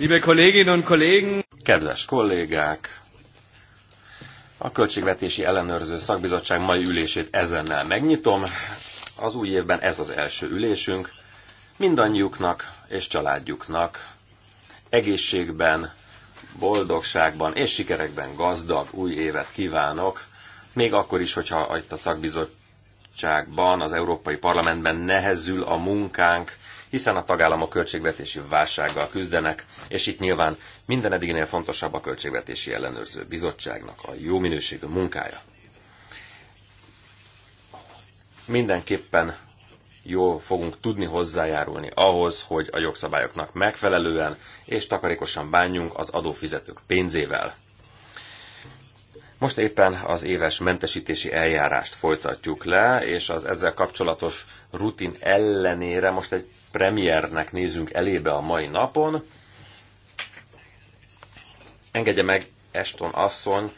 Liebe Kolleginnen und Kollegen! Kedves kollégák! A Költségvetési Ellenőrző Szakbizottság mai ülését ezennel megnyitom. Az új évben ez az első ülésünk. Mindannyiuknak és családjuknak egészségben, boldogságban és sikerekben gazdag új évet kívánok. Még akkor is, hogyha itt a szakbizottságban, az Európai Parlamentben nehezül a munkánk, hiszen a tagállamok költségvetési válsággal küzdenek, és itt nyilván minden eddignél fontosabb a Költségvetési Ellenőrző Bizottságnak a jó minőségű munkája. Mindenképpen jól fogunk tudni hozzájárulni ahhoz, hogy a jogszabályoknak megfelelően és takarékosan bánjunk az adófizetők pénzével. Most éppen az éves mentesítési eljárást folytatjuk le, és az ezzel kapcsolatos rutin ellenére most egy premiernek nézünk elébe a mai napon. Engedje meg Eston asszony,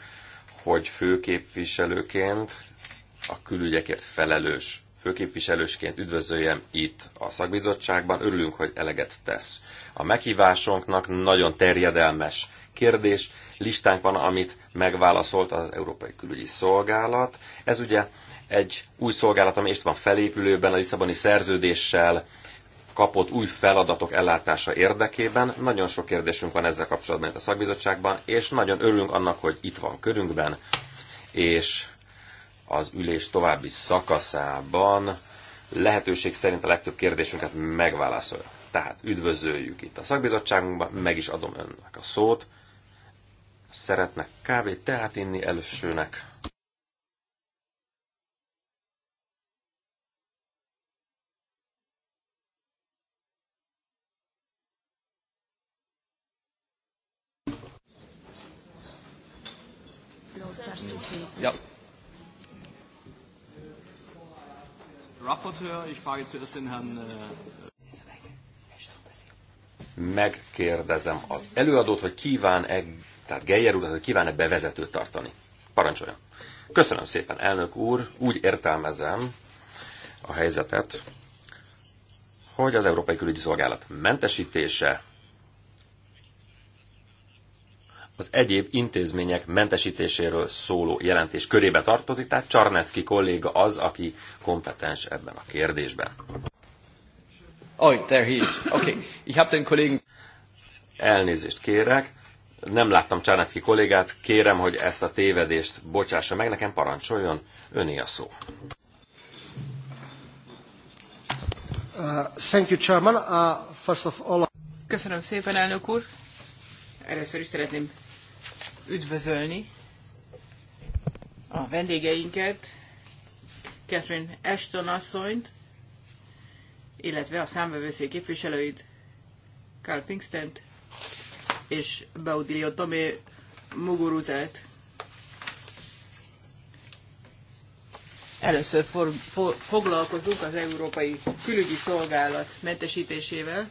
hogy főképviselőként, a külügyekért felelős főképviselősként üdvözöljem itt a szakbizottságban. Örülünk, hogy eleget tesz. A meghívásunknak nagyon terjedelmes kérdés. Listánk van, amit megválaszolt az Európai Külügyi Szolgálat. Ez ugye egy új szolgálat, ami is van felépülőben a Lisszaboni szerződéssel kapott új feladatok ellátása érdekében. Nagyon sok kérdésünk van ezzel kapcsolatban itt a szakbizottságban, és nagyon örülünk annak, hogy itt van körünkben, és az ülés további szakaszában lehetőség szerint a legtöbb kérdésünket megválaszolja. Tehát üdvözöljük itt a szakbizottságunkban, meg is adom önnek a szót. Szeretnek kávét, teát inni elsőnek. Ja. Rapporteur, ich frage zuerst den Herrn äh, megkérdezem az előadót, hogy kíván-e, tehát Geyer úr, hogy kíván-e bevezetőt tartani. Parancsoljon. Köszönöm szépen, elnök úr. Úgy értelmezem a helyzetet, hogy az Európai Külügyi Szolgálat mentesítése az egyéb intézmények mentesítéséről szóló jelentés körébe tartozik, tehát Csarnecki kolléga az, aki kompetens ebben a kérdésben. Oh, there he is. Okay. Ich habe den Kollegen... Elnézést kérek. Nem láttam Csarnecki kollégát. Kérem, hogy ezt a tévedést bocsássa meg nekem, parancsoljon. Öné a szó. Uh, thank you, Chairman. Uh, first of all... Köszönöm szépen, elnök úr. Először is szeretném üdvözölni a vendégeinket, Catherine Ashton asszonyt, illetve a számvevőszék képviselőit, Carl Pinkstent és Baudilio Tomé Muguruzát. Először for, for, foglalkozunk az Európai Külügyi Szolgálat mentesítésével.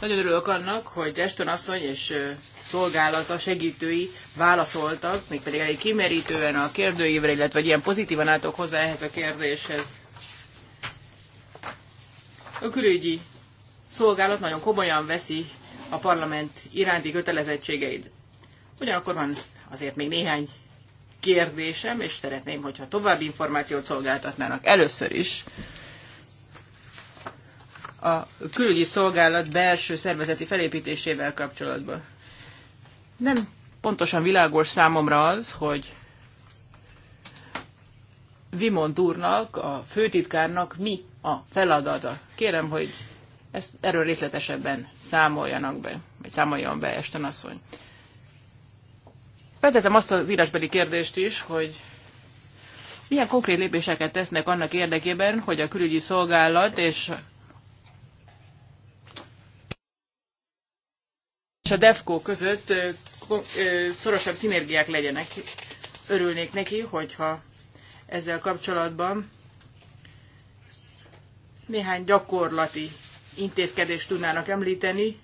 Nagyon örülök annak, hogy Eston asszony és szolgálata segítői válaszoltak, mégpedig elég kimerítően a kérdőívre, illetve ilyen pozitívan álltok hozzá ehhez a kérdéshez. A külügyi szolgálat nagyon komolyan veszi a parlament iránti kötelezettségeid. Ugyanakkor van azért még néhány kérdésem, és szeretném, hogyha további információt szolgáltatnának először is a külügyi szolgálat belső szervezeti felépítésével kapcsolatban. Nem pontosan világos számomra az, hogy Vimont úrnak, a főtitkárnak mi a feladata. Kérem, hogy ezt erről részletesebben számoljanak be, vagy számoljon be Esten asszony. Feltettem azt az írásbeli kérdést is, hogy milyen konkrét lépéseket tesznek annak érdekében, hogy a külügyi szolgálat és és a DEFCO között szorosabb szinergiák legyenek. Örülnék neki, hogyha ezzel kapcsolatban néhány gyakorlati intézkedést tudnának említeni.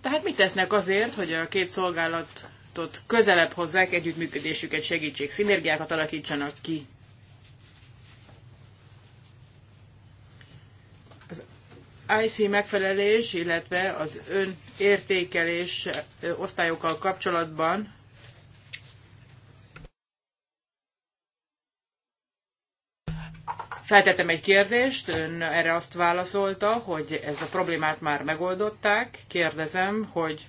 Tehát mit tesznek azért, hogy a két szolgálatot közelebb hozzák, együttműködésüket segítsék, szinergiákat alakítsanak ki? IC megfelelés, illetve az önértékelés osztályokkal kapcsolatban Feltettem egy kérdést, ön erre azt válaszolta, hogy ez a problémát már megoldották. Kérdezem, hogy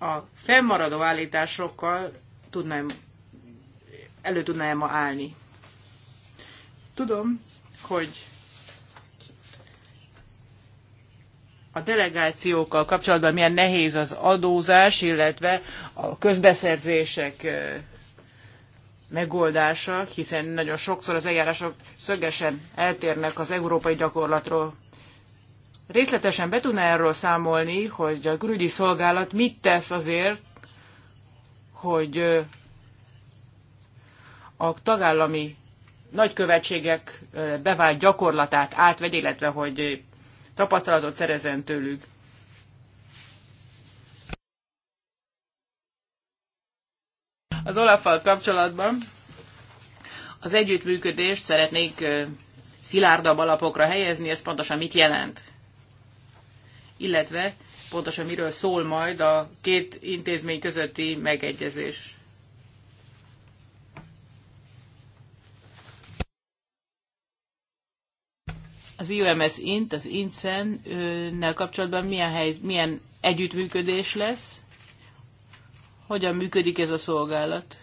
a fennmaradó állításokkal tudnám, elő tudnám ma állni. Tudom, hogy a delegációkkal kapcsolatban milyen nehéz az adózás, illetve a közbeszerzések megoldása, hiszen nagyon sokszor az eljárások szögesen eltérnek az európai gyakorlatról. Részletesen be tudná erről számolni, hogy a külügyi szolgálat mit tesz azért, hogy a tagállami nagykövetségek bevált gyakorlatát átvegy, illetve hogy tapasztalatot szerezen tőlük. Az olaf kapcsolatban az együttműködést szeretnék szilárdabb alapokra helyezni, ez pontosan mit jelent. Illetve pontosan miről szól majd a két intézmény közötti megegyezés. az IOMS INT, az INCEN e nel kapcsolatban milyen, hely, milyen együttműködés lesz, hogyan működik ez a szolgálat.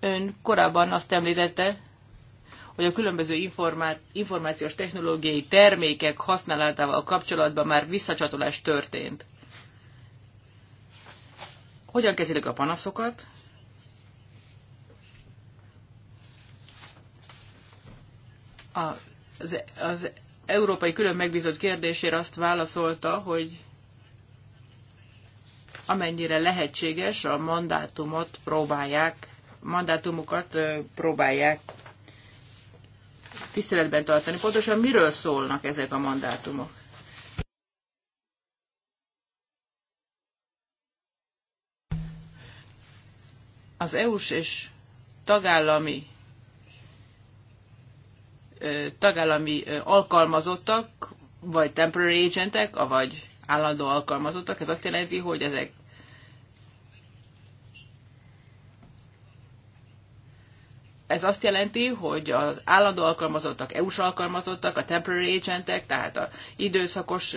Ön korábban azt említette, hogy a különböző információs technológiai termékek használatával kapcsolatban már visszacsatolás történt. Hogyan kezelik a panaszokat? az, az európai külön megbízott kérdésére azt válaszolta, hogy amennyire lehetséges, a mandátumot próbálják, mandátumokat próbálják tiszteletben tartani. Pontosan miről szólnak ezek a mandátumok? Az EU-s és tagállami tagállami alkalmazottak, vagy temporary agentek, vagy állandó alkalmazottak. Ez azt jelenti, hogy ezek Ez azt jelenti, hogy az állandó alkalmazottak, EU-s alkalmazottak, a temporary agentek, tehát a időszakos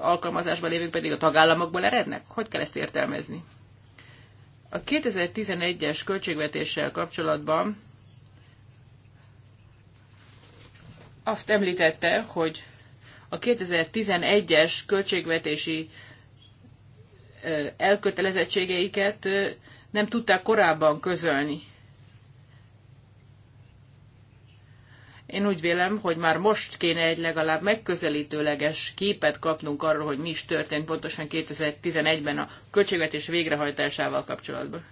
alkalmazásban lévők pedig a tagállamokból erednek? Hogy kell ezt értelmezni? A 2011-es költségvetéssel kapcsolatban azt említette, hogy a 2011-es költségvetési elkötelezettségeiket nem tudták korábban közölni. Én úgy vélem, hogy már most kéne egy legalább megközelítőleges képet kapnunk arról, hogy mi is történt pontosan 2011-ben a költségvetés végrehajtásával kapcsolatban.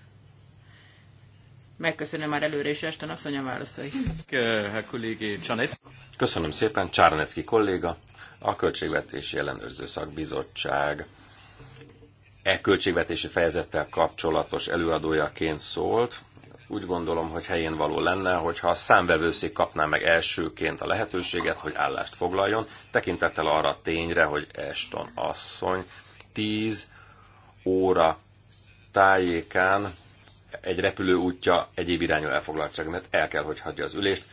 Megköszönöm már előre is este, azt mondja válaszai. Köszönöm szépen, Csárnecki kolléga, a Költségvetési Ellenőrző Szakbizottság e költségvetési fejezettel kapcsolatos előadójaként szólt. Úgy gondolom, hogy helyén való lenne, hogyha a számbevőszék kapná meg elsőként a lehetőséget, hogy állást foglaljon, tekintettel arra a tényre, hogy Eston asszony 10 óra tájékán egy repülő útja egyéb irányú elfoglaltság, mert el kell, hogy hagyja az ülést,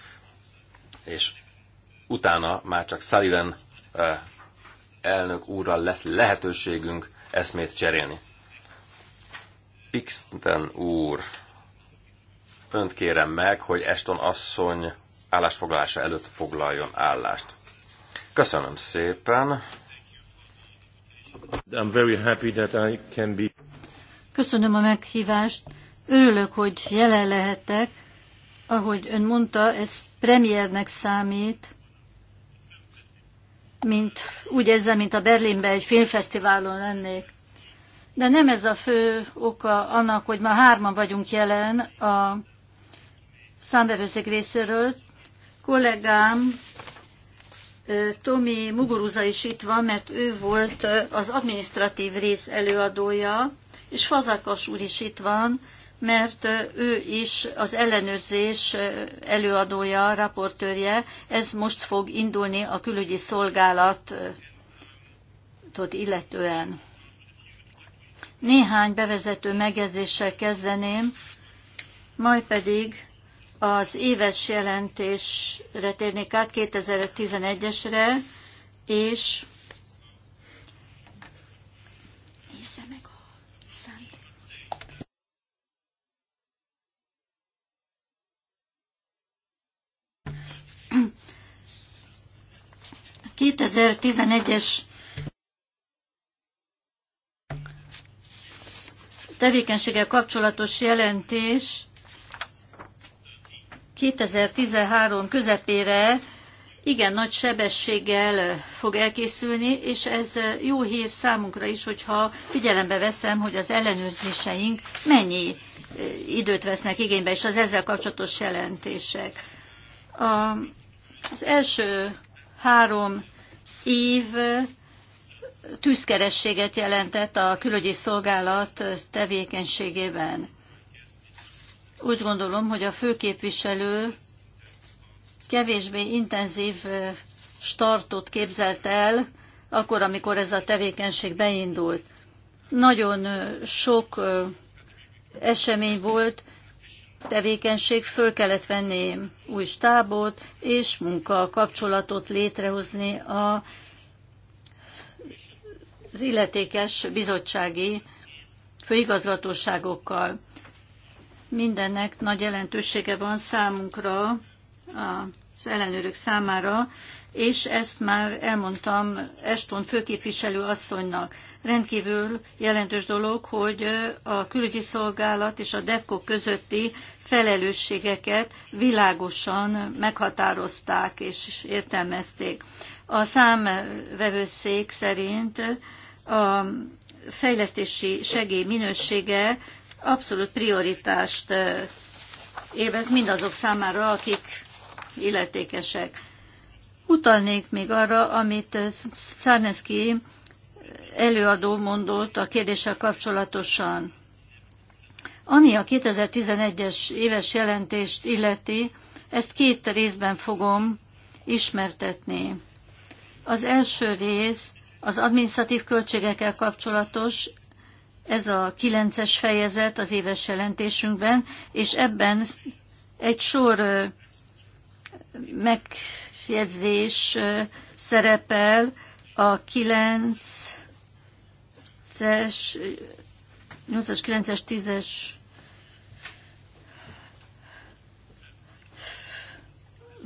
és utána már csak Sullivan elnök úrral lesz lehetőségünk eszmét cserélni. Pixten úr, önt kérem meg, hogy Eston asszony állásfoglalása előtt foglaljon állást. Köszönöm szépen. I'm very happy that I can be... Köszönöm a meghívást. Örülök, hogy jelen lehetek. Ahogy ön mondta, ez premiernek számít, mint úgy érzem, mint a Berlinben egy filmfesztiválon lennék. De nem ez a fő oka annak, hogy ma hárman vagyunk jelen a számbevőszék részéről. Kollégám Tomi Muguruza is itt van, mert ő volt az administratív rész előadója, és Fazakas úr is itt van, mert ő is az ellenőrzés előadója, raportőrje. Ez most fog indulni a külügyi szolgálatot illetően. Néhány bevezető megjegyzéssel kezdeném, majd pedig az éves jelentésre térnék át 2011-esre, és 2011-es tevékenységgel kapcsolatos jelentés 2013 közepére igen nagy sebességgel fog elkészülni, és ez jó hír számunkra is, hogyha figyelembe veszem, hogy az ellenőrzéseink mennyi eh, időt vesznek igénybe, és az ezzel kapcsolatos jelentések. az első három év tűzkerességet jelentett a külügyi szolgálat tevékenységében. Úgy gondolom, hogy a főképviselő kevésbé intenzív startot képzelt el, akkor, amikor ez a tevékenység beindult. Nagyon sok esemény volt, tevékenység föl kellett venni új stábot és munka kapcsolatot létrehozni a, az illetékes bizottsági főigazgatóságokkal. Mindennek nagy jelentősége van számunkra, az ellenőrök számára, és ezt már elmondtam Eston főképviselő asszonynak. Rendkívül jelentős dolog, hogy a külügyi szolgálat és a DEFCO közötti felelősségeket világosan meghatározták és értelmezték. A számvevőszék szerint a fejlesztési segély minősége abszolút prioritást élvez mindazok számára, akik illetékesek. Utalnék még arra, amit Czarneski előadó mondott a kérdéssel kapcsolatosan. Ami a 2011-es éves jelentést illeti, ezt két részben fogom ismertetni. Az első rész az adminisztratív költségekkel kapcsolatos, ez a kilences fejezet az éves jelentésünkben, és ebben egy sor megjegyzés szerepel a 9-es, 8-as, 9-es, 10-es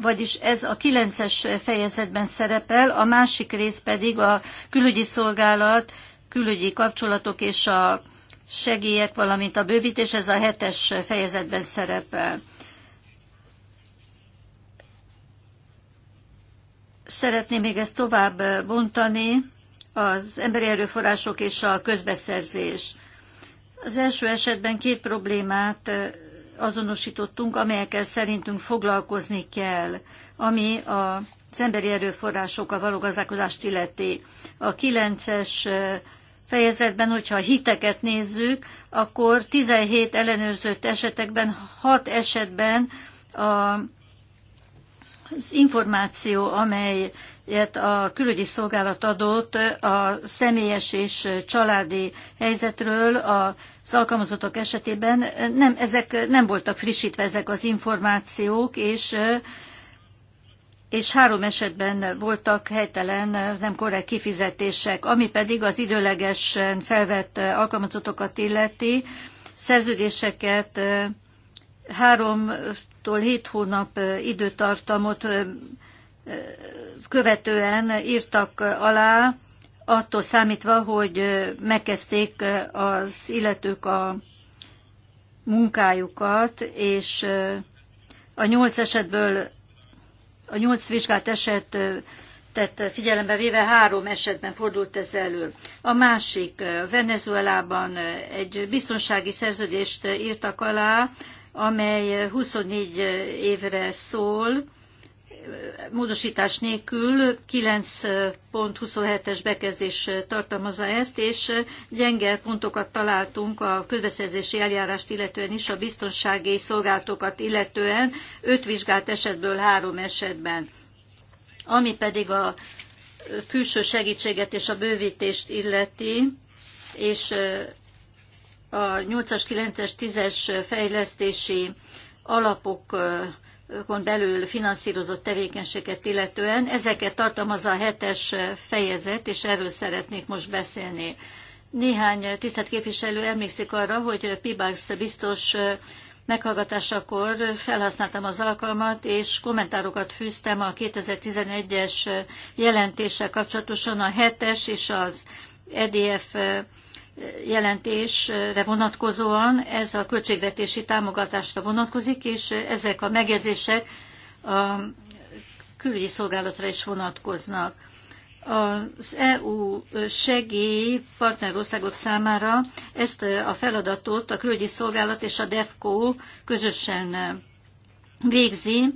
vagyis ez a 9-es fejezetben szerepel, a másik rész pedig a külügyi szolgálat, külügyi kapcsolatok és a segélyek, valamint a bővítés, ez a 7-es fejezetben szerepel. szeretném még ezt tovább bontani, az emberi erőforrások és a közbeszerzés. Az első esetben két problémát azonosítottunk, amelyekkel szerintünk foglalkozni kell, ami a az emberi erőforrásokkal való gazdálkodást illeti. A kilences fejezetben, hogyha a hiteket nézzük, akkor 17 ellenőrzött esetekben, 6 esetben a az információ, amelyet a külügyi szolgálat adott a személyes és családi helyzetről az alkalmazottak esetében, nem, ezek nem voltak frissítve ezek az információk, és és három esetben voltak helytelen, nem korrekt kifizetések, ami pedig az időlegesen felvett alkalmazottokat illeti, szerződéseket eh, három tól 7 hónap időtartamot követően írtak alá, attól számítva, hogy megkezdték az illetők a munkájukat, és a nyolc esetből, a nyolc vizsgált eset tehát figyelembe véve három esetben fordult ez elő. A másik, Venezuelában egy biztonsági szerződést írtak alá, amely 24 évre szól, módosítás nélkül 9.27-es bekezdés tartalmazza ezt, és gyenge pontokat találtunk a közbeszerzési eljárást illetően is, a biztonsági szolgáltokat illetően, 5 vizsgált esetből 3 esetben. Ami pedig a külső segítséget és a bővítést illeti, és a 8-as, 9-es, 10-es fejlesztési alapokon belül finanszírozott tevékenységet illetően. Ezeket tartalmazza a 7-es fejezet, és erről szeretnék most beszélni. Néhány tisztelt képviselő emlékszik arra, hogy Pibax biztos meghallgatásakor felhasználtam az alkalmat, és kommentárokat fűztem a 2011-es jelentéssel kapcsolatosan a 7-es és az EDF jelentésre vonatkozóan ez a költségvetési támogatásra vonatkozik, és ezek a megjegyzések a külügyi szolgálatra is vonatkoznak. Az EU segély partnerországok számára ezt a feladatot a külügyi szolgálat és a DEFCO közösen végzi,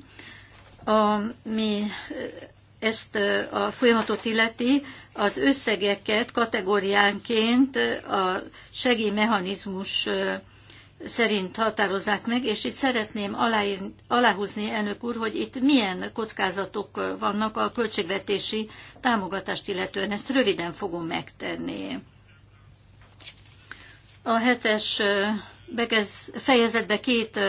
ami ezt a folyamatot illeti, az összegeket kategóriánként a segélymechanizmus szerint határozzák meg, és itt szeretném aláír, aláhúzni, elnök úr, hogy itt milyen kockázatok vannak a költségvetési támogatást illetően. Ezt röviden fogom megtenni. A hetes fejezetbe két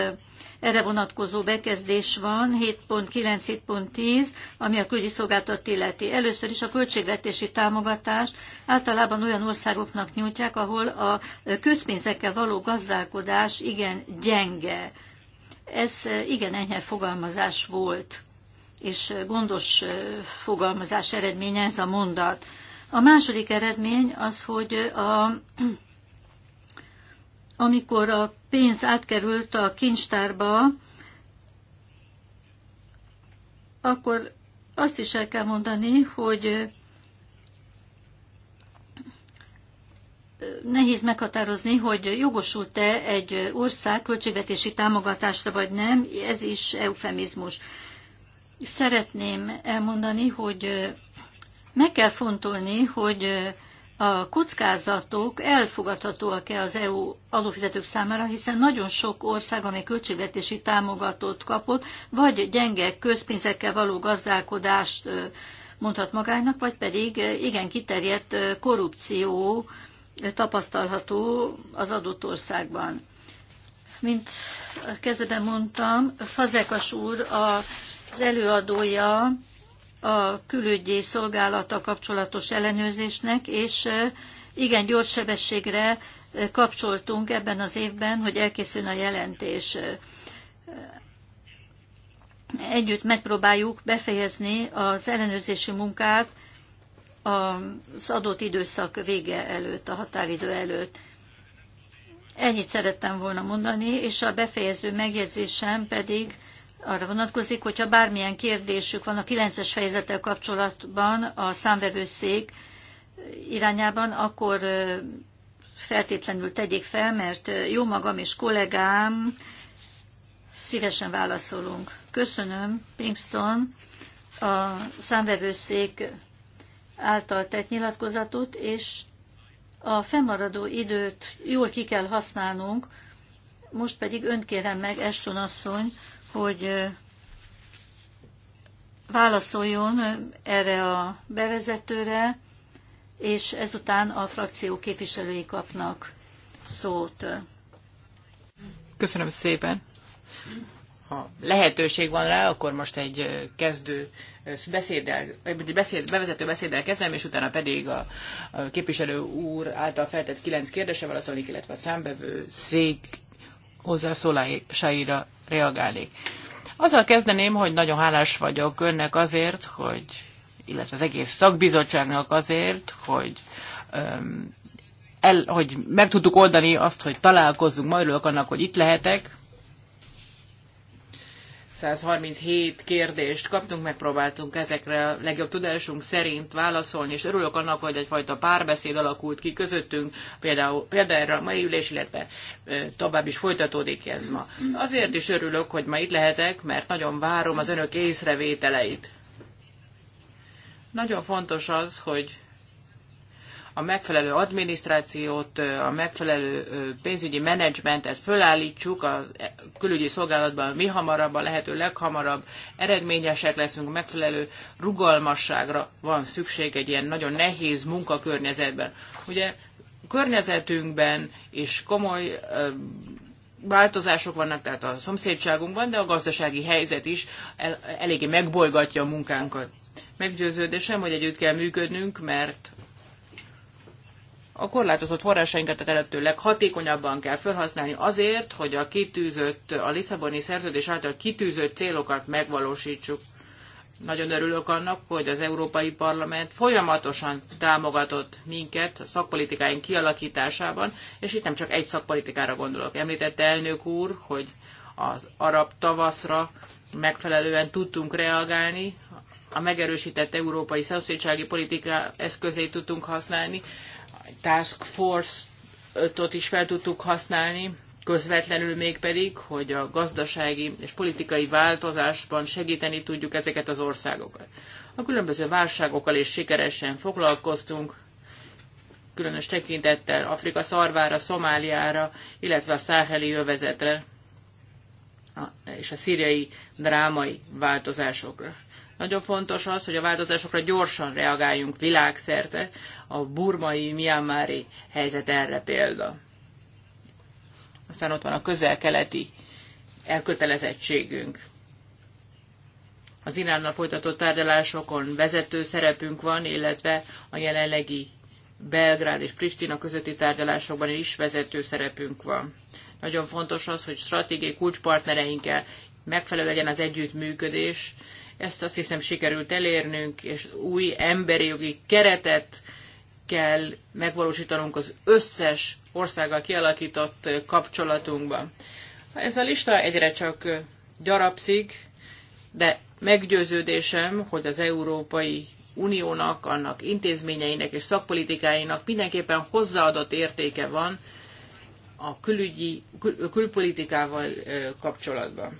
erre vonatkozó bekezdés van, 7.9-7.10, ami a külügyi szolgáltat illeti. Először is a költségvetési támogatást általában olyan országoknak nyújtják, ahol a közpénzekkel való gazdálkodás igen gyenge. Ez eh, igen enyhe fogalmazás volt, és eh, gondos eh, fogalmazás eredménye ez a mondat. A második eredmény az, hogy a amikor a pénz átkerült a kincstárba, akkor azt is el kell mondani, hogy nehéz meghatározni, hogy jogosult-e egy ország költségvetési támogatásra vagy nem, ez is eufemizmus. Szeretném elmondani, hogy meg kell fontolni, hogy a kockázatok elfogadhatóak-e az EU adófizetők számára, hiszen nagyon sok ország, amely költségvetési támogatót kapott, vagy gyenge közpénzekkel való gazdálkodást mondhat magának, vagy pedig igen kiterjedt korrupció tapasztalható az adott országban. Mint kezdetben mondtam, Fazekas úr az előadója a külügyi szolgálata kapcsolatos ellenőrzésnek, és igen gyors sebességre kapcsoltunk ebben az évben, hogy elkészüljön a jelentés. Együtt megpróbáljuk befejezni az ellenőrzési munkát az adott időszak vége előtt, a határidő előtt. Ennyit szerettem volna mondani, és a befejező megjegyzésem pedig arra vonatkozik, hogyha bármilyen kérdésük van a 9-es fejezettel kapcsolatban a számvevőszék irányában, akkor feltétlenül tegyék fel, mert jó magam és kollégám szívesen válaszolunk. Köszönöm, Pinkston, a számvevőszék által tett nyilatkozatot, és a fennmaradó időt jól ki kell használnunk, most pedig önt kérem meg, Eston asszony, hogy válaszoljon erre a bevezetőre, és ezután a frakció képviselői kapnak szót. Köszönöm szépen. Ha lehetőség van rá, akkor most egy kezdő beszéddel, egy beszéd, bevezető beszéddel kezdem, és utána pedig a, a képviselő úr által feltett kilenc kérdése válaszolni, illetve a számbevő szék hozzászólásaira reagálnék. Azzal kezdeném, hogy nagyon hálás vagyok önnek azért, hogy, illetve az egész szakbizottságnak azért, hogy um, el, hogy meg tudtuk oldani azt, hogy találkozzunk, ma örülök annak, hogy itt lehetek. 137 kérdést kaptunk, megpróbáltunk ezekre a legjobb tudásunk szerint válaszolni, és örülök annak, hogy egyfajta párbeszéd alakult ki közöttünk, például, például erre a mai ülés, illetve tovább is folytatódik ez ma. Azért is örülök, hogy ma itt lehetek, mert nagyon várom az önök észrevételeit. Nagyon fontos az, hogy a megfelelő adminisztrációt, a megfelelő pénzügyi menedzsmentet fölállítsuk a külügyi szolgálatban mi hamarabb, a lehető leghamarabb eredményesek leszünk, megfelelő rugalmasságra van szükség egy ilyen nagyon nehéz munkakörnyezetben. Ugye környezetünkben is komoly változások vannak, tehát a szomszédságunkban, de a gazdasági helyzet is el, eléggé megbolygatja a munkánkat. Meggyőződésem, hogy együtt kell működnünk, mert a korlátozott forrásainkat a lehetőleg hatékonyabban kell felhasználni azért, hogy a kitűzött, a Lisszaboni szerződés által kitűzött célokat megvalósítsuk. Nagyon örülök annak, hogy az Európai Parlament folyamatosan támogatott minket a szakpolitikáink kialakításában, és itt nem csak egy szakpolitikára gondolok. Említette elnök úr, hogy az arab tavaszra megfelelően tudtunk reagálni, a megerősített európai szomszédsági politika eszközét tudtunk használni task force-ot is fel tudtuk használni, közvetlenül mégpedig, hogy a gazdasági és politikai változásban segíteni tudjuk ezeket az országokat. A különböző válságokkal is sikeresen foglalkoztunk, különös tekintettel Afrika szarvára, Szomáliára, illetve a száheli övezetre és a szíriai drámai változásokra. Nagyon fontos az, hogy a változásokra gyorsan reagáljunk világszerte. A burmai, miámári helyzet erre példa. Aztán ott van a közel-keleti elkötelezettségünk. Az Iránnal folytatott tárgyalásokon vezető szerepünk van, illetve a jelenlegi Belgrád és Pristina közötti tárgyalásokban is vezető szerepünk van. Nagyon fontos az, hogy stratégiai kulcspartnereinkkel megfelelő legyen az együttműködés, ezt azt hiszem sikerült elérnünk, és új emberi jogi keretet kell megvalósítanunk az összes országgal kialakított kapcsolatunkban. Ez a lista egyre csak gyarapszik, de meggyőződésem, hogy az Európai Uniónak, annak intézményeinek és szakpolitikáinak mindenképpen hozzáadott értéke van a külügyi, kül, külpolitikával kapcsolatban.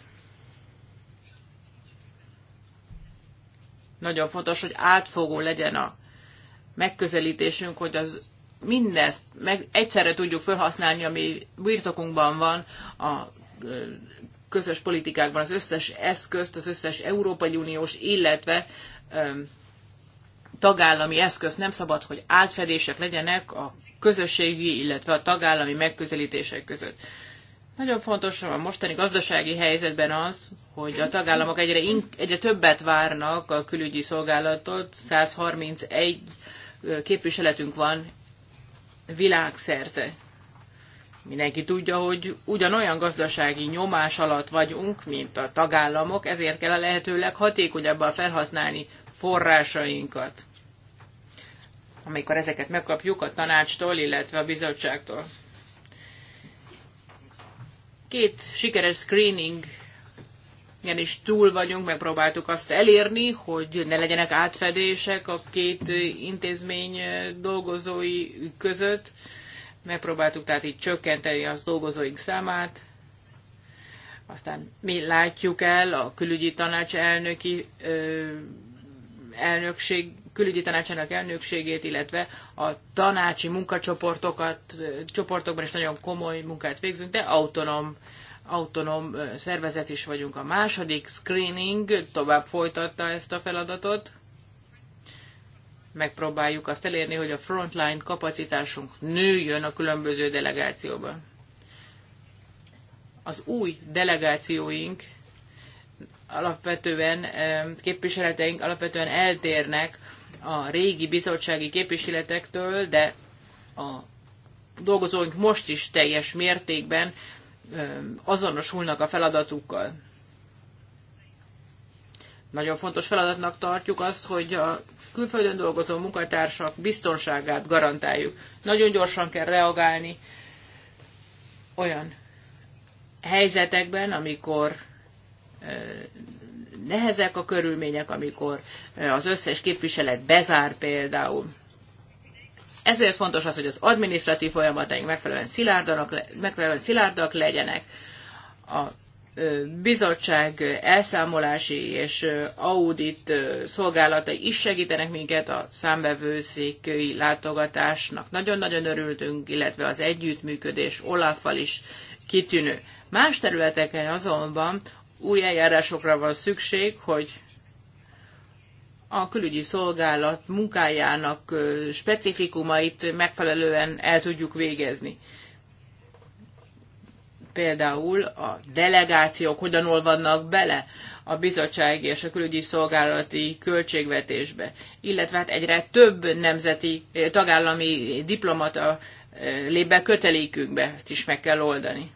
Nagyon fontos, hogy átfogó legyen a megközelítésünk, hogy az mindezt meg egyszerre tudjuk felhasználni, ami birtokunkban van a közös politikákban, az összes eszközt, az összes Európai Uniós, illetve tagállami eszköz nem szabad, hogy átfedések legyenek a közösségi, illetve a tagállami megközelítések között. Nagyon fontos a mostani gazdasági helyzetben az, hogy a tagállamok egyre, in- egyre többet várnak a külügyi szolgálatot. 131 képviseletünk van világszerte. Mindenki tudja, hogy ugyanolyan gazdasági nyomás alatt vagyunk, mint a tagállamok, ezért kell a lehető leghatékonyabban felhasználni forrásainkat, amikor ezeket megkapjuk a tanácstól, illetve a bizottságtól. Két sikeres screening igen, és túl vagyunk, megpróbáltuk azt elérni, hogy ne legyenek átfedések a két intézmény dolgozói között. Megpróbáltuk tehát így csökkenteni az dolgozóink számát. Aztán mi látjuk el a külügyi tanács elnöki ö, elnökség külügyi tanácsának elnökségét, illetve a tanácsi munkacsoportokat, csoportokban is nagyon komoly munkát végzünk, de autonóm autonóm szervezet is vagyunk. A második screening tovább folytatta ezt a feladatot. Megpróbáljuk azt elérni, hogy a frontline kapacitásunk nőjön a különböző delegációban. Az új delegációink alapvetően, képviseleteink alapvetően eltérnek a régi bizottsági képviseletektől, de a dolgozóink most is teljes mértékben azonosulnak a feladatukkal. Nagyon fontos feladatnak tartjuk azt, hogy a külföldön dolgozó munkatársak biztonságát garantáljuk. Nagyon gyorsan kell reagálni olyan helyzetekben, amikor nehezek a körülmények, amikor az összes képviselet bezár például. Ezért fontos az, hogy az adminisztratív folyamataink megfelelően szilárdak, megfelelően szilárdak legyenek. A bizottság elszámolási és audit szolgálatai is segítenek minket a számbevőszékői látogatásnak. Nagyon-nagyon örültünk, illetve az együttműködés Olaffal is kitűnő. Más területeken azonban új eljárásokra van szükség, hogy a külügyi szolgálat munkájának specifikumait megfelelően el tudjuk végezni. Például a delegációk hogyan olvadnak bele a bizottsági és a külügyi szolgálati költségvetésbe, illetve hát egyre több nemzeti tagállami diplomata lép be kötelékünkbe, ezt is meg kell oldani.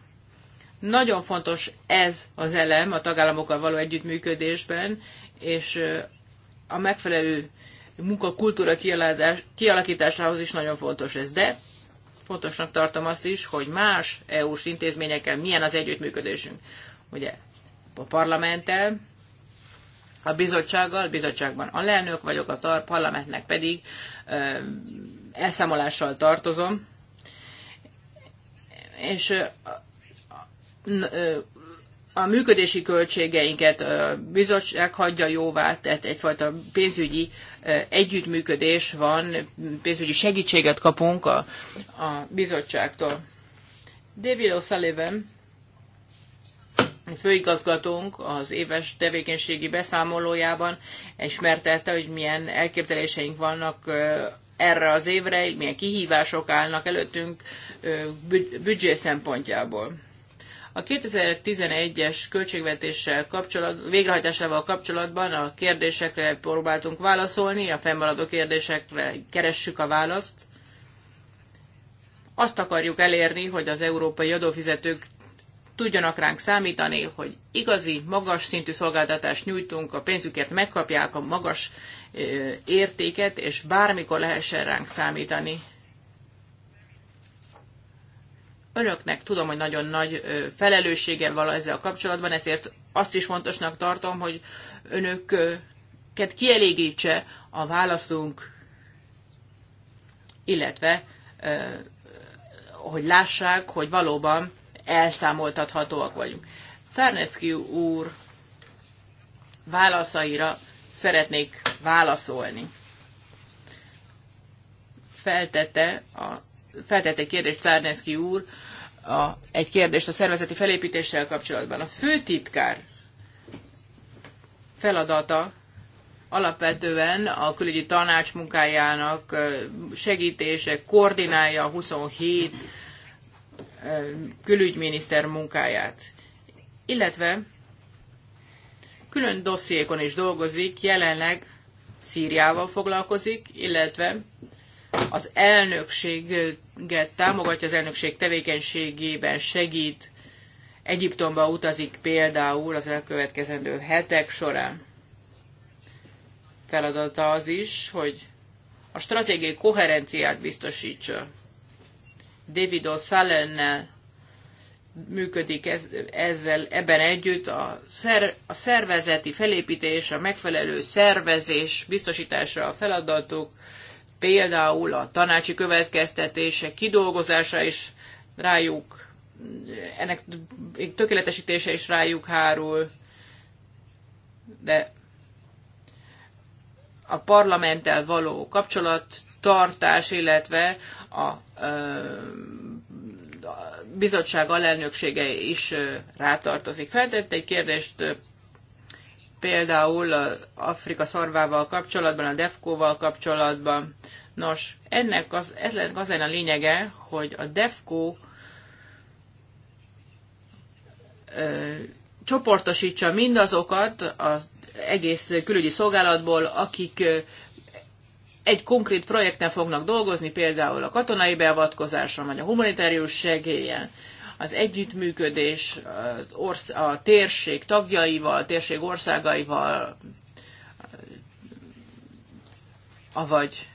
Nagyon fontos ez az elem a tagállamokkal való együttműködésben, és a megfelelő munkakultúra kialakításához is nagyon fontos ez. De fontosnak tartom azt is, hogy más EU-s intézményekkel milyen az együttműködésünk. Ugye a parlamenttel, a bizottsággal, bizottságban a lelnök vagyok, a parlamentnek pedig ö, elszámolással tartozom. És a működési költségeinket a bizottság hagyja jóvá, tehát egyfajta pénzügyi együttműködés van, pénzügyi segítséget kapunk a, a bizottságtól. David O'Sullivan, főigazgatónk az éves tevékenységi beszámolójában ismertette, hogy milyen elképzeléseink vannak erre az évre, milyen kihívások állnak előttünk büdzsé szempontjából. A 2011-es költségvetéssel kapcsolatban, végrehajtásával kapcsolatban a kérdésekre próbáltunk válaszolni, a fennmaradó kérdésekre keressük a választ. Azt akarjuk elérni, hogy az európai adófizetők tudjanak ránk számítani, hogy igazi, magas szintű szolgáltatást nyújtunk, a pénzükért megkapják a magas értéket, és bármikor lehessen ránk számítani önöknek tudom, hogy nagyon nagy felelősséggel vala ezzel a kapcsolatban, ezért azt is fontosnak tartom, hogy önöket kielégítse a válaszunk, illetve hogy lássák, hogy valóban elszámoltathatóak vagyunk. Czárnecki úr válaszaira szeretnék válaszolni. Feltette a feltett egy kérdést Czárneszki úr, a, egy kérdést a szervezeti felépítéssel kapcsolatban. A főtitkár feladata alapvetően a külügyi tanács munkájának segítése, koordinálja a 27 külügyminiszter munkáját. Illetve külön dossziékon is dolgozik, jelenleg Szíriával foglalkozik, illetve az elnökséget támogatja, az elnökség tevékenységében segít, Egyiptomba utazik például az elkövetkezendő hetek során. Feladata az is, hogy a stratégiai koherenciát biztosítsa. David O'Sullennel működik ez, ezzel, ebben együtt a, szer, a szervezeti felépítés, a megfelelő szervezés biztosítása a feladatok, például a tanácsi következtetések kidolgozása is rájuk, ennek tökéletesítése is rájuk hárul, de a parlamenttel való kapcsolattartás, illetve a bizottság alelnöksége is rátartozik. Feltett egy kérdést például a Afrika szarvával kapcsolatban, a DEFCO-val kapcsolatban. Nos, ennek az, ez lenne, az lenne a lényege, hogy a DEFCO csoportosítsa mindazokat az egész külügyi szolgálatból, akik egy konkrét projekten fognak dolgozni, például a katonai beavatkozáson, vagy a humanitárius segélyen az együttműködés a térség tagjaival, a térség országaival, avagy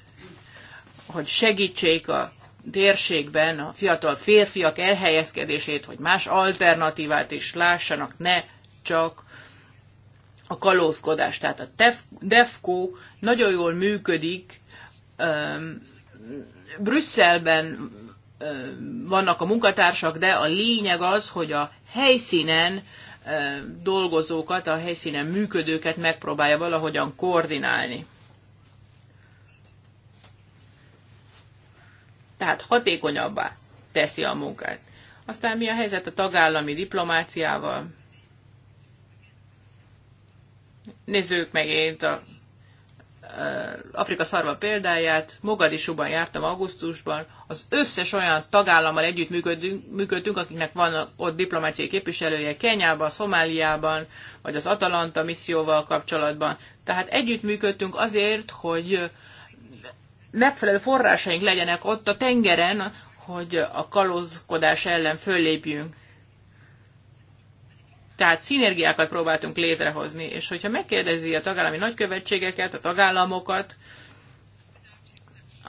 hogy segítsék a térségben a fiatal férfiak elhelyezkedését, hogy más alternatívát is lássanak, ne csak a kalózkodás. Tehát a DEFCO nagyon jól működik, Brüsszelben vannak a munkatársak, de a lényeg az, hogy a helyszínen dolgozókat, a helyszínen működőket megpróbálja valahogyan koordinálni. Tehát hatékonyabbá teszi a munkát. Aztán mi a helyzet a tagállami diplomáciával? Nézzük meg én a Afrika szarva példáját, Mogadisúban jártam augusztusban, az összes olyan tagállammal együtt működünk, működtünk, akiknek van ott diplomáciai képviselője Kenyában, Szomáliában, vagy az Atalanta misszióval kapcsolatban. Tehát együtt működtünk azért, hogy megfelelő forrásaink legyenek ott a tengeren, hogy a kalózkodás ellen föllépjünk. Tehát szinergiákat próbáltunk létrehozni, és hogyha megkérdezi a tagállami nagykövetségeket, a tagállamokat,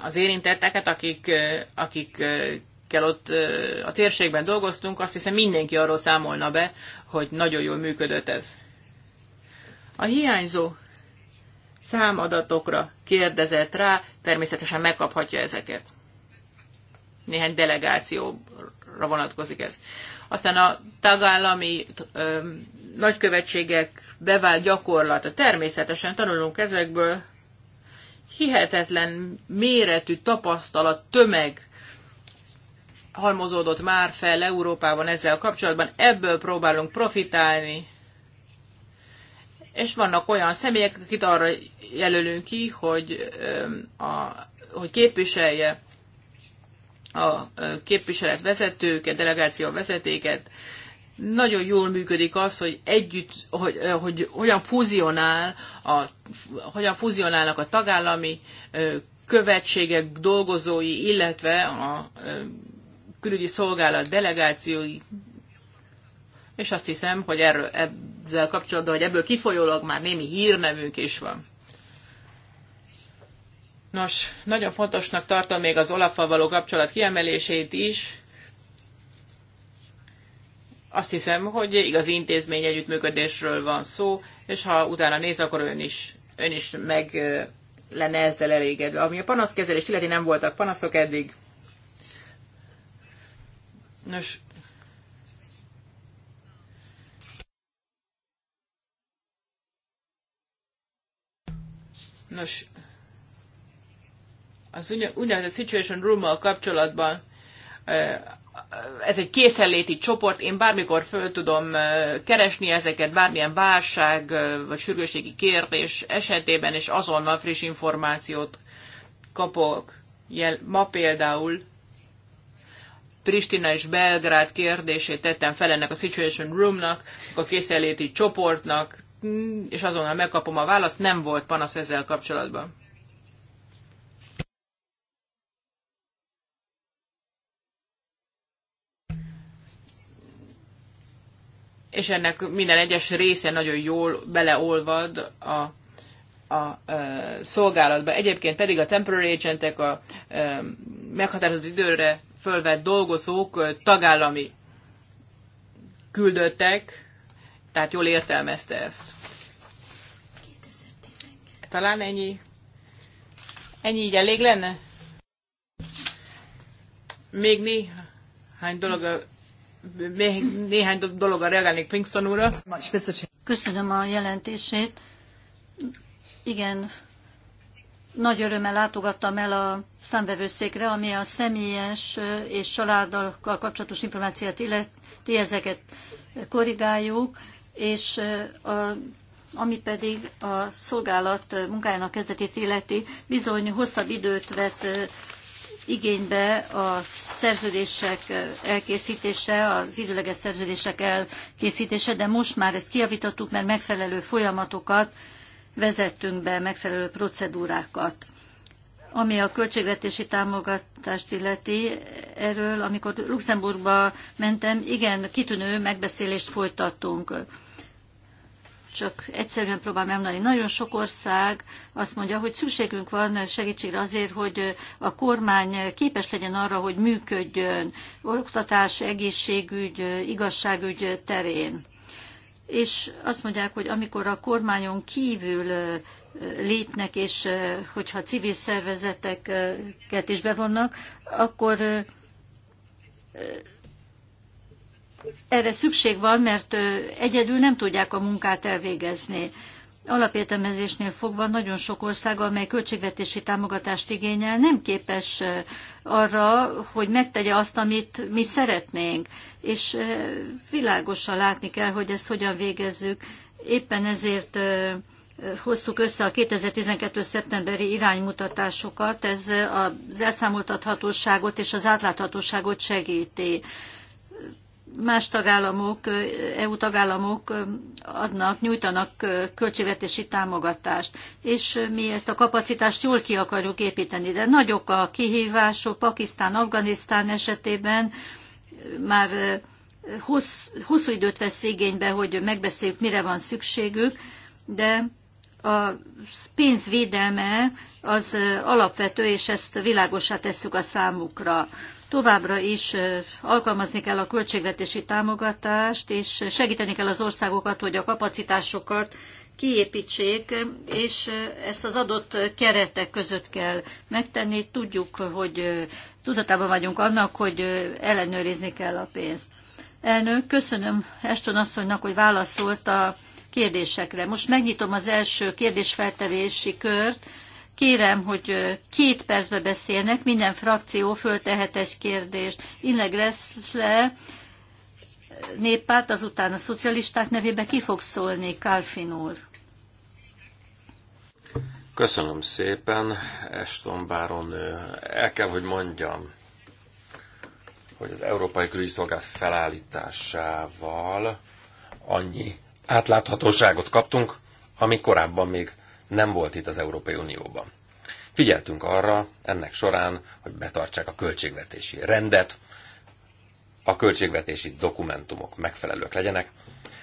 az érintetteket, akik, akik akikkel ott a térségben dolgoztunk, azt hiszem mindenki arról számolna be, hogy nagyon jól működött ez. A hiányzó számadatokra kérdezett rá, természetesen megkaphatja ezeket. Néhány delegációra vonatkozik ez. Aztán a tagállami nagykövetségek bevált gyakorlata. Természetesen tanulunk ezekből hihetetlen méretű tapasztalat, tömeg halmozódott már fel Európában ezzel kapcsolatban, ebből próbálunk profitálni, és vannak olyan személyek, akit arra jelölünk ki, hogy, a, hogy képviselje a képviselet vezetőket, delegáció vezetéket. Nagyon jól működik az, hogy együtt, hogy, hogy hogyan, fúzionál a, hogyan fúzionálnak a tagállami követségek dolgozói, illetve a külügyi szolgálat delegációi, és azt hiszem, hogy erről, ezzel kapcsolatban, hogy ebből kifolyólag már némi hírnevünk is van. Nos, nagyon fontosnak tartom még az olaf való kapcsolat kiemelését is. Azt hiszem, hogy igazi intézmény együttműködésről van szó, és ha utána néz, akkor ön is, ön is meg lenne ezzel elégedve. Ami a panaszkezelést illeti, nem voltak panaszok eddig. Nos, Nos, az úgynevezett Situation room kapcsolatban ez egy készenléti csoport, én bármikor föl tudom keresni ezeket bármilyen válság vagy sürgőségi kérdés esetében, és azonnal friss információt kapok. Ma például Pristina és Belgrád kérdését tettem fel ennek a Situation Roomnak, a készenléti csoportnak, mm, és azonnal megkapom a választ, nem volt panasz ezzel kapcsolatban. és ennek minden egyes része nagyon jól beleolvad a a a szolgálatba. Egyébként pedig a temporary agentek, a a meghatározott időre fölvett dolgozók tagállami küldöttek, tehát jól értelmezte ezt. Talán ennyi, ennyi így elég lenne? Még néhány dolog még néhány dologra reagálnék Pinkston úrra. Köszönöm a jelentését. Igen, nagy örömmel látogattam el a számvevőszékre, ami a személyes és családdal kapcsolatos információt illeti, ezeket korrigáljuk, és a, ami pedig a szolgálat munkájának kezdetét illeti, bizony hosszabb időt vett igénybe a szerződések elkészítése, az időleges szerződések elkészítése, de most már ezt kiavítottuk, mert megfelelő folyamatokat vezettünk be, megfelelő procedúrákat. Ami a költségvetési támogatást illeti, erről, amikor Luxemburgba mentem, igen, kitűnő megbeszélést folytattunk csak egyszerűen próbálom elmondani. Nagyon sok ország azt mondja, hogy szükségünk van segítségre azért, hogy a kormány képes legyen arra, hogy működjön oktatás, egészségügy, igazságügy terén. És azt mondják, hogy amikor a kormányon kívül lépnek, és hogyha civil szervezeteket is bevonnak, akkor erre szükség van, mert egyedül nem tudják a munkát elvégezni. Alapértelmezésnél fogva nagyon sok ország, amely költségvetési támogatást igényel, nem képes arra, hogy megtegye azt, amit mi szeretnénk. És világosan látni kell, hogy ezt hogyan végezzük. Éppen ezért hoztuk össze a 2012. szeptemberi iránymutatásokat, ez az elszámoltathatóságot és az átláthatóságot segíti más tagállamok, EU tagállamok adnak, nyújtanak költségvetési támogatást, és mi ezt a kapacitást jól ki akarjuk építeni, de nagyok a kihívások Pakisztán, Afganisztán esetében, már hossz, hosszú időt vesz igénybe, hogy megbeszéljük, mire van szükségük, de a pénzvédelme az alapvető, és ezt világosá tesszük a számukra. Továbbra is alkalmazni kell a költségvetési támogatást, és segíteni kell az országokat, hogy a kapacitásokat kiépítsék, és ezt az adott keretek között kell megtenni. Tudjuk, hogy tudatában vagyunk annak, hogy ellenőrizni kell a pénzt. Elnök, köszönöm Eston asszonynak, hogy válaszolt a kérdésekre. Most megnyitom az első kérdésfeltevési kört. Kérem, hogy két percbe beszélnek, minden frakció föltehet egy kérdést. Inleg Ressler, néppárt, azután a szocialisták nevébe ki fog szólni, Kálfin úr. Köszönöm szépen, Eston Báronő. El kell, hogy mondjam, hogy az Európai Külügyi Szolgált felállításával annyi átláthatóságot kaptunk, ami korábban még nem volt itt az Európai Unióban. Figyeltünk arra ennek során, hogy betartsák a költségvetési rendet, a költségvetési dokumentumok megfelelők legyenek,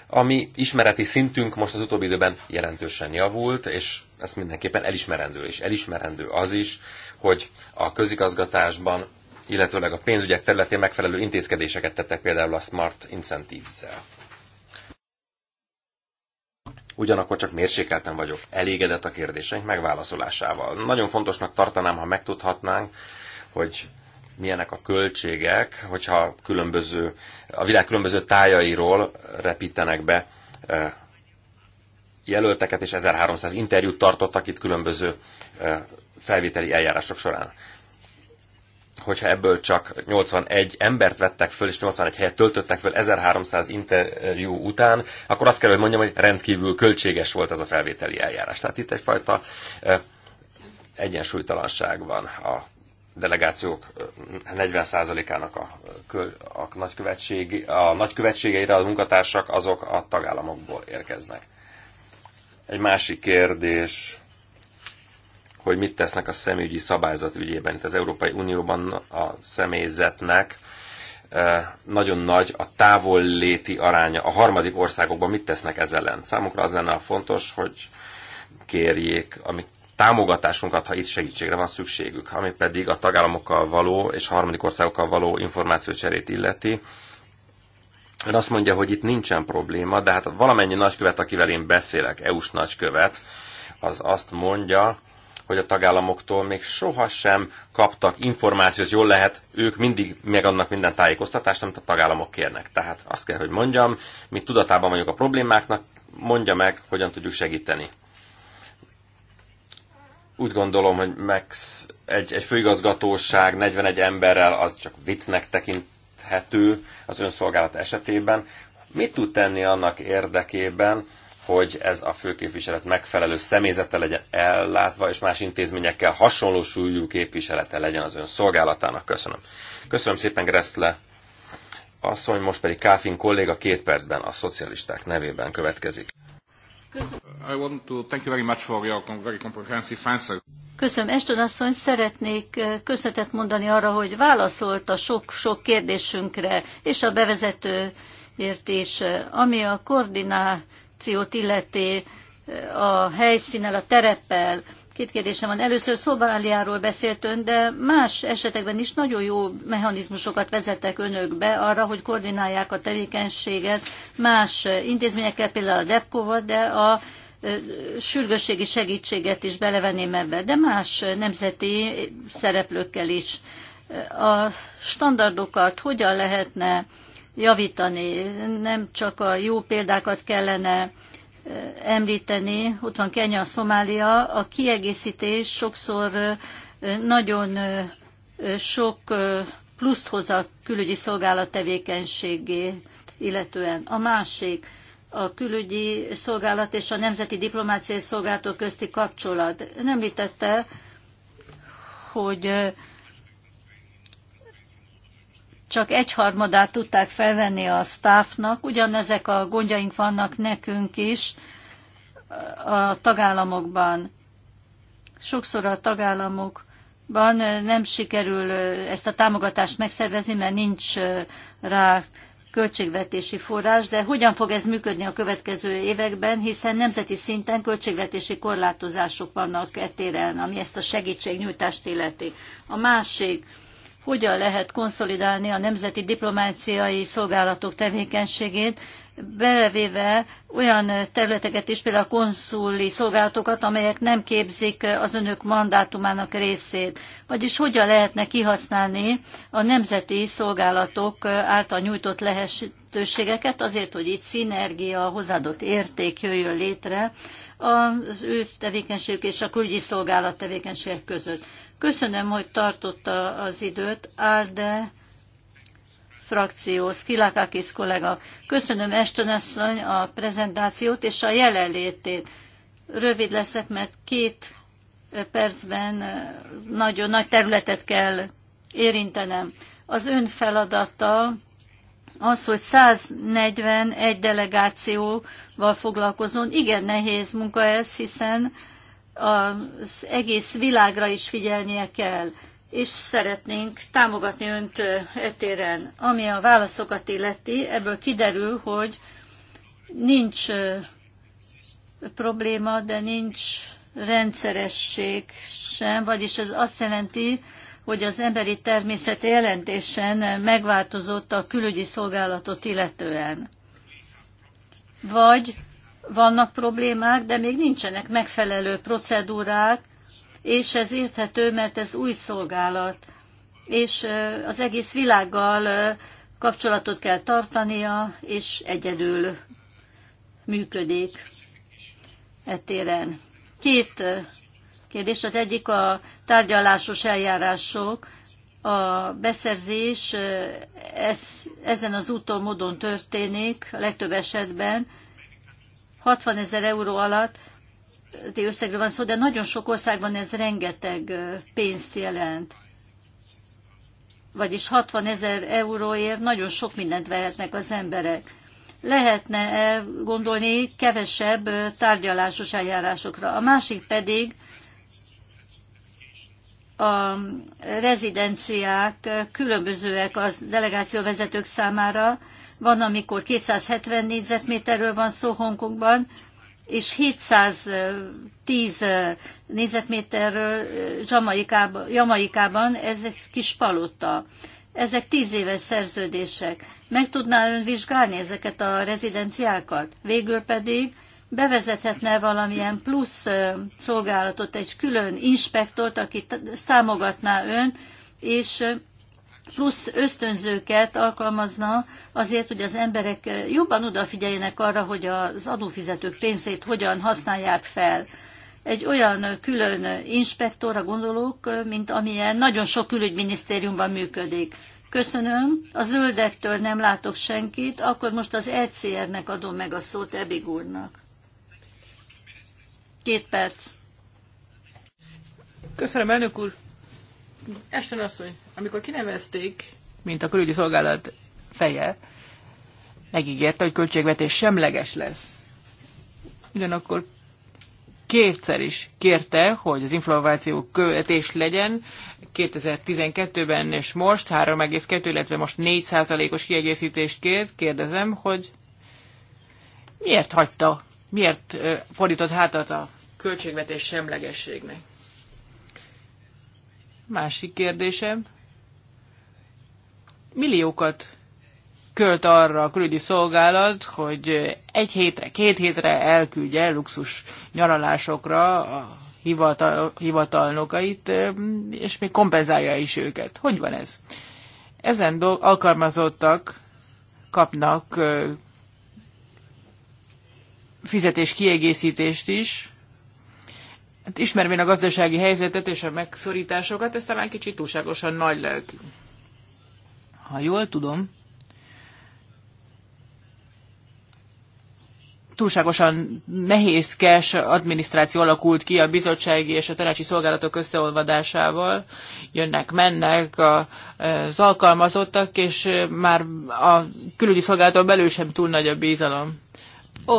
ami ismereti szintünk most az utóbbi időben jelentősen javult, és ez mindenképpen elismerendő, és elismerendő az is, hogy a közigazgatásban, illetőleg a pénzügyek területén megfelelő intézkedéseket tettek például a Smart Incentives-zel ugyanakkor csak mérsékelten vagyok elégedett a kérdéseink megválaszolásával. Nagyon fontosnak tartanám, ha megtudhatnánk, hogy milyenek a költségek, hogyha különböző, a világ különböző tájairól repítenek be jelölteket, és 1300 interjút tartottak itt különböző felvételi eljárások során hogyha ebből csak 81 embert vettek föl, és 81 helyet töltöttek föl 1300 interjú után, akkor azt kell, hogy mondjam, hogy rendkívül költséges volt ez a felvételi eljárás. Tehát itt egyfajta egyensúlytalanság van a delegációk 40%-ának a, a, nagykövetség, a nagykövetségeire a munkatársak azok a tagállamokból érkeznek. Egy másik kérdés hogy mit tesznek a szemügyi szabályzat ügyében. Itt az Európai Unióban a személyzetnek e, nagyon nagy a távolléti aránya. A harmadik országokban mit tesznek ezzel ellen? Számukra az lenne a fontos, hogy kérjék, amit támogatásunkat, ha itt segítségre van szükségük, ami pedig a tagállamokkal való és harmadik országokkal való információcserét illeti. Ön azt mondja, hogy itt nincsen probléma, de hát valamennyi nagykövet, akivel én beszélek, EU-s nagykövet, az azt mondja, hogy a tagállamoktól még sohasem kaptak információt, jól lehet, ők mindig megadnak minden tájékoztatást, amit a tagállamok kérnek. Tehát azt kell, hogy mondjam, mi tudatában vagyunk a problémáknak, mondja meg, hogyan tudjuk segíteni úgy gondolom, hogy Max egy, egy főigazgatóság 41 emberrel az csak viccnek tekinthető az önszolgálat esetében. Mit tud tenni annak érdekében, hogy ez a főképviselet megfelelő személyzete legyen ellátva, és más intézményekkel hasonló súlyú képviselete legyen az ön szolgálatának. Köszönöm. Köszönöm szépen, Azt mondja, most pedig Káfin kolléga két percben a szocialisták nevében következik. Köszönöm, Eston asszony, szeretnék eh, köszönetet mondani arra, hogy válaszolt a sok-sok kérdésünkre, és a bevezetőért is, eh, ami a koordinál interakciót illeti a helyszínnel, a tereppel. Két kérdésem van. Először Szomáliáról beszélt ön, de más esetekben is nagyon jó mechanizmusokat vezettek önök be arra, hogy koordinálják a tevékenységet más intézményekkel, például a defco de a sürgősségi segítséget is belevenném ebbe, de más nemzeti szereplőkkel is. A standardokat hogyan lehetne javítani. Nem csak a jó példákat kellene eh, említeni, ott van Kenya, Szomália, a kiegészítés sokszor eh, nagyon eh, sok pluszt hoz a külügyi szolgálat tevékenységé, illetően. A másik, a külügyi szolgálat és a nemzeti diplomáciai szolgálatok közti kapcsolat. Nem említette, hogy csak egyharmadát tudták felvenni a sztáfnak. Ugyanezek a gondjaink vannak nekünk is a tagállamokban. Sokszor a tagállamokban nem sikerül ezt a támogatást megszervezni, mert nincs rá költségvetési forrás, de hogyan fog ez működni a következő években, hiszen nemzeti szinten költségvetési korlátozások vannak etéren, ami ezt a segítségnyújtást illeti. A másik, hogyan lehet konszolidálni a nemzeti diplomáciai szolgálatok tevékenységét, belevéve olyan területeket is, például a konszuli szolgálatokat, amelyek nem képzik az önök mandátumának részét. Vagyis hogyan lehetne kihasználni a nemzeti szolgálatok által nyújtott lehetőségeket azért, hogy itt szinergia, hozzáadott érték jöjjön létre az ő tevékenységük és a külügyi szolgálat tevékenységek között. Köszönöm, hogy tartotta az időt, Árde frakció, Skilakakis kollega. Köszönöm Eston asszony a prezentációt és a jelenlétét. Rövid leszek, mert két percben nagyon nagy területet kell érintenem. Az ön feladata az, hogy 141 delegációval foglalkozon. Igen nehéz munka ez, hiszen az egész világra is figyelnie kell, és szeretnénk támogatni önt etéren. Ami a válaszokat illeti, ebből kiderül, hogy nincs probléma, de nincs rendszeresség sem, vagyis ez azt jelenti, hogy az emberi természet jelentésen megváltozott a külügyi szolgálatot illetően. Vagy vannak problémák, de még nincsenek megfelelő procedúrák, és ez érthető, mert ez új szolgálat, és az egész világgal kapcsolatot kell tartania, és egyedül működik e téren. Két kérdés, az egyik a tárgyalásos eljárások, a beszerzés ezen az úton, módon történik a legtöbb esetben, 60 ezer euró alatt összegről van szó, de nagyon sok országban ez rengeteg pénzt jelent. Vagyis 60 ezer euróért nagyon sok mindent vehetnek az emberek. Lehetne -e gondolni kevesebb tárgyalásos eljárásokra. A másik pedig a rezidenciák különbözőek az delegációvezetők számára, van, amikor 270 négyzetméterről van szó Hongkongban, és 710 négyzetméterről Jamaikában, Jamaikában ez egy kis palota. Ezek tíz éves szerződések. Meg tudná ön vizsgálni ezeket a rezidenciákat? Végül pedig bevezethetne valamilyen plusz szolgálatot, egy külön inspektort, aki támogatná ön, és plusz ösztönzőket alkalmazna azért, hogy az emberek jobban odafigyeljenek arra, hogy az adófizetők pénzét hogyan használják fel. Egy olyan külön inspektorra gondolok, mint amilyen nagyon sok külügyminisztériumban működik. Köszönöm. A zöldektől nem látok senkit, akkor most az ECR-nek adom meg a szót Ebig úrnak. Két perc. Köszönöm, elnök úr. Esten asszony, amikor kinevezték, mint a külügyi szolgálat feje, megígérte, hogy költségvetés semleges lesz. Ugyanakkor kétszer is kérte, hogy az infláció követés legyen, 2012-ben és most 3,2, illetve most 4 os kiegészítést kért, kérdezem, hogy miért hagyta, miért fordított hátat a költségvetés semlegességnek? Másik kérdésem. Milliókat költ arra a külügyi szolgálat, hogy egy hétre, két hétre elküldje luxus nyaralásokra a hivatal, hivatalnokait, és még kompenzálja is őket. Hogy van ez? Ezen alkalmazottak kapnak fizetés kiegészítést is, hát ismervén a gazdasági helyzetet és a megszorításokat, ez talán kicsit túlságosan nagy lelkű. Ha jól tudom, túlságosan nehézkes adminisztráció alakult ki a bizottsági és a tanácsi szolgálatok összeolvadásával. Jönnek, mennek a, az alkalmazottak, és már a külügyi szolgálaton belül sem túl nagy a bizalom. Ó,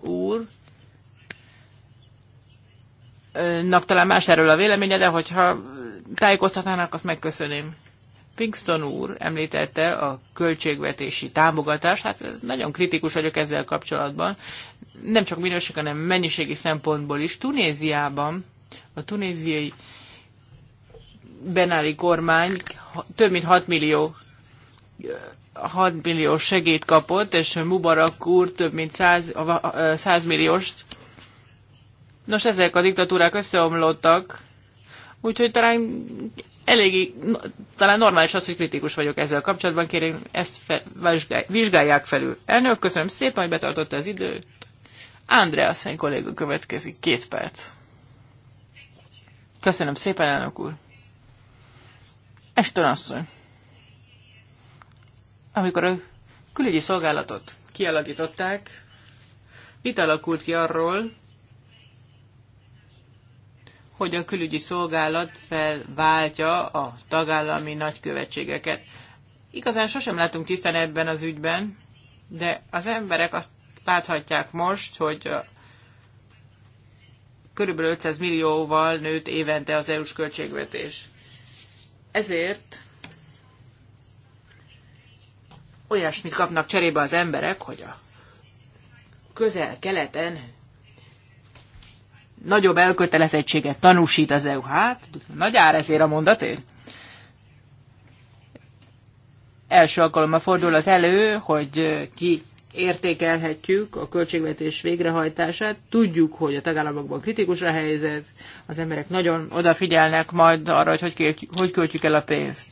úr nak talán más erről a véleménye, de hogyha tájékoztatnának, azt megköszönném. Pinkston úr említette a költségvetési támogatást, hát nagyon kritikus vagyok ezzel kapcsolatban, nem csak minőség, hanem mennyiségi szempontból is. Tunéziában a tunéziai benáli kormány több mint 6 millió 6 millió segét kapott, és Mubarak úr több mint 100, 100 millióst Nos, ezek a diktatúrák összeomlottak, úgyhogy talán elég, talán normális az, hogy kritikus vagyok ezzel kapcsolatban, kérem, ezt fe, vizsgálj, vizsgálják felül. Elnök, köszönöm szépen, hogy betartotta az időt. Andreasen kolléga következik, két perc. Köszönöm szépen, elnök úr. Eston asszony. Amikor a külügyi szolgálatot kialakították, vita alakult ki arról, hogy a külügyi szolgálat felváltja a tagállami nagykövetségeket. Igazán sosem látunk tisztán ebben az ügyben, de az emberek azt láthatják most, hogy körülbelül 500 millióval nőtt évente az EU-s költségvetés. Ezért olyasmit kapnak cserébe az emberek, hogy a közel-keleten nagyobb elkötelezettséget tanúsít az EU. Hát, nagy ár ezért a mondatért. Első alkalommal fordul az elő, hogy ki értékelhetjük a költségvetés végrehajtását. Tudjuk, hogy a tagállamokban kritikus a helyzet, az emberek nagyon odafigyelnek majd arra, hogy hogy, költjük, hogy költjük el a pénzt.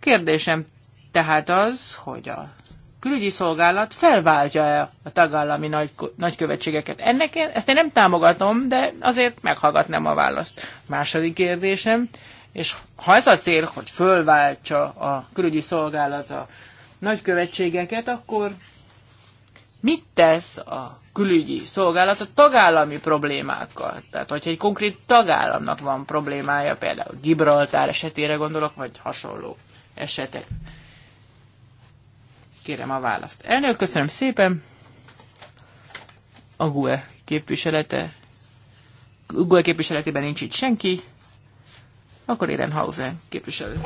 Kérdésem tehát az, hogy a külügyi szolgálat felváltja-e a tagállami nagy, nagykövetségeket. Ennek én, ezt én nem támogatom, de azért meghallgatnám a választ. Második kérdésem, és ha ez a cél, hogy fölváltsa a külügyi szolgálat a nagykövetségeket, akkor mit tesz a külügyi szolgálat a tagállami problémákkal? Tehát, hogyha egy konkrét tagállamnak van problémája, például Gibraltár esetére gondolok, vagy hasonló esetek. Kérem a választ. Elnök, köszönöm szépen. A GUE képviselete. GUE képviseletében nincs itt senki. Akkor Hauser képviselő.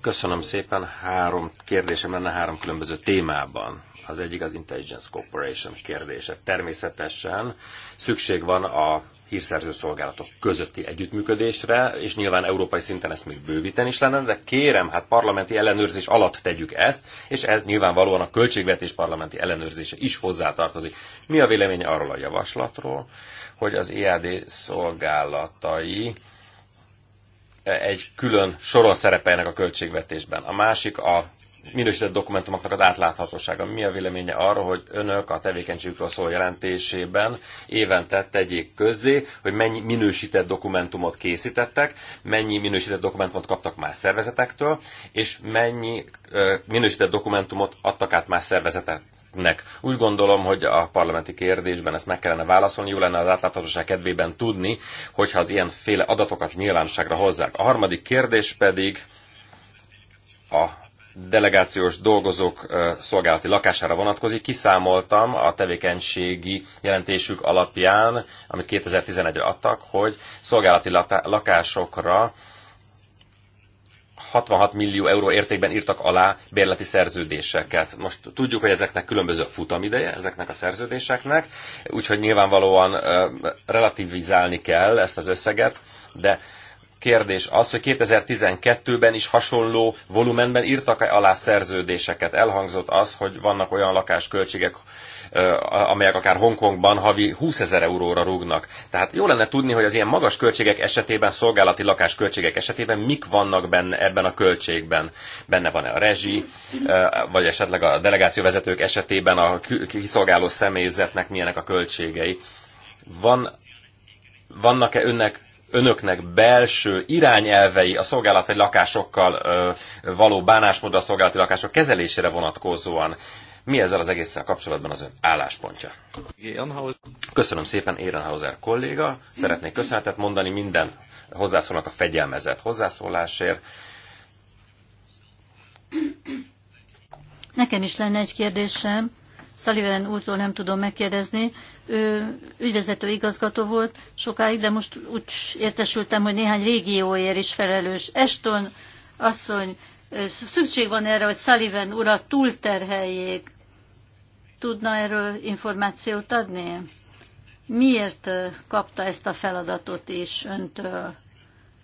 Köszönöm szépen. Három kérdésem lenne három különböző témában. Az egyik az Intelligence Corporation kérdése. Természetesen szükség van a hírszerző szolgálatok közötti együttműködésre, és nyilván európai szinten ezt még bővíteni is lenne, de kérem, hát parlamenti ellenőrzés alatt tegyük ezt, és ez nyilvánvalóan a költségvetés parlamenti ellenőrzése is hozzátartozik. Mi a véleménye arról a javaslatról, hogy az IAD e szolgálatai egy külön soron szerepelnek a költségvetésben. A másik a minősített dokumentumoknak az átláthatósága. Mi a véleménye arról, hogy önök a tevékenységükről szól jelentésében évente tegyék közzé, hogy mennyi minősített dokumentumot készítettek, mennyi minősített dokumentumot kaptak más szervezetektől, és mennyi minősített dokumentumot adtak át más szervezeteknek. Úgy gondolom, hogy a parlamenti kérdésben ezt meg kellene válaszolni, jó lenne az átláthatóság kedvében tudni, hogyha az ilyenféle adatokat nyilvánosságra hozzák. A harmadik kérdés pedig a delegációs dolgozók szolgálati lakására vonatkozik. Kiszámoltam a tevékenységi jelentésük alapján, amit 2011-re adtak, hogy szolgálati lakásokra 66 millió euró értékben írtak alá bérleti szerződéseket. Most tudjuk, hogy ezeknek különböző a futamideje, ezeknek a szerződéseknek, úgyhogy nyilvánvalóan relativizálni kell ezt az összeget, de kérdés az, hogy 2012-ben is hasonló volumenben írtak -e alá szerződéseket. Elhangzott az, hogy vannak olyan lakásköltségek, amelyek akár Hongkongban havi 20 ezer euróra rúgnak. Tehát jó lenne tudni, hogy az ilyen magas költségek esetében, szolgálati lakásköltségek esetében mik vannak benne ebben a költségben. Benne van-e a rezsi, vagy esetleg a delegációvezetők esetében a kiszolgáló személyzetnek milyenek a költségei. Van, vannak-e önnek önöknek belső irányelvei a szolgálati lakásokkal való bánásmód a szolgálati lakások kezelésére vonatkozóan. Mi ezzel az egésszel kapcsolatban az ön álláspontja? Köszönöm szépen, Ehrenhauser kolléga. Szeretnék köszönetet mondani minden hozzászólnak a fegyelmezett hozzászólásért. Nekem is lenne egy kérdésem. Sullivan úrtól nem tudom megkérdezni. Ő ügyvezető igazgató volt sokáig, de most úgy értesültem, hogy néhány régióért is felelős. Eston asszony, szükség van erre, hogy Sullivan urat túlterheljék. Tudna erről információt adni? Miért kapta ezt a feladatot is öntől?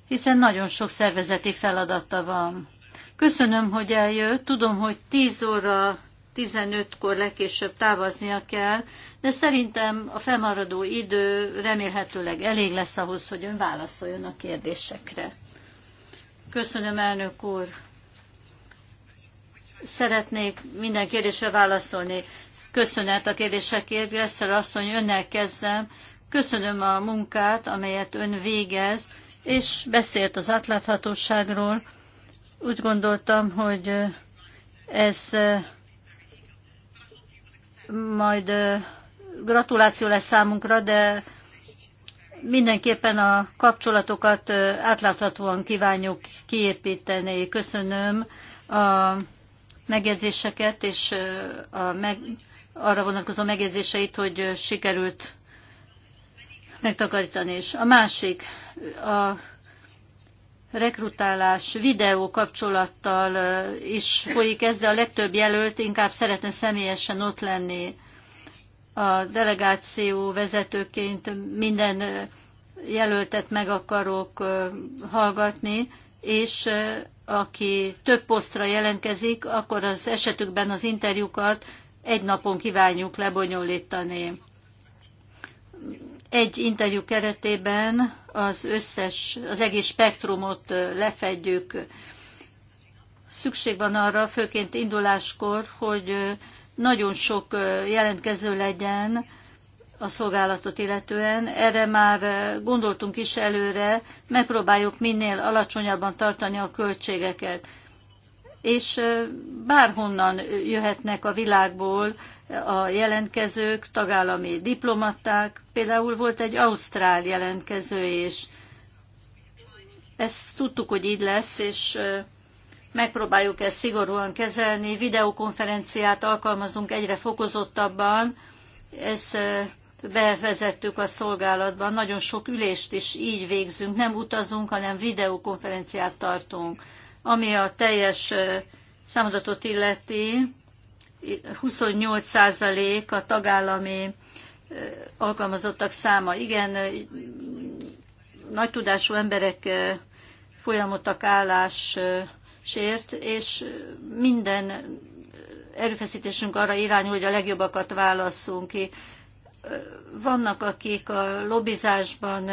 Hiszen nagyon sok szervezeti feladata van. Köszönöm, hogy eljött. Tudom, hogy 10 óra 15-kor legkésőbb távoznia kell, de szerintem a felmaradó idő remélhetőleg elég lesz ahhoz, hogy ön válaszoljon a kérdésekre. Köszönöm, elnök úr. Szeretnék minden kérdésre válaszolni. Köszönet a kérdésekért, Gresszel asszony, önnel kezdem. Köszönöm a munkát, amelyet ön végez, és beszélt az átláthatóságról. Úgy gondoltam, hogy ez majd gratuláció lesz számunkra, de mindenképpen a kapcsolatokat átláthatóan kívánjuk kiépíteni. Köszönöm a megjegyzéseket és a meg, arra vonatkozó megjegyzéseit, hogy sikerült megtakarítani. És a másik, a rekrutálás videó kapcsolattal is folyik ez, de a legtöbb jelölt inkább szeretne személyesen ott lenni. A delegáció vezetőként minden jelöltet meg akarok hallgatni, és aki több posztra jelentkezik, akkor az esetükben az interjúkat egy napon kívánjuk lebonyolítani egy interjú keretében az összes, az egész spektrumot lefedjük. Szükség van arra, főként induláskor, hogy nagyon sok jelentkező legyen a szolgálatot illetően. Erre már gondoltunk is előre, megpróbáljuk minél alacsonyabban tartani a költségeket és bárhonnan jöhetnek a világból a jelentkezők, tagállami diplomaták. Például volt egy ausztrál jelentkező, és ezt tudtuk, hogy így lesz, és megpróbáljuk ezt szigorúan kezelni. Videokonferenciát alkalmazunk egyre fokozottabban, ezt bevezettük a szolgálatban, nagyon sok ülést is így végzünk, nem utazunk, hanem videokonferenciát tartunk ami a teljes számadatot illeti, 28% a tagállami alkalmazottak száma. Igen, nagy tudású emberek folyamodtak állásért, és minden erőfeszítésünk arra irányul, hogy a legjobbakat válasszunk ki. Vannak, akik a lobbizásban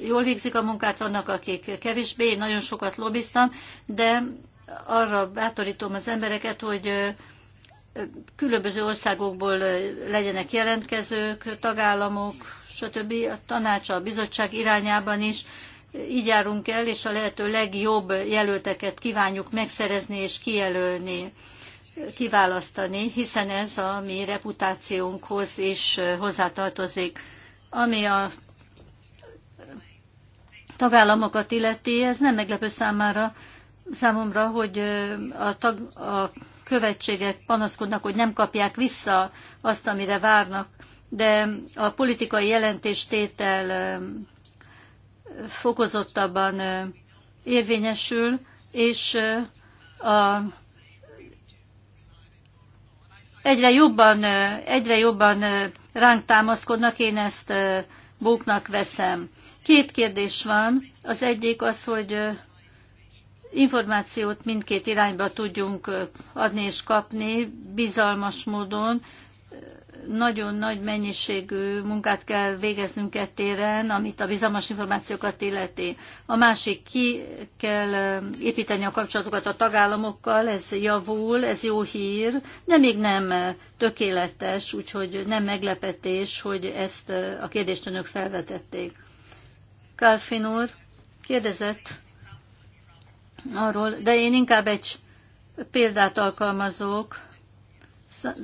jól végzik a munkát, vannak, akik kevésbé, én nagyon sokat lobbiztam, de arra bátorítom az embereket, hogy különböző országokból legyenek jelentkezők, tagállamok, stb. a tanács, a bizottság irányában is. Így járunk el, és a lehető legjobb jelölteket kívánjuk megszerezni és kijelölni, kiválasztani, hiszen ez a mi reputációnkhoz is hozzátartozik. Ami a tagállamokat illeti, ez nem meglepő számára, számomra, hogy a, tag, a követségek panaszkodnak, hogy nem kapják vissza azt, amire várnak, de a politikai jelentéstétel fokozottabban érvényesül, és a egyre jobban, egyre jobban ránk támaszkodnak, én ezt bóknak veszem. Két kérdés van. Az egyik az, hogy információt mindkét irányba tudjunk adni és kapni bizalmas módon. Nagyon nagy mennyiségű munkát kell végeznünk e téren, amit a bizalmas információkat illeti. A másik, ki kell építeni a kapcsolatokat a tagállamokkal, ez javul, ez jó hír, de még nem tökéletes, úgyhogy nem meglepetés, hogy ezt a kérdést önök felvetették. Kalfin úr kérdezett arról, de én inkább egy példát alkalmazok.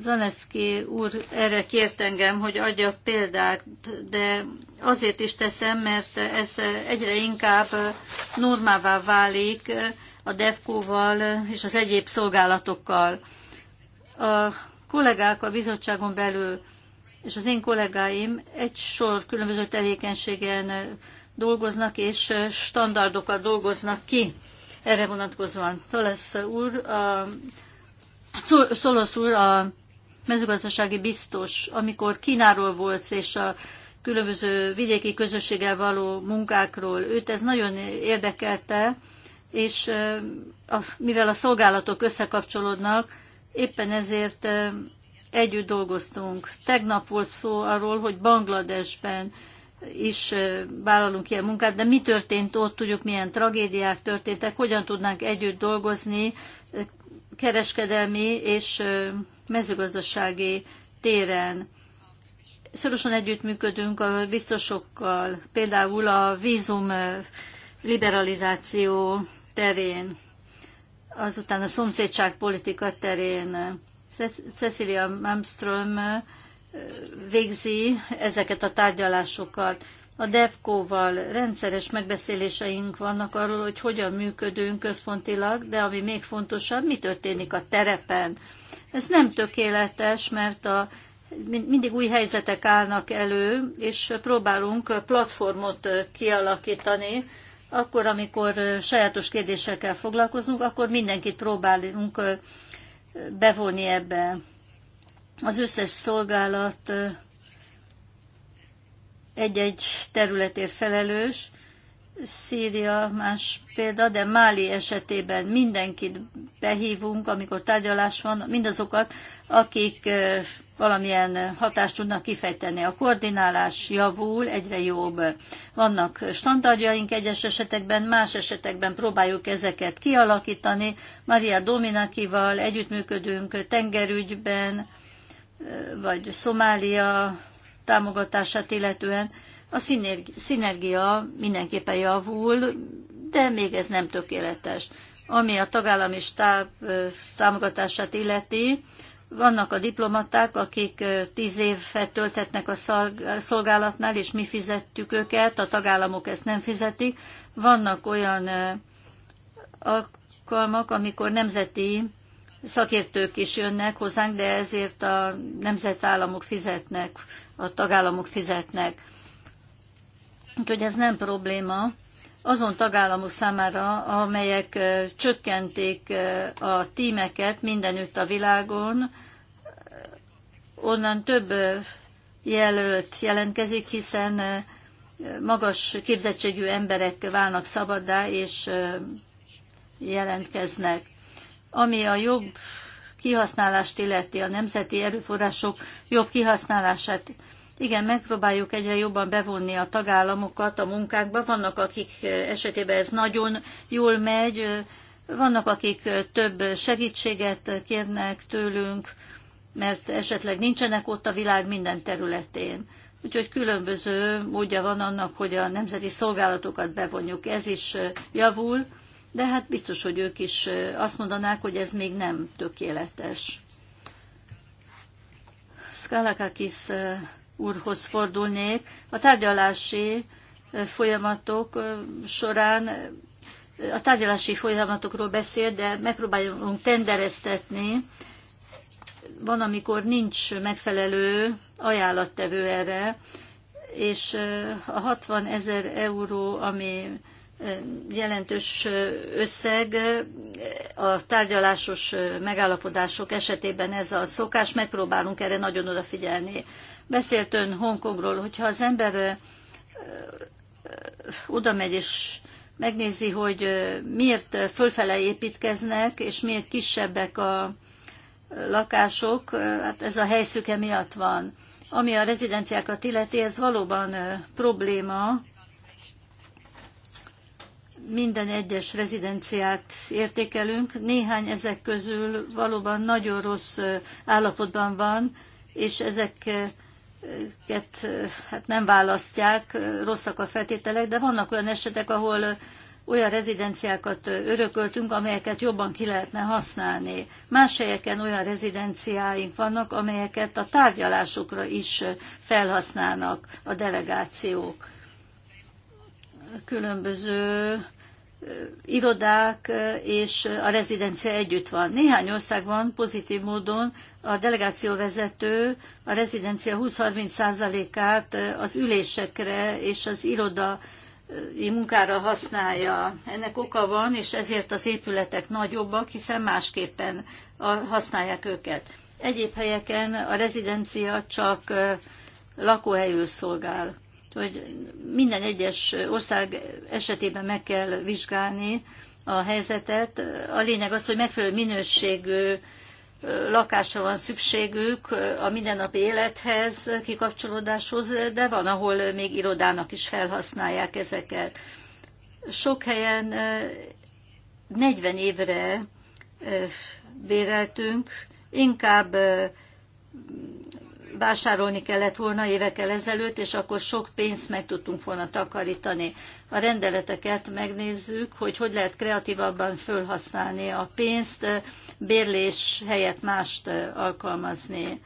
Zanecki úr erre kért engem, hogy adjak példát, de azért is teszem, mert ez egyre inkább normává válik a DEFCO-val és az egyéb szolgálatokkal. A kollégák a bizottságon belül és az én kollégáim egy sor különböző tevékenységen dolgoznak és standardokat dolgoznak ki erre vonatkozóan. Tolesz úr, a, Szolosz úr, a mezőgazdasági biztos, amikor Kínáról volt és a különböző vidéki közösséggel való munkákról, őt ez nagyon érdekelte, és mivel a szolgálatok összekapcsolódnak, éppen ezért együtt dolgoztunk. Tegnap volt szó arról, hogy Bangladesben is vállalunk ilyen munkát, de mi történt ott, tudjuk milyen tragédiák történtek, hogyan tudnánk együtt dolgozni kereskedelmi és mezőgazdasági téren. Szorosan együttműködünk a biztosokkal, például a vízum liberalizáció terén, azután a szomszédságpolitika terén. Cecilia Malmström végzi ezeket a tárgyalásokat. A DEFCO-val rendszeres megbeszéléseink vannak arról, hogy hogyan működünk központilag, de ami még fontosabb, mi történik a terepen. Ez nem tökéletes, mert a, mindig új helyzetek állnak elő, és próbálunk platformot kialakítani, akkor, amikor sajátos kérdésekkel foglalkozunk, akkor mindenkit próbálunk bevonni ebbe az összes szolgálat egy-egy területért felelős, Szíria más példa, de Máli esetében mindenkit behívunk, amikor tárgyalás van, mindazokat, akik valamilyen hatást tudnak kifejteni. A koordinálás javul, egyre jobb. Vannak standardjaink egyes esetekben, más esetekben próbáljuk ezeket kialakítani. Maria Dominakival együttműködünk tengerügyben, vagy Szomália támogatását illetően a szinergia mindenképpen javul, de még ez nem tökéletes. Ami a tagállami stáb támogatását illeti, vannak a diplomaták, akik tíz évet töltetnek a szolgálatnál, és mi fizettük őket, a tagállamok ezt nem fizetik. Vannak olyan alkalmak, amikor nemzeti szakértők is jönnek hozzánk, de ezért a nemzetállamok fizetnek, a tagállamok fizetnek. Úgyhogy ez nem probléma azon tagállamok számára, amelyek csökkenték a tímeket mindenütt a világon, onnan több jelölt jelentkezik, hiszen magas képzettségű emberek válnak szabaddá és jelentkeznek ami a jobb kihasználást illeti, a nemzeti erőforrások jobb kihasználását. Igen, megpróbáljuk egyre jobban bevonni a tagállamokat a munkákba. Vannak, akik eh, esetében ez nagyon jól megy, vannak, akik eh, több segítséget eh, kérnek tőlünk, mert esetleg nincsenek ott a világ minden területén. Úgyhogy különböző módja van annak, hogy a nemzeti szolgálatokat bevonjuk. Ez is javul de hát biztos, hogy ők is azt mondanák, hogy ez még nem tökéletes. Skalakakis úrhoz fordulnék. A tárgyalási folyamatok során a tárgyalási folyamatokról beszél, de megpróbálunk tendereztetni. Van, amikor nincs megfelelő ajánlattevő erre, és a 60 ezer euró, ami jelentős összeg a tárgyalásos megállapodások esetében ez a szokás, megpróbálunk erre nagyon odafigyelni. Beszélt ön Hongkongról, hogyha az ember oda megy és megnézi, hogy miért fölfele építkeznek, és miért kisebbek a lakások, hát ez a helyszüke miatt van. Ami a rezidenciákat illeti, ez valóban probléma, minden egyes rezidenciát értékelünk. Néhány ezek közül valóban nagyon rossz állapotban van, és ezeket hát nem választják, rosszak a feltételek, de vannak olyan esetek, ahol olyan rezidenciákat örököltünk, amelyeket jobban ki lehetne használni. Más helyeken olyan rezidenciáink vannak, amelyeket a tárgyalásokra is felhasználnak a delegációk különböző irodák és a rezidencia együtt van. Néhány országban pozitív módon a delegációvezető a rezidencia 20-30%-át az ülésekre és az iroda munkára használja. Ennek oka van, és ezért az épületek nagyobbak, hiszen másképpen használják őket. Egyéb helyeken a rezidencia csak lakóhelyül szolgál hogy minden egyes ország esetében meg kell vizsgálni a helyzetet. A lényeg az, hogy megfelelő minőségű lakásra van szükségük a mindennapi élethez, kikapcsolódáshoz, de van, ahol még irodának is felhasználják ezeket. Sok helyen 40 évre béreltünk, inkább vásárolni kellett volna évekkel ezelőtt, és akkor sok pénzt meg tudtunk volna takarítani. A rendeleteket megnézzük, hogy hogy lehet kreatívabban fölhasználni a pénzt, bérlés helyett mást alkalmazni.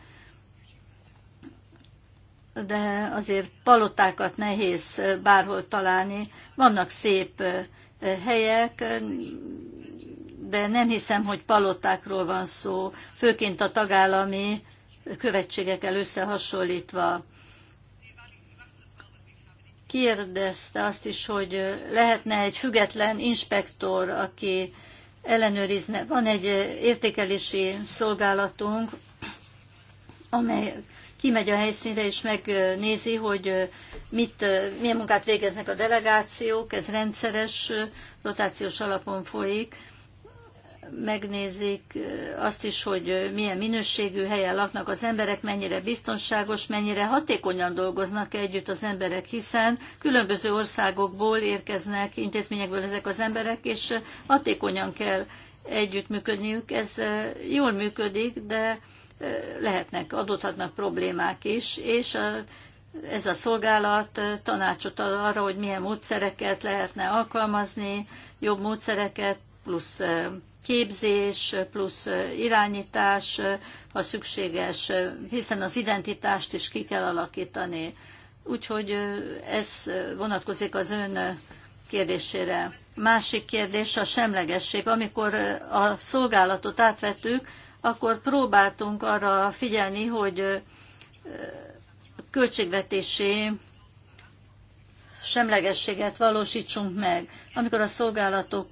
De azért palotákat nehéz bárhol találni. Vannak szép helyek, de nem hiszem, hogy palotákról van szó, főként a tagállami követségekkel összehasonlítva. Kérdezte azt is, hogy lehetne egy független inspektor, aki ellenőrizne. Van egy értékelési szolgálatunk, amely kimegy a helyszínre és megnézi, hogy mit, milyen munkát végeznek a delegációk, ez rendszeres, rotációs alapon folyik megnézik azt is, hogy milyen minőségű helyen laknak az emberek, mennyire biztonságos, mennyire hatékonyan dolgoznak együtt az emberek, hiszen különböző országokból érkeznek intézményekből ezek az emberek, és hatékonyan kell együttműködniük. Ez jól működik, de lehetnek, adódhatnak problémák is, és a, ez a szolgálat tanácsot ad arra, hogy milyen módszereket lehetne alkalmazni, jobb módszereket, plusz képzés, plusz irányítás, ha szükséges, hiszen az identitást is ki kell alakítani. Úgyhogy ez vonatkozik az ön kérdésére. Másik kérdés a semlegesség. Amikor a szolgálatot átvettük, akkor próbáltunk arra figyelni, hogy költségvetési semlegességet valósítsunk meg. Amikor a szolgálatok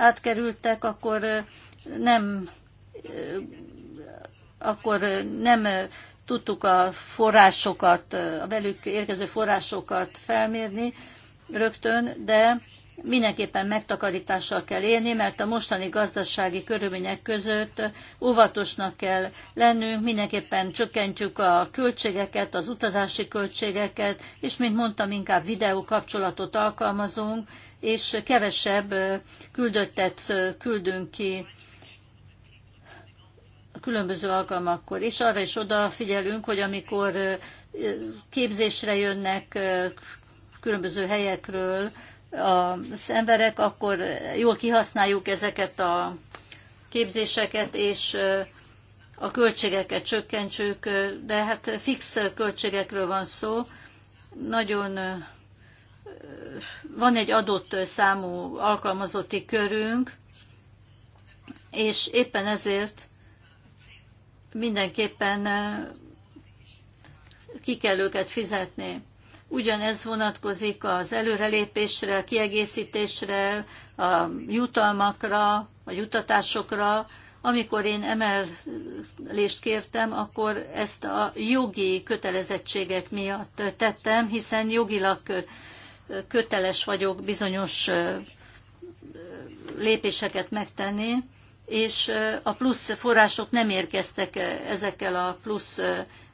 átkerültek, akkor nem akkor nem tudtuk a forrásokat, a velük érkező forrásokat felmérni rögtön, de mindenképpen megtakarítással kell élni, mert a mostani gazdasági körülmények között óvatosnak kell lennünk, mindenképpen csökkentjük a költségeket, az utazási költségeket, és mint mondtam, inkább videó kapcsolatot alkalmazunk, és kevesebb küldöttet küldünk ki a különböző alkalmakkor. És arra is odafigyelünk, hogy amikor képzésre jönnek különböző helyekről az emberek, akkor jól kihasználjuk ezeket a képzéseket, és a költségeket csökkentsük, de hát fix költségekről van szó. Nagyon van egy adott számú alkalmazotti körünk, és éppen ezért mindenképpen ki kell őket fizetni. Ugyanez vonatkozik az előrelépésre, a kiegészítésre, a jutalmakra, a jutatásokra. Amikor én emelést kértem, akkor ezt a jogi kötelezettségek miatt tettem, hiszen jogilag köteles vagyok bizonyos lépéseket megtenni, és a plusz források nem érkeztek ezekkel a plusz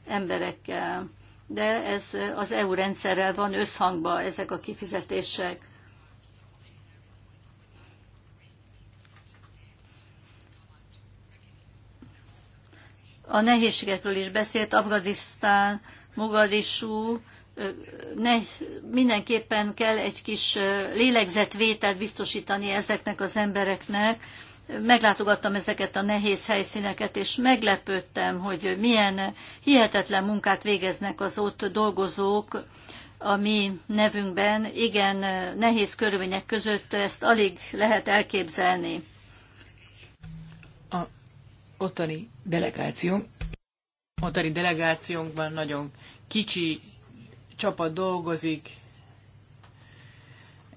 emberekkel. De ez az EU rendszerrel van összhangba ezek a kifizetések. A nehézségekről is beszélt Afganisztán, Mogadisú, ne, mindenképpen kell egy kis lélegzetvételt biztosítani ezeknek az embereknek. Meglátogattam ezeket a nehéz helyszíneket, és meglepődtem, hogy milyen hihetetlen munkát végeznek az ott dolgozók a mi nevünkben. Igen, nehéz körülmények között ezt alig lehet elképzelni. A ottani delegáció, ottani delegációnkban nagyon kicsi csapat dolgozik,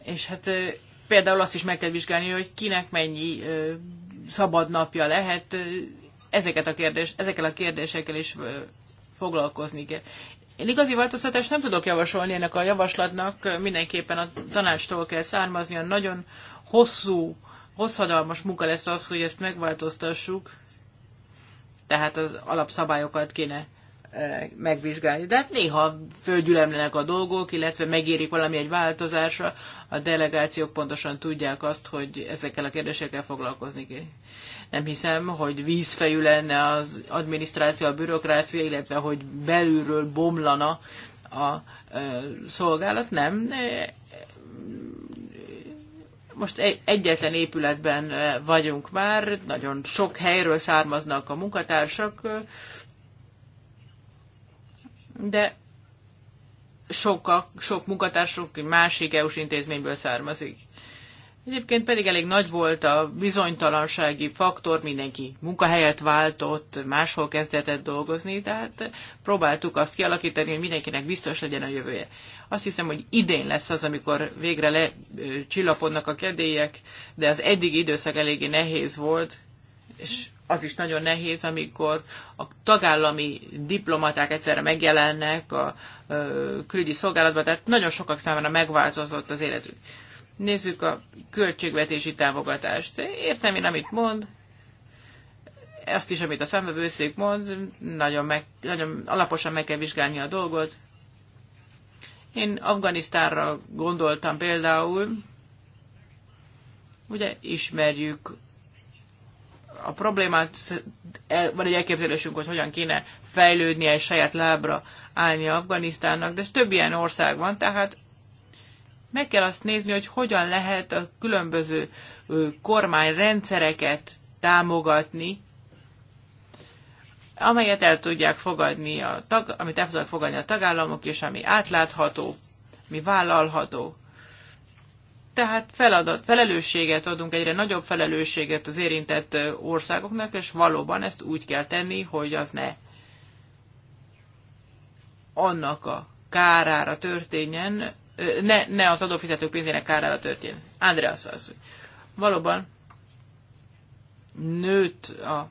és hát például azt is meg kell vizsgálni, hogy kinek mennyi szabad napja lehet, ezeket a kérdés, ezekkel a kérdésekkel is foglalkozni kell. Én igazi változtatást nem tudok javasolni ennek a javaslatnak, mindenképpen a tanácstól kell a nagyon hosszú, hosszadalmas munka lesz az, hogy ezt megváltoztassuk, tehát az alapszabályokat kéne megvizsgálni. De hát néha földgyülemlenek a dolgok, illetve megérik valami egy változásra, a delegációk pontosan tudják azt, hogy ezekkel a kérdésekkel foglalkozni kell. Nem hiszem, hogy vízfejű lenne az adminisztráció, a bürokrácia, illetve hogy belülről bomlana a szolgálat. Nem, e, most egyetlen épületben vagyunk már, nagyon sok helyről származnak a munkatársak, de sok, sok munkatársunk másik EU-s intézményből származik. Egyébként pedig elég nagy volt a bizonytalansági faktor, mindenki munkahelyet váltott, máshol kezdett dolgozni, tehát próbáltuk azt kialakítani, hogy mindenkinek biztos legyen a jövője. Azt hiszem, hogy idén lesz az, amikor végre lecsillapodnak a kedélyek, de az eddigi időszak eléggé nehéz volt, és az is nagyon nehéz, amikor a tagállami diplomaták egyszerre megjelennek a, külügyi szolgálatban, tehát nagyon sokak számára megváltozott az életük. Nézzük a költségvetési támogatást. Értem én, amit mond, azt is, amit a számvevőszék mond, nagyon, meg, nagyon alaposan meg kell vizsgálni a dolgot. Én Afganisztánra gondoltam például, ugye ismerjük a problémát, el, van egy elképzelésünk, hogy hogyan kéne fejlődnie és saját lábra állni Afganisztánnak, de több ilyen ország van, tehát meg kell azt nézni, hogy hogyan lehet a különböző kormányrendszereket támogatni, amelyet el tudják fogadni a tag, amit el tudják fogadni a tagállamok, és ami átlátható, mi vállalható tehát feladat, felelősséget adunk, egyre nagyobb felelősséget az érintett országoknak, és valóban ezt úgy kell tenni, hogy az ne annak a kárára történjen, ne, ne az adófizetők pénzének kárára történjen. Andreas az, valóban nőtt a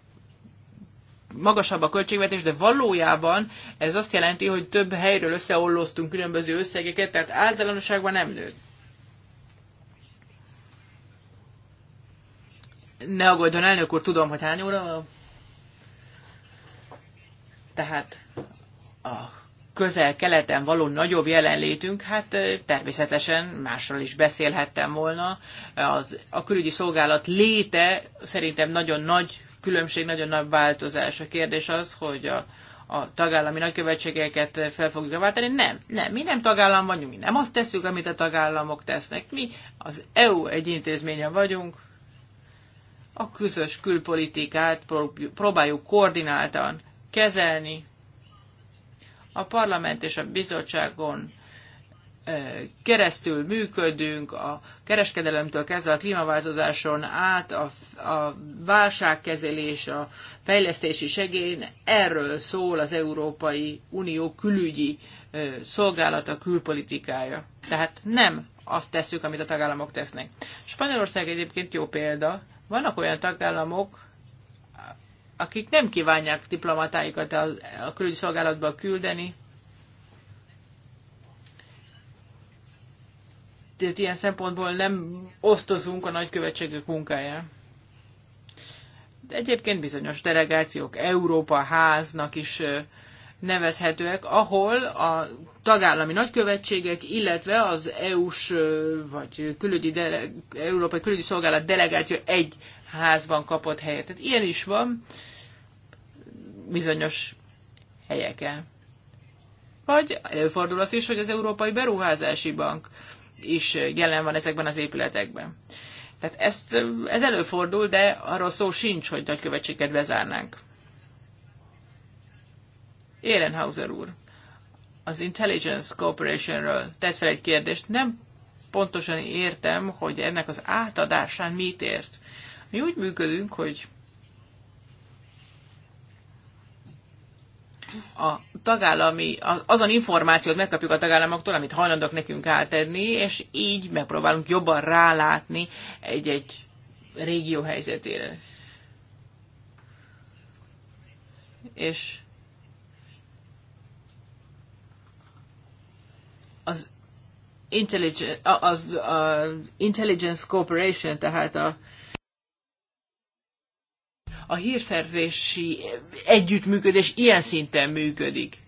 magasabb a költségvetés, de valójában ez azt jelenti, hogy több helyről összeollóztunk különböző összegeket, tehát általánosságban nem nőtt. Ne aggódjon, elnök úr, tudom, hogy hány óra van. Tehát a közel-keleten való nagyobb jelenlétünk, hát természetesen másról is beszélhettem volna. Az, a külügyi szolgálat léte szerintem nagyon nagy különbség, nagyon nagy változás. A kérdés az, hogy a, a tagállami nagykövetségeket fel fogjuk váltani. Nem, nem, mi nem tagállam vagyunk, mi nem azt tesszük, amit a tagállamok tesznek. Mi az EU egy intézménye vagyunk, a közös külpolitikát próbáljuk koordináltan kezelni. A parlament és a bizottságon keresztül működünk, a kereskedelemtől kezdve a klímaváltozáson át, a, a válságkezelés, a fejlesztési segény, erről szól az Európai Unió külügyi szolgálata, külpolitikája. Tehát nem azt tesszük, amit a tagállamok tesznek. Spanyolország egyébként jó példa, vannak olyan tagállamok, akik nem kívánják diplomatáikat a, a külügyi szolgálatba küldeni, tehát ilyen szempontból nem osztozunk a nagykövetségek munkáján. De egyébként bizonyos delegációk Európa háznak is nevezhetőek, ahol a tagállami nagykövetségek, illetve az EU-s vagy külügyi dele, Európai Külügyi Szolgálat delegáció egy házban kapott helyet. Tehát ilyen is van bizonyos helyeken. Vagy előfordul az is, hogy az Európai Beruházási Bank is jelen van ezekben az épületekben. Tehát ezt, ez előfordul, de arról szó sincs, hogy nagykövetséget bezárnánk. Ehrenhauser úr az Intelligence Corporationről tett fel egy kérdést. Nem pontosan értem, hogy ennek az átadásán mit ért. Mi úgy működünk, hogy a tagállami, azon információt megkapjuk a tagállamoktól, amit hajlandók nekünk átadni, és így megpróbálunk jobban rálátni egy-egy régió helyzetére. És az Intelligence, az, a Intelligence cooperation, tehát a, a hírszerzési együttműködés ilyen szinten működik.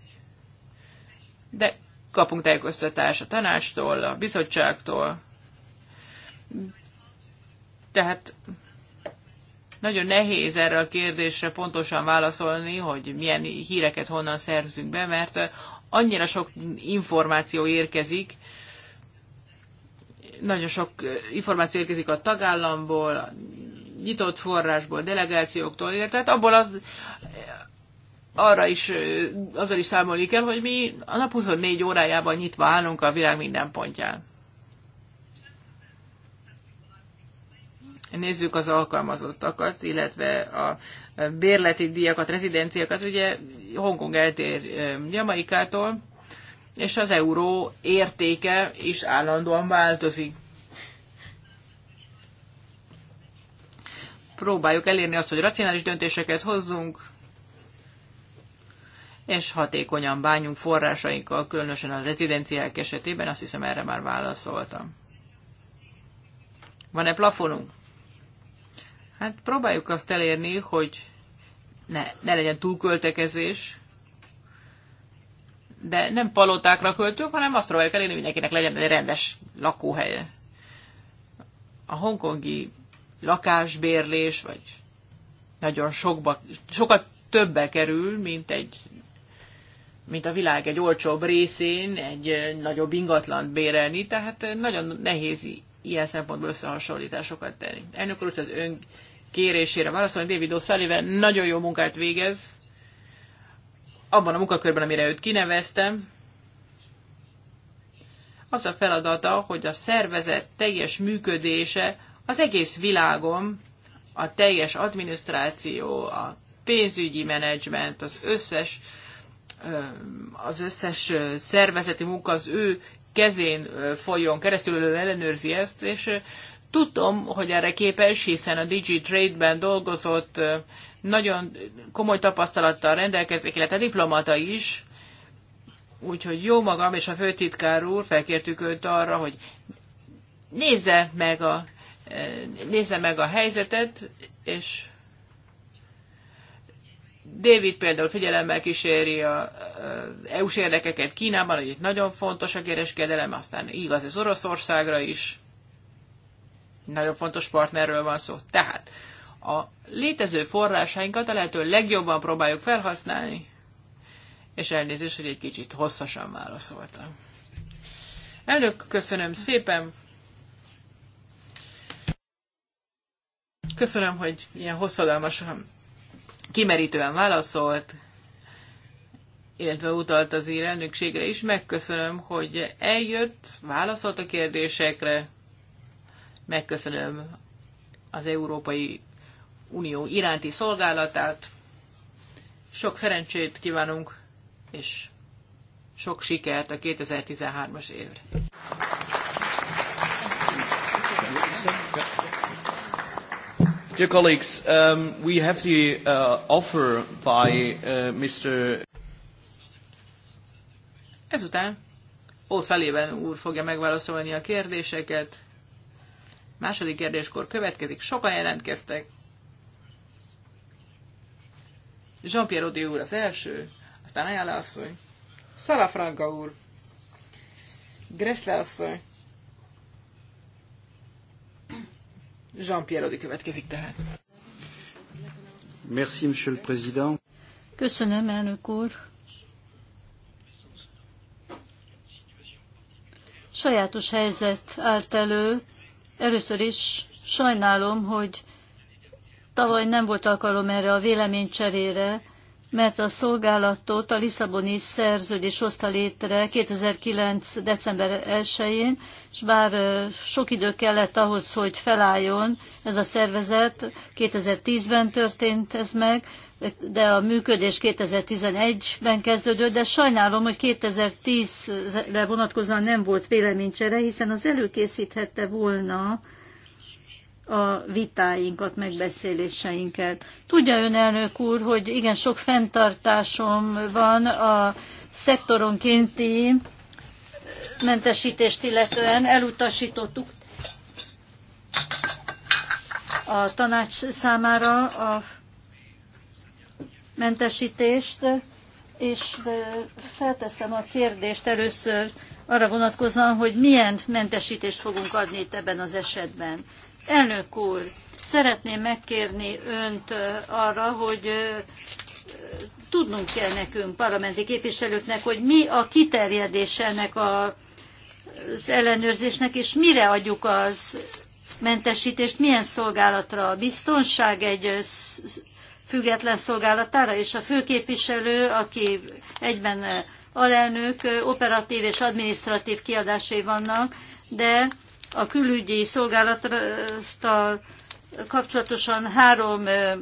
De kapunk tájékoztatást a tanástól, a bizottságtól. Tehát nagyon nehéz erre a kérdésre pontosan válaszolni, hogy milyen híreket honnan szerzünk be, mert annyira sok információ érkezik, nagyon sok információ érkezik a tagállamból, a nyitott forrásból, delegációktól, tehát abból az, arra is, azzal is számolni kell, hogy mi a nap 24 órájában nyitva állunk a világ minden pontján. Nézzük az alkalmazottakat, illetve a bérleti díjakat, rezidenciákat. Ugye Hongkong eltér Jamaikától, és az euró értéke is állandóan változik. Próbáljuk elérni azt, hogy racionális döntéseket hozzunk, és hatékonyan bánjunk forrásainkkal, különösen a rezidenciák esetében, azt hiszem erre már válaszoltam. Van-e plafonunk? Hát próbáljuk azt elérni, hogy ne, ne legyen túlköltekezés, de nem palotákra költünk, hanem azt próbáljuk elérni, hogy mindenkinek legyen egy rendes lakóhelye. A hongkongi lakásbérlés, vagy nagyon sokba, sokat többe kerül, mint egy mint a világ egy olcsóbb részén egy nagyobb ingatlant bérelni, tehát nagyon nehéz ilyen szempontból összehasonlításokat tenni. Elnök úr, az ön, kérésére válaszolni. David O'Sullivan nagyon jó munkát végez abban a munkakörben, amire őt kineveztem. Az a feladata, hogy a szervezet teljes működése az egész világon, a teljes adminisztráció, a pénzügyi menedzsment, az összes, az összes szervezeti munka az ő kezén folyjon keresztül, ő ellenőrzi ezt, és Tudom, hogy erre képes, hiszen a DigiTrade-ben dolgozott, nagyon komoly tapasztalattal rendelkezik, illetve diplomata is, úgyhogy jó magam és a főtitkár úr felkértük őt arra, hogy nézze meg a, nézze meg a helyzetet, és David például figyelemmel kíséri a EU-s érdekeket Kínában, hogy itt nagyon fontos a kereskedelem, aztán igaz az Oroszországra is nagyon fontos partnerről van szó. Tehát a létező forrásainkat a lehető legjobban próbáljuk felhasználni, és elnézést, hogy egy kicsit hosszasan válaszoltam. Elnök, köszönöm szépen! Köszönöm, hogy ilyen hosszadalmasan, kimerítően válaszolt, illetve utalt az ír elnökségre is. Megköszönöm, hogy eljött, válaszolt a kérdésekre, Megköszönöm az Európai Unió iránti szolgálatát. Sok szerencsét kívánunk, és sok sikert a 2013-as évre. Dear colleagues, um, we have the uh, offer by uh, Mr. Ezután O'Sullivan úr fogja megválaszolni a kérdéseket. Második kérdéskor következik, sokan jelentkeztek. Jean-Pierre Odi úr az első, aztán Ayala asszony, Salafranca úr, Gressler asszony, Jean-Pierre Odi következik tehát. Merci, Monsieur le Président. Köszönöm, elnök úr. Sajátos helyzet állt elő, Először is sajnálom, hogy tavaly nem volt alkalom erre a véleménycserére, mert a szolgálatot a Lisszaboni szerződés hozta létre 2009. december 1-én, és bár sok idő kellett ahhoz, hogy felálljon ez a szervezet, 2010-ben történt ez meg, de a működés 2011-ben kezdődött, de sajnálom, hogy 2010-re vonatkozóan nem volt véleménycsere, hiszen az előkészíthette volna a vitáinkat, megbeszéléseinket. Tudja ön, elnök úr, hogy igen sok fenntartásom van a szektoronkénti mentesítést illetően elutasítottuk a tanács számára a mentesítést, és felteszem a kérdést először arra vonatkozóan, hogy milyen mentesítést fogunk adni itt ebben az esetben. Elnök úr, szeretném megkérni önt arra, hogy tudnunk kell nekünk, parlamenti képviselőknek, hogy mi a kiterjedés ennek a, az ellenőrzésnek, és mire adjuk az mentesítést, milyen szolgálatra. A biztonság egy független szolgálatára, és a főképviselő, aki egyben eh, alelnök, eh, operatív és adminisztratív kiadásai vannak, de a külügyi szolgálattal kapcsolatosan három eh,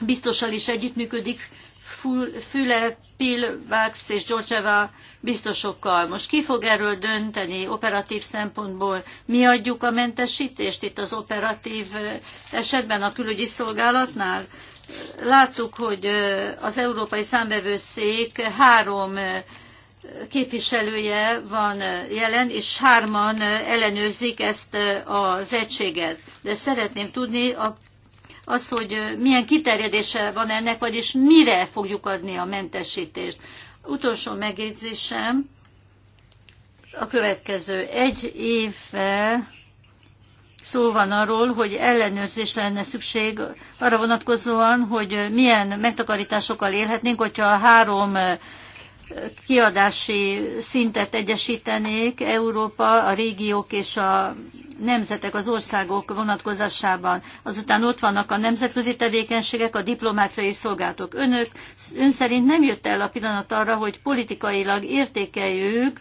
biztossal is együttműködik, Füle, Pil, Vax és Georgeva biztosokkal. Most ki fog erről dönteni operatív szempontból? Mi adjuk a mentesítést itt az operatív esetben a külügyi szolgálatnál? láttuk, hogy az Európai Számbevőszék három képviselője van jelen, és hárman ellenőrzik ezt az egységet. De szeretném tudni a, az, hogy milyen kiterjedése van ennek, vagyis mire fogjuk adni a mentesítést. Utolsó megjegyzésem a következő. Egy évvel szó van arról, hogy ellenőrzésre lenne szükség arra vonatkozóan, hogy milyen megtakarításokkal élhetnénk, hogyha a három kiadási szintet egyesítenék Európa, a régiók és a nemzetek, az országok vonatkozásában. Azután ott vannak a nemzetközi tevékenységek, a diplomáciai szolgálatok. Önök, ön szerint nem jött el a pillanat arra, hogy politikailag értékeljük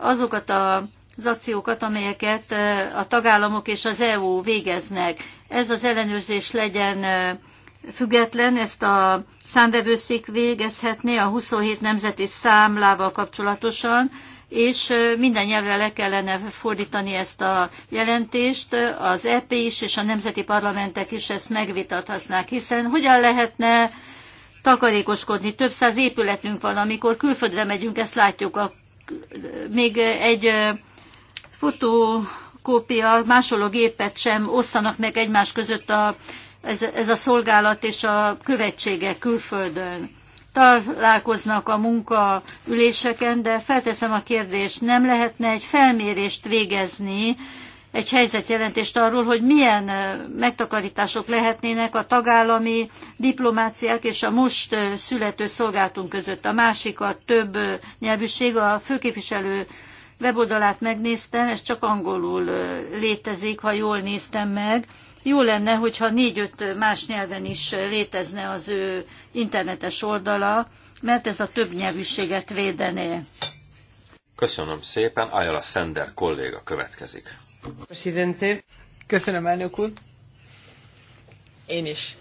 azokat a az akciókat, amelyeket a tagállamok és az EU végeznek. Ez az ellenőrzés legyen független, ezt a számvevőszék végezhetné a 27 nemzeti számlával kapcsolatosan, és minden nyelvre le kellene fordítani ezt a jelentést, az EP is és a nemzeti parlamentek is ezt megvitathatnák, hiszen hogyan lehetne takarékoskodni. Több száz épületünk van, amikor külföldre megyünk, ezt látjuk. A, még egy fotókópia, másoló gépet sem osztanak meg egymás között a, ez, ez a szolgálat és a követsége külföldön. Találkoznak a munkaüléseken, de felteszem a kérdést, nem lehetne egy felmérést végezni, egy helyzetjelentést arról, hogy milyen megtakarítások lehetnének a tagállami diplomáciák és a most születő szolgáltunk között. A másik a több nyelvűség, a főképviselő weboldalát megnéztem, ez csak angolul létezik, ha jól néztem meg. Jó lenne, hogyha négy-öt más nyelven is létezne az ő internetes oldala, mert ez a több nyelvűséget védené. Köszönöm szépen. Ajala Szender kolléga következik. Presidente. Köszönöm, elnök úr. Én is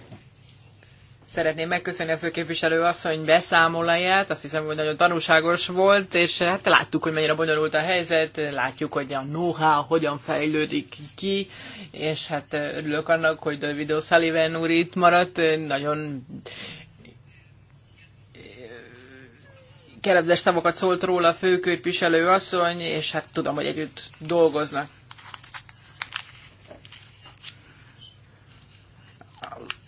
Szeretném megköszönni a főképviselő asszony beszámolóját, azt hiszem, hogy nagyon tanulságos volt, és hát láttuk, hogy mennyire bonyolult a helyzet, látjuk, hogy a know-how hogyan fejlődik ki, és hát örülök annak, hogy David Sullivan úr itt maradt, nagyon kelebdes szavakat szólt róla a főképviselő asszony, és hát tudom, hogy együtt dolgoznak.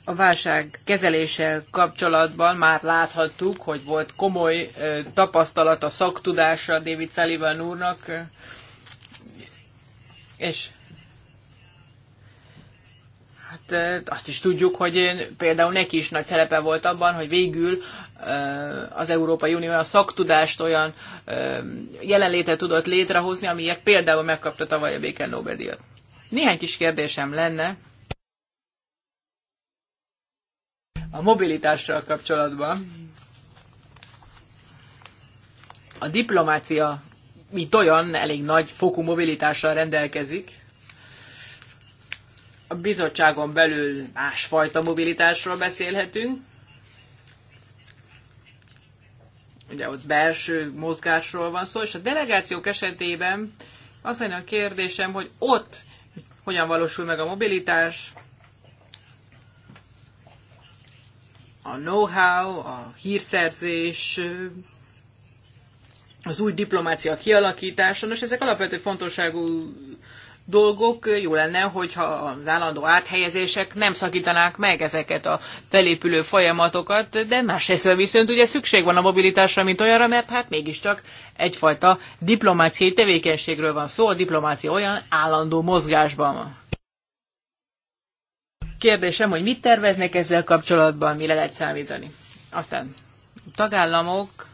a válság kezelése kapcsolatban már láthattuk, hogy volt komoly tapasztalat a szaktudása David Sullivan úrnak, és hát azt is tudjuk, hogy például neki is nagy szerepe volt abban, hogy végül az Európai Unió a szaktudást olyan jelenlétet tudott létrehozni, amiért például megkapta tavaly a Béken Nobel-díjat. Néhány kis kérdésem lenne, A mobilitással kapcsolatban a diplomácia, mint olyan, elég nagy fokú mobilitással rendelkezik. A bizottságon belül másfajta mobilitásról beszélhetünk. Ugye ott belső mozgásról van szó, és a delegációk esetében azt lenne a kérdésem, hogy ott hogyan valósul meg a mobilitás, a know-how, a hírszerzés, az új diplomácia kialakítása, és ezek alapvető fontosságú dolgok, jó lenne, hogyha az állandó áthelyezések nem szakítanák meg ezeket a felépülő folyamatokat, de másrészt viszont ugye szükség van a mobilitásra, mint olyanra, mert hát mégiscsak egyfajta diplomáciai tevékenységről van szó, a diplomácia olyan állandó mozgásban van kérdésem, hogy mit terveznek ezzel kapcsolatban, mire lehet számítani. Aztán a tagállamok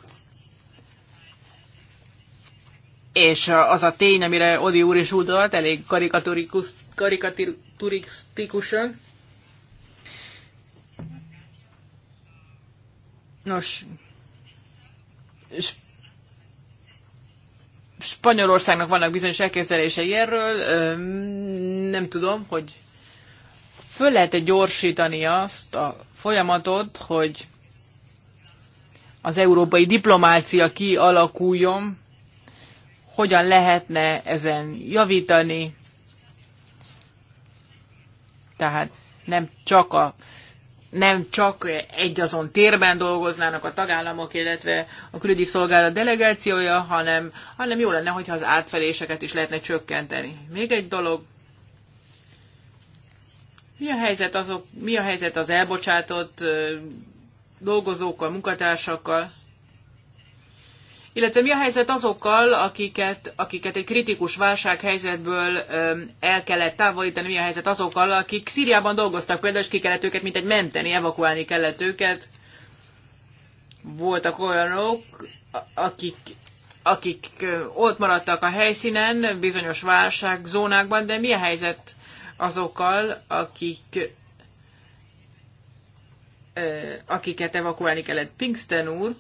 és az a tény, amire Odi úr is utalt, elég karikaturisztikusan. Nos, Spanyolországnak vannak bizonyos elképzelései erről, nem tudom, hogy föl lehet gyorsítani azt a folyamatot, hogy az európai diplomácia kialakuljon, hogyan lehetne ezen javítani, tehát nem csak a nem csak egy azon térben dolgoznának a tagállamok, illetve a külügyi szolgálat delegációja, hanem, hanem jó lenne, hogyha az átfeléseket is lehetne csökkenteni. Még egy dolog, mi a helyzet, azok, mi a helyzet az elbocsátott dolgozókkal, munkatársakkal? Illetve mi a helyzet azokkal, akiket, akiket egy kritikus válsághelyzetből el kellett távolítani, mi a helyzet azokkal, akik Szíriában dolgoztak például, és ki kellett őket mint egy menteni, evakuálni kellett őket. Voltak olyanok, akik, akik ott maradtak a helyszínen, bizonyos válságzónákban, de mi a helyzet azokkal, akik akiket evakuálni kellett. Pinkston úr,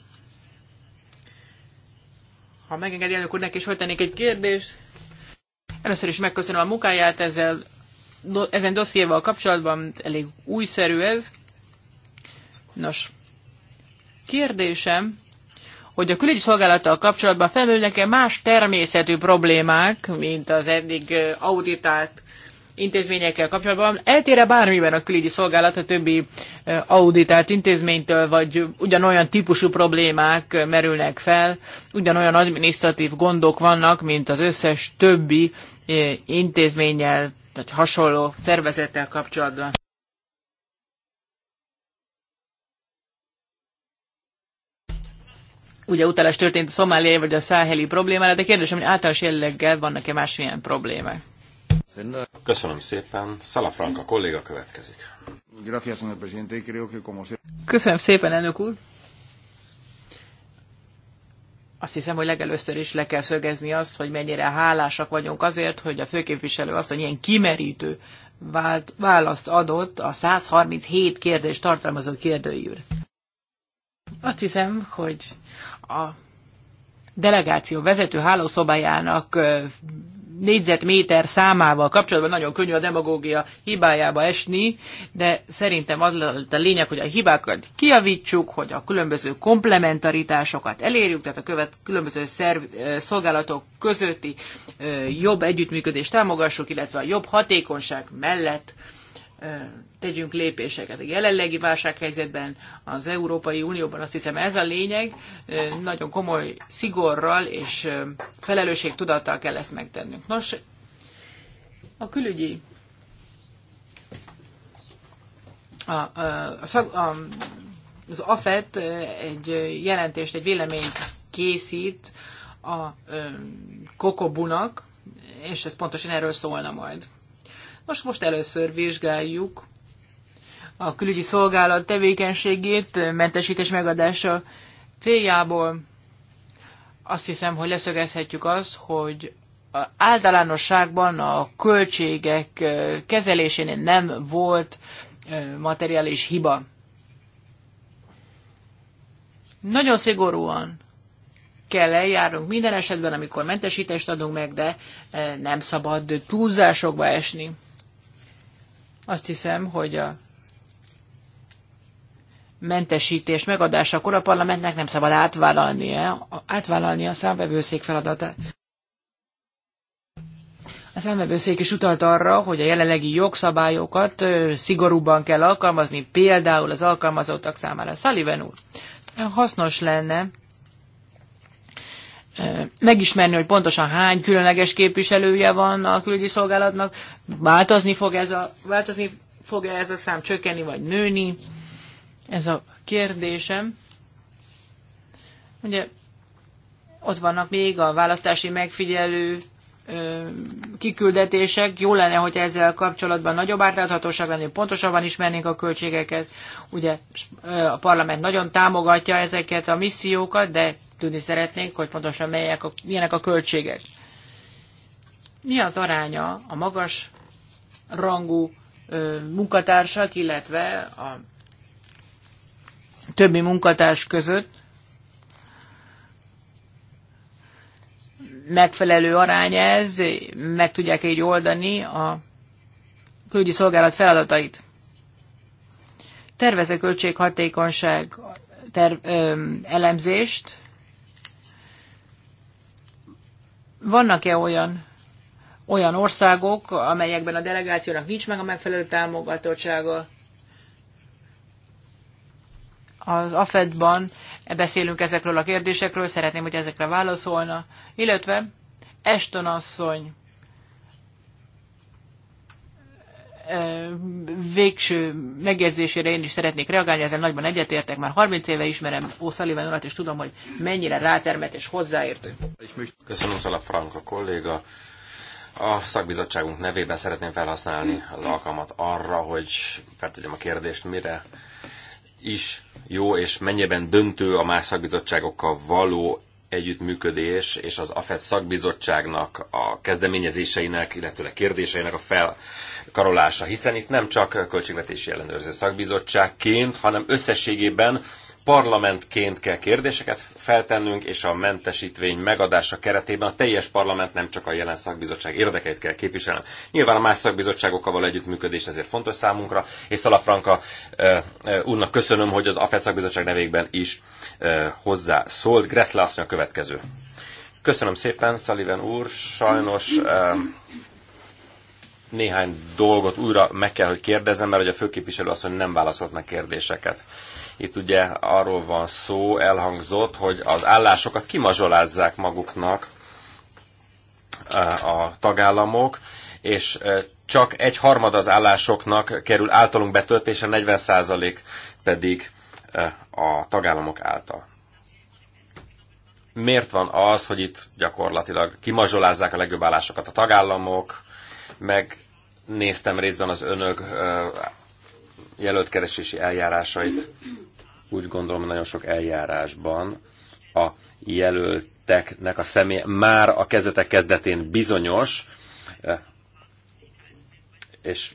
ha megengedi elnök úrnak is, hogy tennék egy kérdést. Először is megköszönöm a munkáját ezzel, ezen dossziéval kapcsolatban, elég újszerű ez. Nos, kérdésem, hogy a külügyi szolgálattal kapcsolatban felülnek-e más természetű problémák, mint az eddig auditált intézményekkel kapcsolatban. Eltére bármiben a külügyi szolgálat a többi eh, auditált intézménytől, vagy ugyanolyan típusú problémák eh, merülnek fel, ugyanolyan administratív gondok vannak, mint az összes többi eh, intézménnyel, vagy hasonló szervezettel kapcsolatban. Ugye utalás történt a szomáliai vagy a száheli problémára, de kérdésem, hogy általános jelleggel vannak-e másmilyen problémák? Köszönöm szépen. Salafranca kolléga következik. Köszönöm szépen, elnök úr. Azt hiszem, hogy legelőször is le kell szögezni azt, hogy mennyire hálásak vagyunk azért, hogy a főképviselő azt, hogy ilyen kimerítő vált, választ adott a 137 kérdés tartalmazó kérdőjűre. Azt hiszem, hogy a delegáció vezető hálószobájának négyzetméter számával kapcsolatban nagyon könnyű a demagógia hibájába esni, de szerintem az a lényeg, hogy a hibákat kiavítsuk, hogy a különböző komplementaritásokat elérjük, tehát a követ, különböző szerv, szolgálatok közötti jobb együttműködést támogassuk, illetve a jobb hatékonyság mellett tegyünk lépéseket. A jelenlegi válsághelyzetben az Európai Unióban azt hiszem ez a lényeg, nagyon komoly szigorral és felelősségtudattal kell ezt megtennünk. Nos, a külügyi a, a, a, a, az AFET egy jelentést, egy véleményt készít a Kokobunak, és ez pontosan erről szólna majd. Most most először vizsgáljuk a külügyi szolgálat tevékenységét mentesítés megadása céljából. Azt hiszem, hogy leszögezhetjük azt, hogy általánosságban a költségek kezelésén nem volt materiális hiba. Nagyon szigorúan kell eljárnunk minden esetben, amikor mentesítést adunk meg, de nem szabad túlzásokba esni. Azt hiszem, hogy a mentesítés megadásakor a parlamentnek nem szabad átvállalnia, átvállalnia a számvevőszék feladatát. A számvevőszék is utalt arra, hogy a jelenlegi jogszabályokat szigorúban kell alkalmazni, például az alkalmazottak számára. Sullivan úr, hasznos lenne megismerni, hogy pontosan hány különleges képviselője van a külügyi szolgálatnak, változni fog ez a, változni fog -e ez a szám, csökkenni vagy nőni ez a kérdésem. Ugye ott vannak még a választási megfigyelő ö, kiküldetések. Jó lenne, hogy ezzel kapcsolatban nagyobb átláthatóság lenne, pontosabban ismernénk a költségeket. Ugye a parlament nagyon támogatja ezeket a missziókat, de tudni szeretnénk, hogy pontosan melyek a, milyenek a költségek. Mi az aránya a magas rangú ö, munkatársak, illetve a többi munkatárs között megfelelő arány ez, meg tudják így oldani a külügyi szolgálat feladatait. Tervezek költséghatékonyság terv, ö, elemzést? Vannak-e olyan, olyan országok, amelyekben a delegációnak nincs meg a megfelelő támogatottsága? az AFED-ban beszélünk ezekről a kérdésekről, szeretném, hogy ezekre válaszolna, illetve Eston asszony e, végső megjegyzésére én is szeretnék reagálni, ezzel nagyban egyetértek, már 30 éve ismerem O'Sullivan urat, és tudom, hogy mennyire rátermet és hozzáértő. Köszönöm Szala Frank a kolléga. A szakbizottságunk nevében szeretném felhasználni az alkalmat arra, hogy feltegyem a kérdést, mire is jó, és mennyiben döntő a más szakbizottságokkal való együttműködés és az AFET szakbizottságnak a kezdeményezéseinek, illetőleg kérdéseinek a felkarolása, hiszen itt nem csak költségvetési ellenőrző szakbizottságként, hanem összességében parlamentként kell kérdéseket feltennünk, és a mentesítvény megadása keretében a teljes parlament nem csak a jelen szakbizottság érdekeit kell képviselnem. Nyilván a más szakbizottságokkal való együttműködés ezért fontos számunkra, és Szalafranka úrnak köszönöm, hogy az AFED szakbizottság nevében is hozzá szólt. Gressle a következő. Köszönöm szépen, Sullivan úr. Sajnos néhány dolgot újra meg kell, hogy kérdezem, mert hogy a főképviselő azt, hogy nem válaszolt meg kérdéseket. Itt ugye arról van szó, elhangzott, hogy az állásokat kimazsolázzák maguknak eh, a tagállamok, és eh, csak egy harmad az állásoknak kerül általunk betöltése, 40% pedig eh, a tagállamok által. Miért van az, hogy itt gyakorlatilag kimazsolázzák a legjobb állásokat a tagállamok, meg néztem részben az önök jelöltkeresési eljárásait úgy gondolom nagyon sok eljárásban a jelölteknek a személy már a kezdetek kezdetén bizonyos, és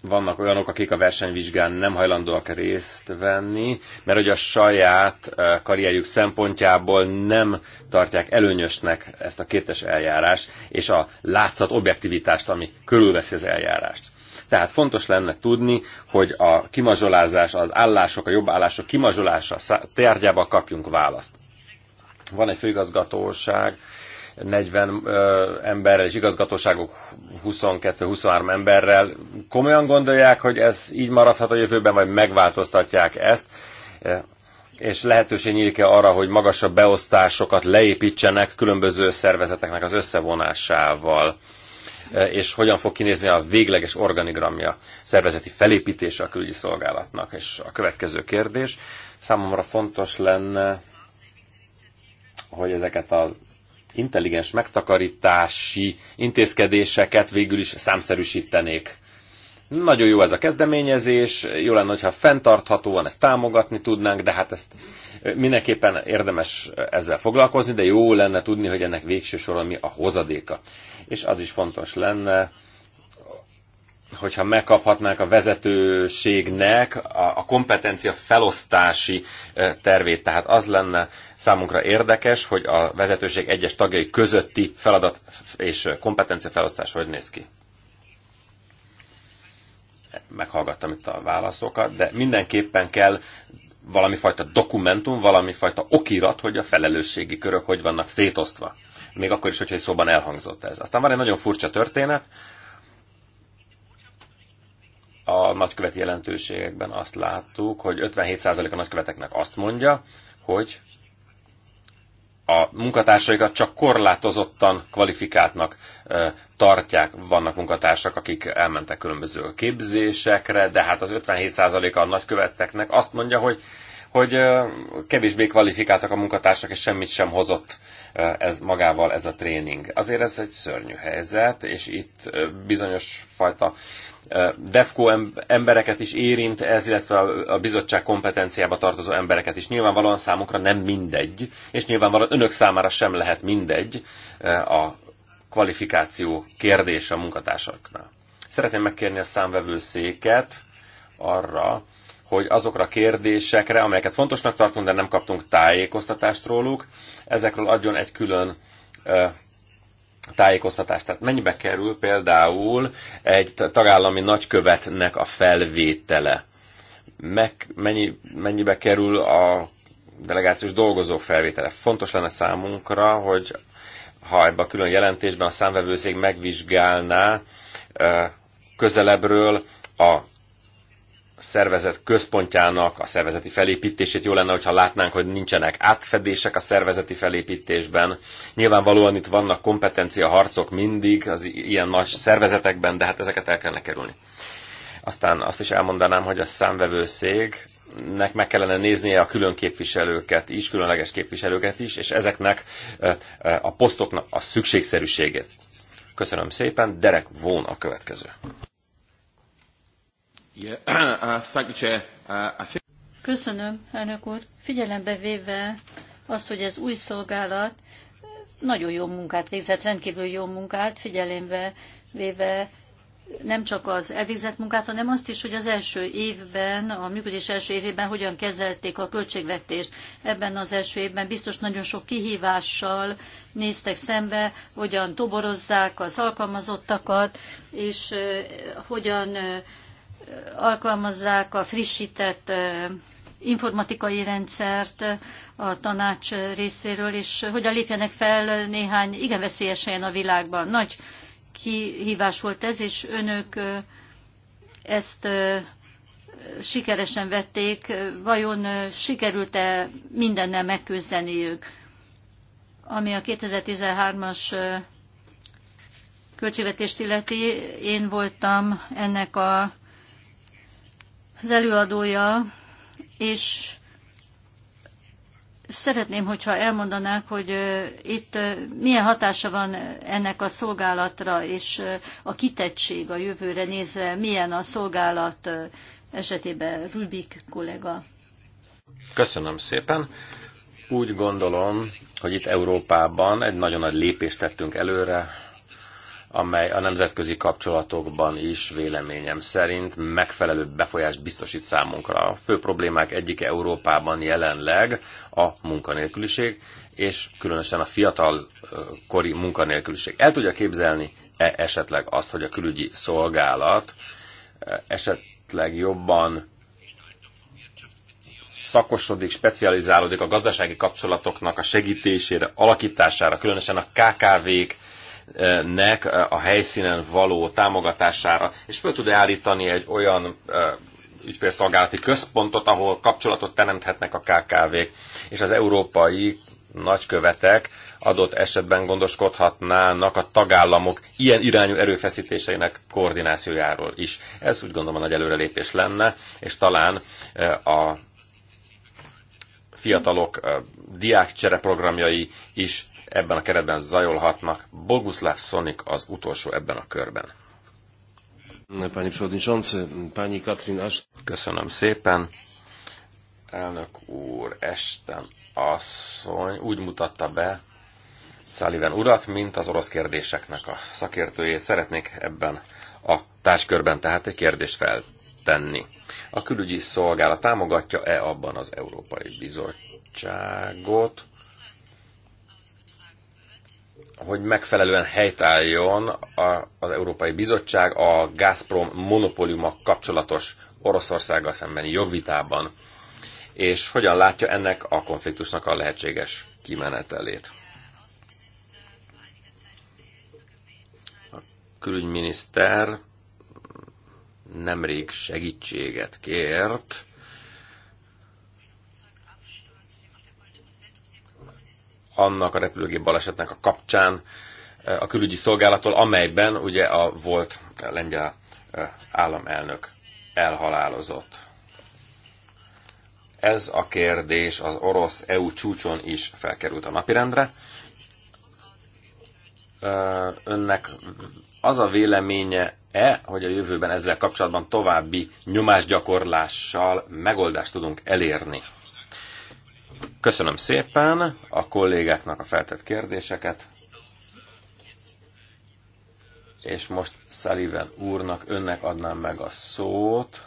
vannak olyanok, akik a versenyvizsgán nem hajlandóak részt venni, mert hogy a saját karrierjük szempontjából nem tartják előnyösnek ezt a kétes eljárást, és a látszat objektivitást, ami körülveszi az eljárást. Tehát fontos lenne tudni, hogy a kimazsolázás, az állások, a jobb állások kimazsolása tárgyában kapjunk választ. Van egy főigazgatóság, 40 ö, emberrel, és igazgatóságok 22-23 emberrel. Komolyan gondolják, hogy ez így maradhat a jövőben, vagy megváltoztatják ezt? és lehetőség nyílik-e arra, hogy magasabb beosztásokat leépítsenek különböző szervezeteknek az összevonásával? Eh, és hogyan fog kinézni a végleges organigramja, szervezeti felépítése a külügyi szolgálatnak. És a következő kérdés. Számomra fontos lenne, hogy ezeket az intelligens megtakarítási intézkedéseket végül is számszerűsítenék. Nagyon jó ez a kezdeményezés, jó lenne, hogyha fenntarthatóan ezt támogatni tudnánk, de hát ezt mindenképpen érdemes ezzel foglalkozni, de jó lenne tudni, hogy ennek végső soron mi a hozadéka. És az is fontos lenne, hogyha megkaphatnánk a vezetőségnek a, kompetencia felosztási tervét. Tehát az lenne számunkra érdekes, hogy a vezetőség egyes tagjai közötti feladat és kompetencia felosztás hogy néz ki meghallgattam itt a válaszokat, de mindenképpen kell valami fajta dokumentum, valami fajta okirat, hogy a felelősségi körök hogy vannak szétosztva. Még akkor is, hogyha egy szóban elhangzott ez. Aztán van egy nagyon furcsa történet. A nagyköveti jelentőségekben azt láttuk, hogy 57% a nagyköveteknek azt mondja, hogy a munkatársaikat csak korlátozottan kvalifikáltnak tartják. Vannak munkatársak, akik elmentek különböző képzésekre, de hát az 57%-a a nagyköveteknek azt mondja, hogy hogy kevésbé kvalifikáltak a munkatársak, és semmit sem hozott ez magával ez a tréning. Azért ez egy szörnyű helyzet, és itt bizonyos fajta DEFCO embereket is érint ez, illetve a bizottság kompetenciába tartozó embereket is. Nyilvánvalóan számukra nem mindegy, és nyilvánvalóan önök számára sem lehet mindegy a kvalifikáció kérdése a munkatársaknál. Szeretném megkérni a számvevőszéket arra, hogy azokra a kérdésekre, amelyeket fontosnak tartunk, de nem kaptunk tájékoztatást róluk, ezekről adjon egy külön tájékoztatást. Tehát mennyibe kerül például egy tagállami nagykövetnek a felvétele? Meg, mennyi, mennyibe kerül a delegációs dolgozók felvétele? Fontos lenne számunkra, hogy ha ebben a külön jelentésben a számvevőszék megvizsgálná közelebbről a szervezet központjának a szervezeti felépítését. Jó lenne, hogyha látnánk, hogy nincsenek átfedések a szervezeti felépítésben. Nyilvánvalóan itt vannak kompetencia harcok mindig az ilyen nagy szervezetekben, de hát ezeket el kellene kerülni. Aztán azt is elmondanám, hogy a számvevőszég nek meg kellene néznie a külön képviselőket is, különleges képviselőket is, és ezeknek a posztoknak a szükségszerűségét. Köszönöm szépen, Derek Vón a következő. Köszönöm, elnök úr. Figyelembe véve azt, hogy ez új szolgálat nagyon jó munkát végzett, rendkívül jó munkát, figyelembe véve nem csak az elvégzett munkát, hanem azt is, hogy az első évben, a működés első évében hogyan kezelték a költségvetést. Ebben az első évben biztos nagyon sok kihívással néztek szembe, hogyan toborozzák az alkalmazottakat, és eh, hogyan eh, alkalmazzák a frissített informatikai rendszert a tanács részéről, és hogyan lépjenek fel néhány igen veszélyes helyen a világban. Nagy kihívás volt ez, és önök ezt sikeresen vették. Vajon sikerült-e mindennel megküzdeniük? Ami a 2013-as költségvetést illeti, én voltam ennek a az előadója, és szeretném, hogyha elmondanák, hogy itt milyen hatása van ennek a szolgálatra, és a kitettség a jövőre nézve, milyen a szolgálat esetében Rubik kollega. Köszönöm szépen. Úgy gondolom, hogy itt Európában egy nagyon nagy lépést tettünk előre amely a nemzetközi kapcsolatokban is véleményem szerint megfelelő befolyást biztosít számunkra. A fő problémák egyike Európában jelenleg a munkanélküliség, és különösen a fiatal kori munkanélküliség. El tudja képzelni -e esetleg azt, hogy a külügyi szolgálat esetleg jobban szakosodik, specializálódik a gazdasági kapcsolatoknak a segítésére, alakítására, különösen a KKV-k nek eh, a helyszínen való támogatására, és föl tud állítani egy olyan eh, ügyfélszolgálati központot, ahol kapcsolatot teremthetnek a KKV-k, és az európai nagykövetek adott esetben gondoskodhatnának a tagállamok ilyen irányú erőfeszítéseinek koordinációjáról is. Ez úgy gondolom a nagy előrelépés lenne, és talán eh, a fiatalok diákcsere programjai is ebben a keretben zajolhatnak. Boguslav Sonik az utolsó ebben a körben. Panie Przewodniczący, Pani Katrin Ast... Köszönöm szépen. Elnök úr, Esten asszony úgy mutatta be Sullivan urat, mint az orosz kérdéseknek a szakértőjét. Szeretnék ebben a társkörben tehát egy kérdést feltenni. A külügyi szolgálat támogatja-e abban az Európai Bizottságot, hogy megfelelően helytálljon az Európai Bizottság a Gazprom monopóliuma kapcsolatos Oroszországgal szembeni jogvitában, és hogyan látja ennek a konfliktusnak a lehetséges kimenetelét. A külügyminiszter nemrég segítséget kért annak a repülőgép balesetnek a kapcsán eh, a külügyi szolgálattól, amelyben ugye a volt lengyel eh, államelnök elhalálozott. Ez a kérdés az orosz-EU csúcson is felkerült a napirendre. Eh, önnek az a véleménye-e, hogy a jövőben ezzel kapcsolatban további nyomásgyakorlással megoldást tudunk elérni? Köszönöm szépen a kollégáknak a feltett kérdéseket, és most Sullivan úrnak, önnek adnám meg a szót,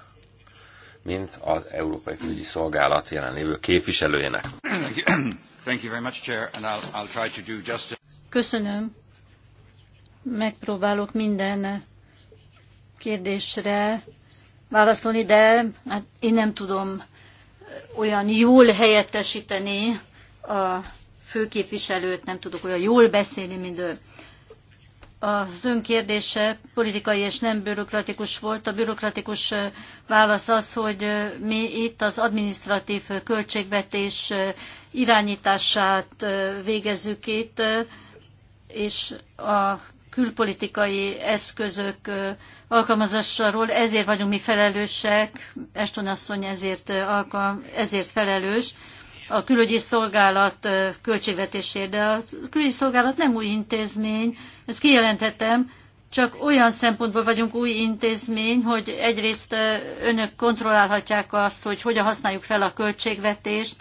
mint az Európai Külügyi Szolgálat jelenlévő képviselőjének. Köszönöm. Megpróbálok minden kérdésre válaszolni, de hát én nem tudom olyan jól helyettesíteni a főképviselőt, nem tudok olyan jól beszélni, mint ő. Az ön kérdése politikai és nem bürokratikus volt. A bürokratikus válasz az, hogy mi itt az administratív költségvetés irányítását végezzük itt, és a külpolitikai eszközök alkalmazásáról, ezért vagyunk mi felelősek, Eston asszony ezért, alkalm, ezért felelős, a külügyi szolgálat költségvetésére, de a külügyi szolgálat nem új intézmény, ezt kijelenthetem, csak olyan szempontból vagyunk új intézmény, hogy egyrészt önök kontrollálhatják azt, hogy hogyan használjuk fel a költségvetést,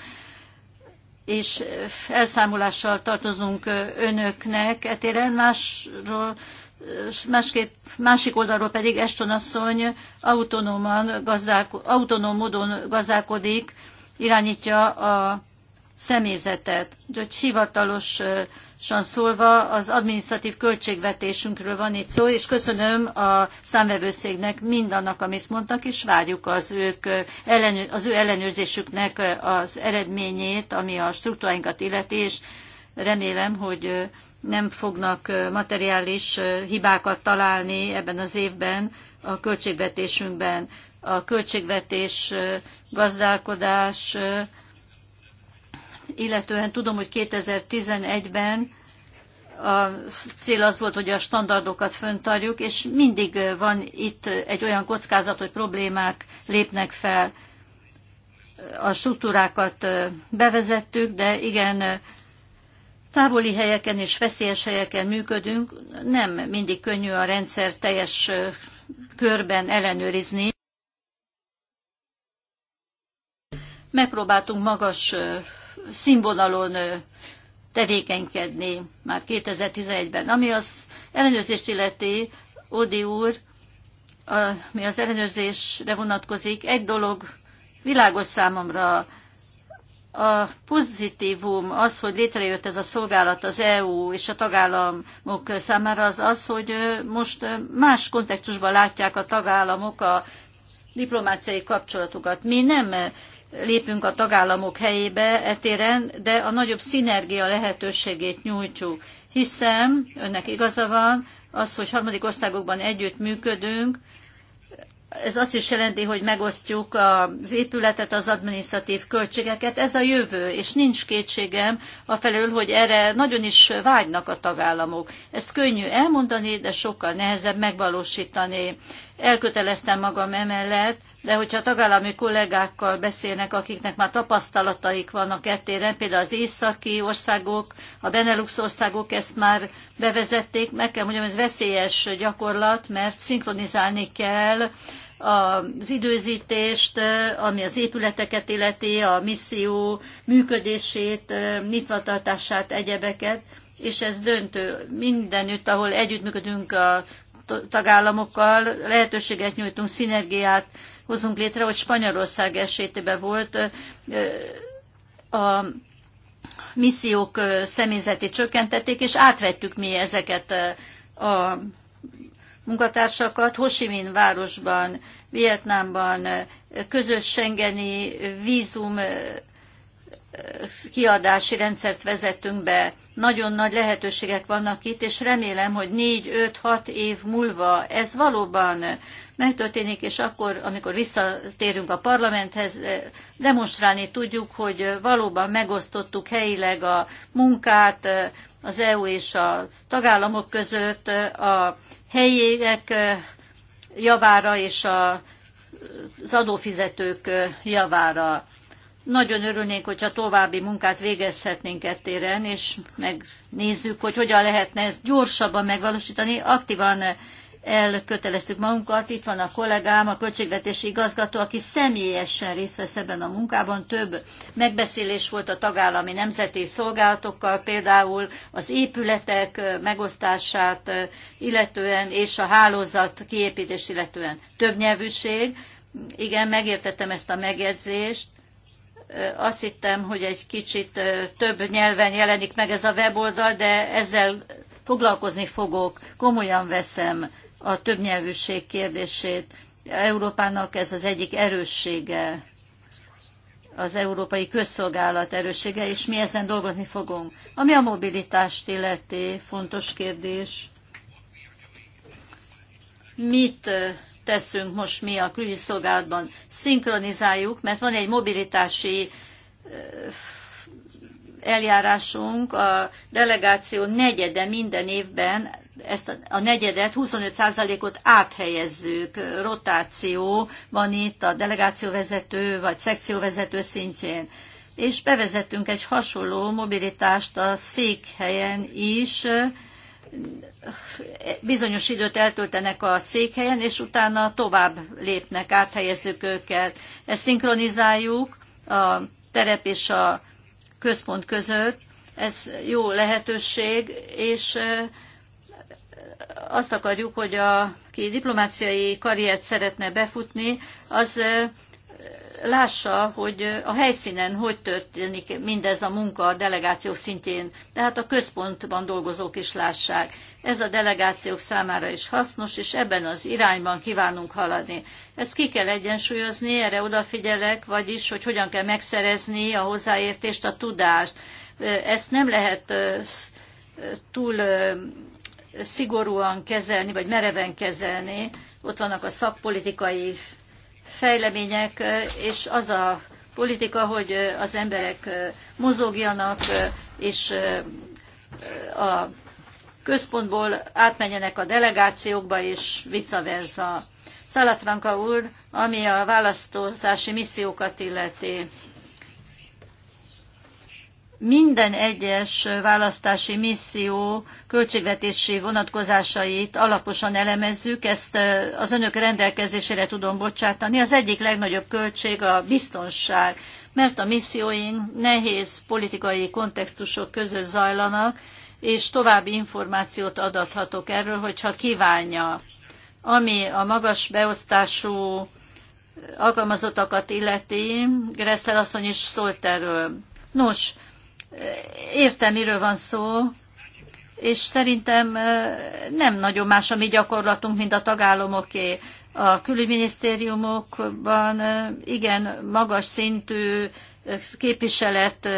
és elszámolással tartozunk önöknek etéren, másról másképp, másik oldalról pedig Eston asszony autonóman gazdálko, autonóm módon gazdálkodik, irányítja a személyzetet. Úgyhogy hivatalos szólva az adminisztratív költségvetésünkről van itt szó, és köszönöm a számvevőszégnek mindannak, amit mondtak, és várjuk az, ők ellenő, az ő ellenőrzésüknek az eredményét, ami a struktúráinkat illeti, és remélem, hogy nem fognak materiális hibákat találni ebben az évben a költségvetésünkben. A költségvetés gazdálkodás illetően tudom, hogy 2011-ben a cél az volt, hogy a standardokat föntarjuk, és mindig van itt egy olyan kockázat, hogy problémák lépnek fel. A struktúrákat bevezettük, de igen, távoli helyeken és veszélyes helyeken működünk. Nem mindig könnyű a rendszer teljes körben ellenőrizni. Megpróbáltunk magas színvonalon tevékenykedni már 2011-ben. Ami az ellenőrzést illeti, Ódi úr, ami az ellenőrzésre vonatkozik, egy dolog világos számomra, a pozitívum az, hogy létrejött ez a szolgálat az EU és a tagállamok számára, az az, hogy most más kontextusban látják a tagállamok a diplomáciai kapcsolatokat, Mi nem lépünk a tagállamok helyébe etéren, de a nagyobb szinergia lehetőségét nyújtjuk. Hiszem, önnek igaza van, az, hogy harmadik országokban együtt működünk, ez azt is jelenti, hogy megosztjuk az épületet, az adminisztratív költségeket. Ez a jövő, és nincs kétségem a felől, hogy erre nagyon is vágynak a tagállamok. Ezt könnyű elmondani, de sokkal nehezebb megvalósítani elköteleztem magam emellett, de hogyha a tagállami kollégákkal beszélnek, akiknek már tapasztalataik vannak ettéren, például az északi országok, a Benelux országok ezt már bevezették, meg kell mondjam, ez veszélyes gyakorlat, mert szinkronizálni kell az időzítést, ami az épületeket illeti, a misszió működését, nyitvatartását, egyebeket, és ez döntő. Mindenütt, ahol együttműködünk a tagállamokkal lehetőséget nyújtunk, szinergiát hozunk létre, hogy Spanyolország esetében volt a missziók személyzetét csökkentették, és átvettük mi ezeket a munkatársakat Hosimin városban, Vietnámban közös Schengeni vízum kiadási rendszert vezettünk be. Nagyon nagy lehetőségek vannak itt, és remélem, hogy 4-5-6 év múlva ez valóban megtörténik, és akkor, amikor visszatérünk a parlamenthez, eh, demonstrálni tudjuk, hogy valóban megosztottuk helyileg a munkát eh, az EU és a tagállamok között, eh, a helyiek javára és a, az adófizetők javára. Nagyon örülnénk, hogyha további munkát végezhetnénk ettéren, és megnézzük, hogy hogyan lehetne ezt gyorsabban megvalósítani. Aktívan elköteleztük magunkat. Itt van a kollégám, a költségvetési igazgató, aki személyesen részt vesz ebben a munkában. Több megbeszélés volt a tagállami nemzeti szolgálatokkal, például az épületek megosztását illetően, és a hálózat kiépítés illetően. Több nyelvűség, igen, megértettem ezt a megjegyzést, azt hittem, hogy egy kicsit több nyelven jelenik meg ez a weboldal, de ezzel foglalkozni fogok, komolyan veszem a többnyelvűség kérdését. Európának ez az egyik erőssége, az európai közszolgálat erőssége, és mi ezen dolgozni fogunk. Ami a mobilitást illeti, fontos kérdés. Mit teszünk most mi a külügyi szolgálatban, szinkronizáljuk, mert van egy mobilitási eljárásunk, a delegáció negyede minden évben ezt a negyedet, 25%-ot áthelyezzük. Rotáció van itt a delegációvezető vagy szekcióvezető szintjén. És bevezettünk egy hasonló mobilitást a székhelyen is, bizonyos időt eltöltenek a székhelyen, és utána tovább lépnek, áthelyezzük őket. Ezt szinkronizáljuk a terep és a központ között. Ez jó lehetőség, és azt akarjuk, hogy a, aki diplomáciai karriert szeretne befutni, az lássa, hogy a helyszínen hogy történik mindez a munka a delegáció szintjén, tehát a központban dolgozók is lássák. Ez a delegációk számára is hasznos, és ebben az irányban kívánunk haladni. Ezt ki kell egyensúlyozni, erre odafigyelek, vagyis, hogy hogyan kell megszerezni a hozzáértést, a tudást. Ezt nem lehet túl szigorúan kezelni, vagy mereven kezelni. Ott vannak a szakpolitikai fejlemények, és az a politika, hogy az emberek mozogjanak, és a központból átmenjenek a delegációkba, és vice versa. Salafranca úr, ami a választási missziókat illeti, minden egyes választási misszió költségvetési vonatkozásait alaposan elemezzük, ezt az önök rendelkezésére tudom bocsátani. Az egyik legnagyobb költség a biztonság, mert a misszióink nehéz politikai kontextusok között zajlanak, és további információt adhatok erről, hogyha kívánja. Ami a magas beosztású alkalmazottakat illeti, Gressler asszony is szólt erről. Nos, értem, miről van szó, és szerintem nem nagyon más a mi gyakorlatunk, mint a tagállamoké. A külügyminisztériumokban igen magas szintű képviselet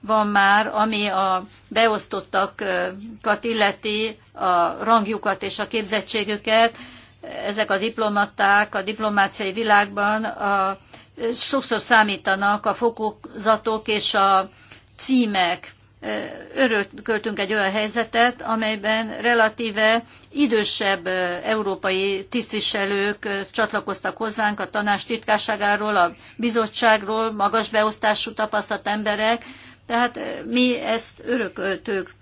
van már, ami a beosztottakat illeti, a rangjukat és a képzettségüket. Ezek a diplomaták a diplomáciai világban a, sokszor számítanak a fokozatok és a címek. Örököltünk egy olyan helyzetet, amelyben relatíve idősebb európai tisztviselők csatlakoztak hozzánk a tanács titkárságáról, a bizottságról, magas beosztású tapasztalt emberek, tehát mi ezt örököltük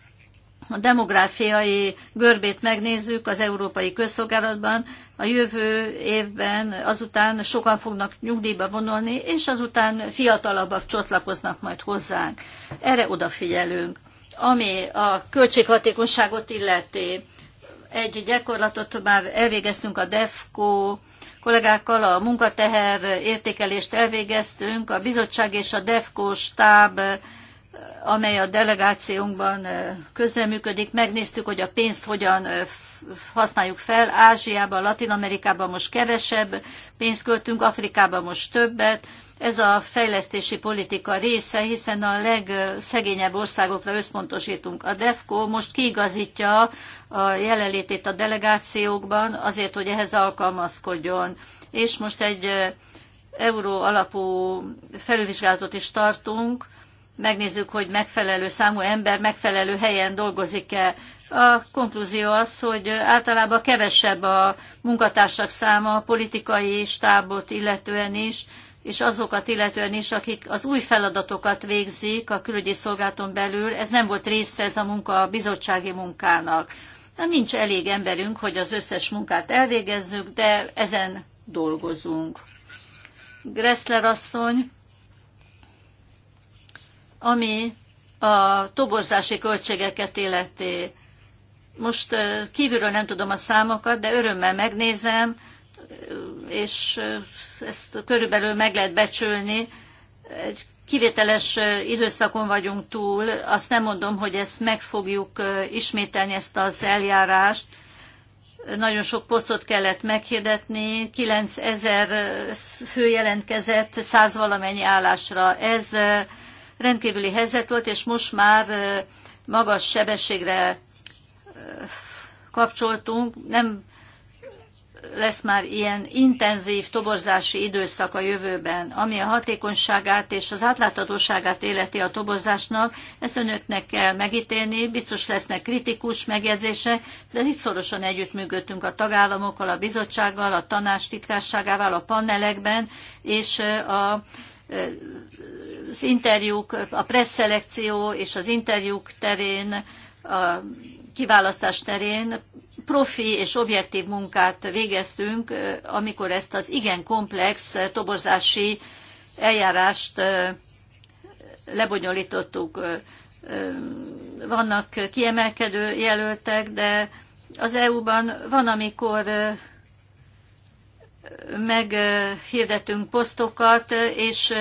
a demográfiai görbét megnézzük az európai közszolgálatban, a jövő évben azután sokan fognak nyugdíjba vonulni, és azután fiatalabbak csatlakoznak majd hozzánk. Erre odafigyelünk. Ami a költséghatékonyságot illeti, egy gyakorlatot már elvégeztünk a DEFCO kollégákkal, a munkateher értékelést elvégeztünk, a bizottság és a DEFCO stáb amely a delegációnkban közreműködik. Megnéztük, hogy a pénzt hogyan használjuk fel. Ázsiában, Latin Amerikában most kevesebb pénzt költünk, Afrikában most többet. Ez a fejlesztési politika része, hiszen a legszegényebb országokra összpontosítunk. A DEFCO most kiigazítja a jelenlétét a delegációkban azért, hogy ehhez alkalmazkodjon. És most egy euró alapú felülvizsgálatot is tartunk, megnézzük, hogy megfelelő számú ember megfelelő helyen dolgozik-e. A konklúzió az, hogy általában kevesebb a munkatársak száma a politikai stábot illetően is, és azokat illetően is, akik az új feladatokat végzik a külügyi szolgálaton belül, ez nem volt része ez a munka a bizottsági munkának. Na, nincs elég emberünk, hogy az összes munkát elvégezzük, de ezen dolgozunk. Gressler asszony, ami a toborzási költségeket illeti. Most kívülről nem tudom a számokat, de örömmel megnézem, és ezt körülbelül meg lehet becsülni. Egy kivételes időszakon vagyunk túl, azt nem mondom, hogy ezt meg fogjuk ismételni, ezt az eljárást. Nagyon sok posztot kellett meghirdetni, 9000 fő jelentkezett 100 valamennyi állásra. Ez rendkívüli helyzet volt, és most már magas sebességre kapcsoltunk, nem lesz már ilyen intenzív toborzási időszak a jövőben, ami a hatékonyságát és az átláthatóságát életi a toborzásnak, ezt önöknek kell megítélni, biztos lesznek kritikus megjegyzések, de itt szorosan együttműködtünk a tagállamokkal, a bizottsággal, a tanács titkásságával, a panelekben, és a az interjúk, a presszelekció és az interjúk terén, a kiválasztás terén profi és objektív munkát végeztünk, amikor ezt az igen komplex toborzási eljárást lebonyolítottuk. Vannak kiemelkedő jelöltek, de az EU-ban van, amikor meghirdetünk posztokat, és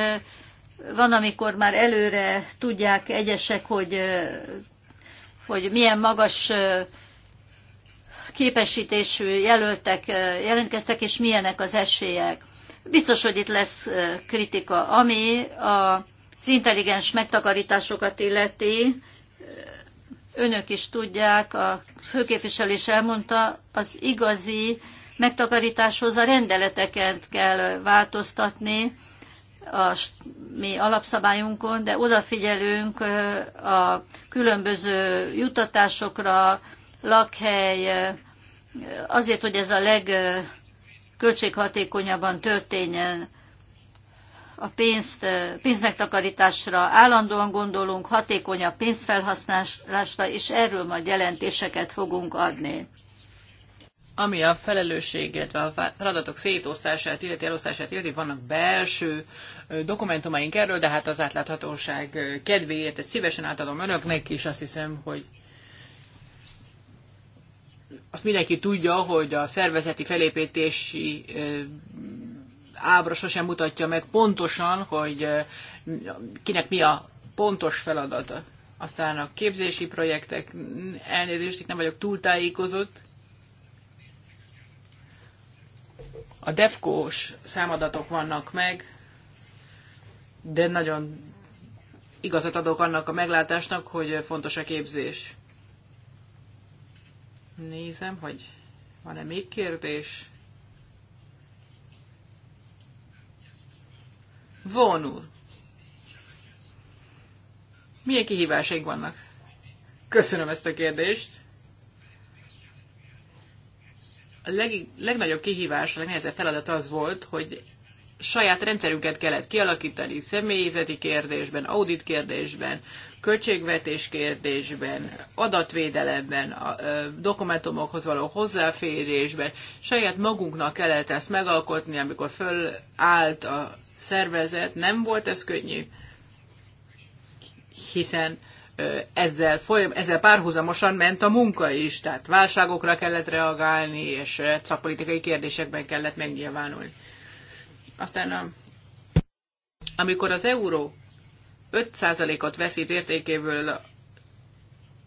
van, amikor már előre tudják egyesek, hogy, hogy milyen magas képesítésű jelöltek jelentkeztek, és milyenek az esélyek. Biztos, hogy itt lesz kritika, ami az intelligens megtakarításokat illeti, önök is tudják, a főképviselő is elmondta, az igazi megtakarításhoz a rendeleteket kell változtatni, a mi alapszabályunkon, de odafigyelünk a különböző jutatásokra, lakhely, azért, hogy ez a legköltséghatékonyabban történjen. A pénzt, pénzmegtakarításra állandóan gondolunk, hatékonyabb pénzfelhasználásra, és erről majd jelentéseket fogunk adni. Ami a felelősség, illetve a feladatok szétosztását, illeti elosztását illeti, vannak belső dokumentumaink erről, de hát az átláthatóság kedvéért ezt szívesen átadom önöknek, és azt hiszem, hogy azt mindenki tudja, hogy a szervezeti felépítési ábra sosem mutatja meg pontosan, hogy kinek mi a pontos feladata. Aztán a képzési projektek, elnézést, itt nem vagyok túl tájékozott, A defco számadatok vannak meg, de nagyon igazat adok annak a meglátásnak, hogy fontos a képzés. Nézem, hogy van-e még kérdés? Vonul. Milyen kihívásaik vannak? Köszönöm ezt a kérdést a leg, legnagyobb kihívás, a legnehezebb feladat az volt, hogy saját rendszerünket kellett kialakítani személyzeti kérdésben, audit kérdésben, költségvetés kérdésben, adatvédelemben, a, dokumentumokhoz való hozzáférésben. Saját magunknak kellett ezt megalkotni, amikor fölállt a szervezet. Nem volt ez könnyű, hiszen ezzel, folyam, ezzel párhuzamosan ment a munka is, tehát válságokra kellett reagálni, és szakpolitikai kérdésekben kellett megnyilvánulni. Aztán a, amikor az euró 5%-ot veszít értékéből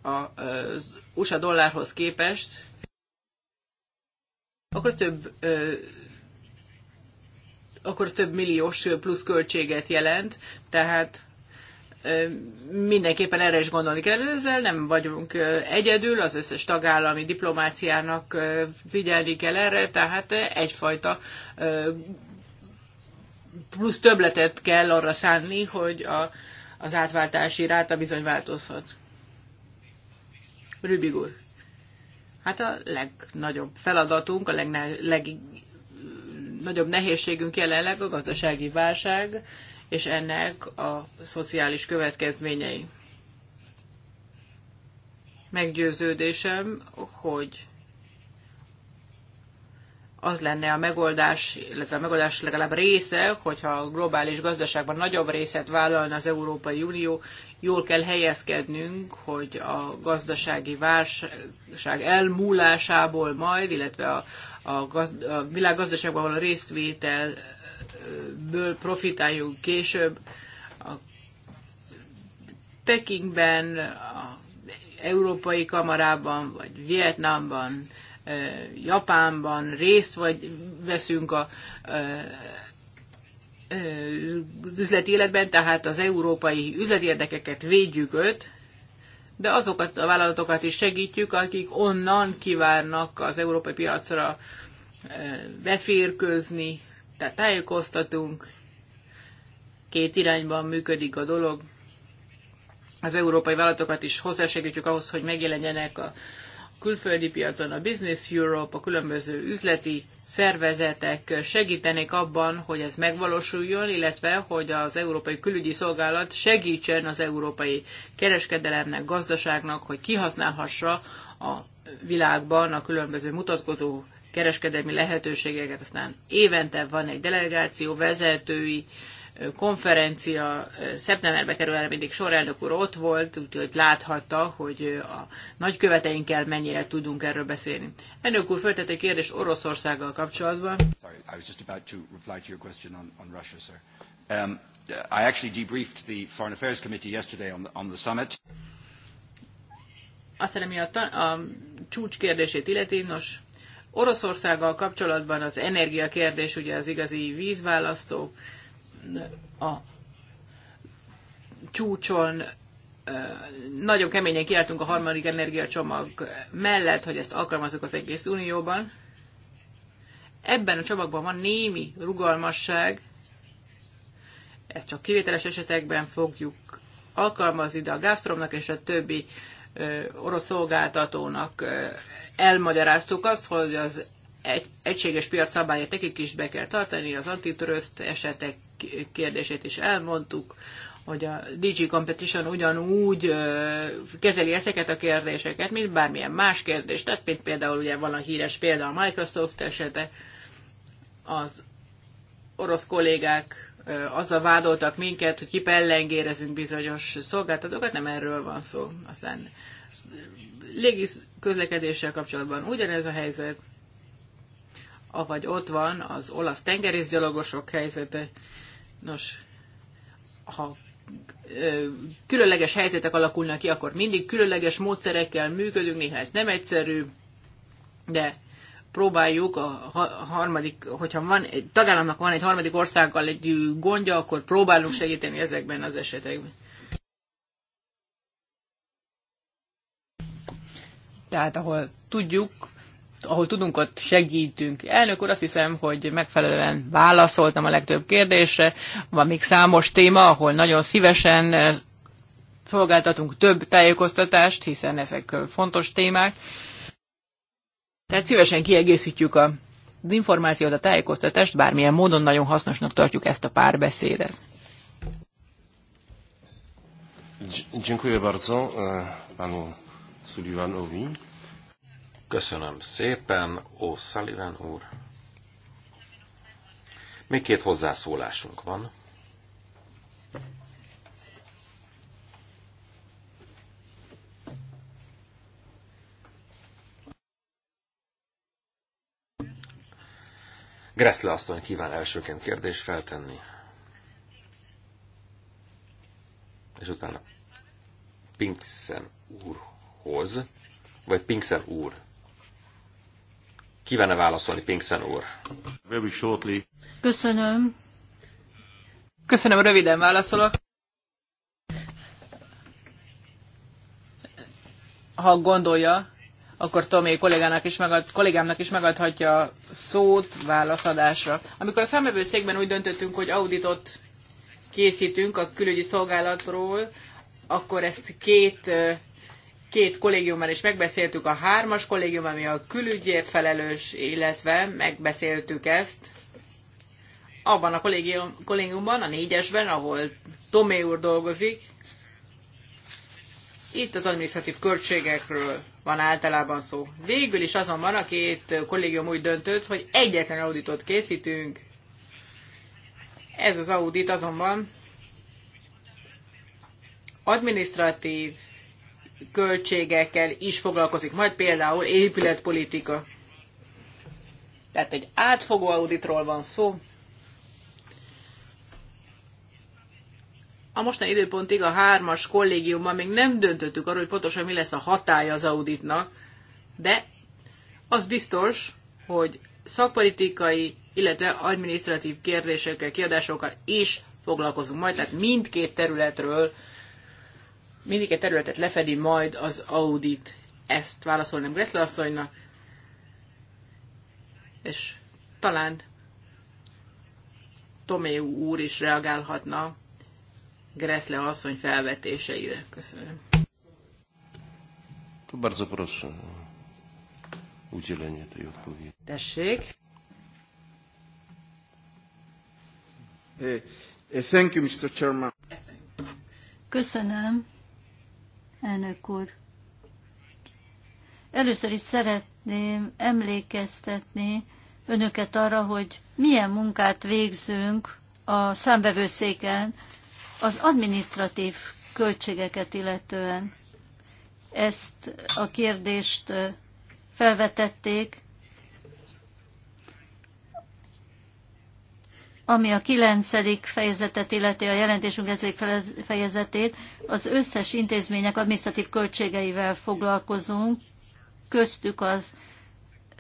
az USA dollárhoz képest, akkor az több akkor az több milliós plusz költséget jelent, tehát mindenképpen erre is gondolni kell. Ezzel nem vagyunk egyedül, az összes tagállami diplomáciának figyelni kell erre, tehát egyfajta plusz töbletet kell arra szánni, hogy a, az átváltási ráta bizony változhat. Rübig úr. Hát a legnagyobb feladatunk, a legnagyobb nehézségünk jelenleg a gazdasági válság, és ennek a szociális következményei. Meggyőződésem, hogy az lenne a megoldás, illetve a megoldás legalább része, hogyha a globális gazdaságban nagyobb részet vállalna az Európai Unió, jól kell helyezkednünk, hogy a gazdasági válság elmúlásából majd, illetve a, a, gaz, a világgazdaságban való résztvételből profitáljunk később. A Pekingben, a Európai Kamarában, vagy Vietnámban, Japánban részt vagy veszünk a üzleti életben, tehát az európai üzleti érdekeket védjük őt, de azokat a vállalatokat is segítjük, akik onnan kívánnak az európai piacra eh, beférkőzni, tehát tájékoztatunk, két irányban működik a dolog. Az európai vállalatokat is hozzásegítjük ahhoz, hogy megjelenjenek a külföldi piacon a Business Europe, a különböző üzleti szervezetek segítenek abban, hogy ez megvalósuljon, illetve hogy az Európai Külügyi Szolgálat segítsen az európai kereskedelemnek, gazdaságnak, hogy kihasználhassa a világban a különböző mutatkozó kereskedelmi lehetőségeket. Aztán évente van egy delegáció vezetői konferencia szeptemberbe kerül, erre mindig sorelnök úr ott volt, úgyhogy láthatta, hogy a nagyköveteinkkel mennyire tudunk erről beszélni. Elnök úr föltett egy kérdést Oroszországgal kapcsolatban. Sorry, I was just about to reply to your question on, on Russia, sir. Um, I actually debriefed the Foreign Affairs Committee yesterday on the, on the summit. Aztán, ami a, tan- a csúcs kérdését illeti, nos, Oroszországgal kapcsolatban az energiakérdés ugye az igazi vízválasztó, a csúcson nagyon keményen kiáltunk a harmadik energiacsomag mellett, hogy ezt alkalmazzuk az egész Unióban. Ebben a csomagban van némi rugalmasság, ezt csak kivételes esetekben fogjuk alkalmazni, de a Gazpromnak és a többi orosz szolgáltatónak elmagyaráztuk azt, hogy az egy, egységes piac szabályát nekik is be kell tartani, az antitröszt esetek kérdését is elmondtuk, hogy a DG Competition ugyanúgy kezeli ezeket a kérdéseket, mint bármilyen más kérdést. Tehát mint például ugye van a híres példa a Microsoft esete, az orosz kollégák azzal vádoltak minket, hogy kipellengérezünk bizonyos szolgáltatókat, nem erről van szó. Aztán légi közlekedéssel kapcsolatban ugyanez a helyzet, avagy ott van az olasz tengerészgyalogosok helyzete, Nos, ha különleges helyzetek alakulnak ki, akkor mindig különleges módszerekkel működünk, néha ez nem egyszerű, de próbáljuk a harmadik, hogyha van, egy tagállamnak van egy harmadik országgal egy gondja, akkor próbálunk segíteni ezekben az esetekben. Tehát ahol tudjuk, ahol tudunk, ott segítünk. Elnök úr, azt hiszem, hogy megfelelően válaszoltam a legtöbb kérdésre. Van még számos téma, ahol nagyon szívesen eh, szolgáltatunk több tájékoztatást, hiszen ezek eh, fontos témák. Tehát szívesen kiegészítjük a az információt, a tájékoztatást, bármilyen módon nagyon hasznosnak tartjuk ezt a párbeszédet. Dziękuję bardzo eh, panu Sullivanowi. Köszönöm szépen, ó Sullivan úr. Még két hozzászólásunk van. Gressle asszony kíván elsőként kérdést feltenni. És utána Pinksen úrhoz, vagy Pinksen úr Kívánna válaszolni, Pinkszen úr? Very shortly. Köszönöm. Köszönöm, röviden válaszolok. Ha gondolja, akkor Tomé kollégának is megad, kollégámnak is megadhatja a szót válaszadásra. Amikor a számvevőszékben úgy döntöttünk, hogy auditot készítünk a külügyi szolgálatról, akkor ezt két két kollégiummal is megbeszéltük, a hármas kollégium, ami a külügyért felelős, illetve megbeszéltük ezt abban a kollégium, kollégiumban, a négyesben, ahol Tomé úr dolgozik. Itt az administratív költségekről van általában szó. Végül is azonban a két kollégium úgy döntött, hogy egyetlen auditot készítünk. Ez az audit azonban administratív költségekkel is foglalkozik, majd például épületpolitika. Tehát egy átfogó auditról van szó. A mostani időpontig a hármas kollégiumban még nem döntöttük arról, hogy pontosan mi lesz a hatája az auditnak, de az biztos, hogy szakpolitikai, illetve administratív kérdésekkel, kiadásokkal is foglalkozunk majd, tehát mindkét területről mindig egy területet lefedi majd az audit. Ezt válaszolnám Gretle asszonynak, és talán Tomé úr is reagálhatna Greszle asszony felvetéseire. Köszönöm. To bardzo proszę o udzielenie tej odpowiedzi. Tessék. Eh, eh, thank you, Mr. Chairman. Köszönöm elnök úr. Először is szeretném emlékeztetni önöket arra, hogy milyen munkát végzünk a számbevőszéken az administratív költségeket illetően. Ezt a kérdést felvetették, Ami a kilencedik fejezetet illeti, a jelentésünk ezek fejezetét, az összes intézmények adminisztratív költségeivel foglalkozunk, köztük az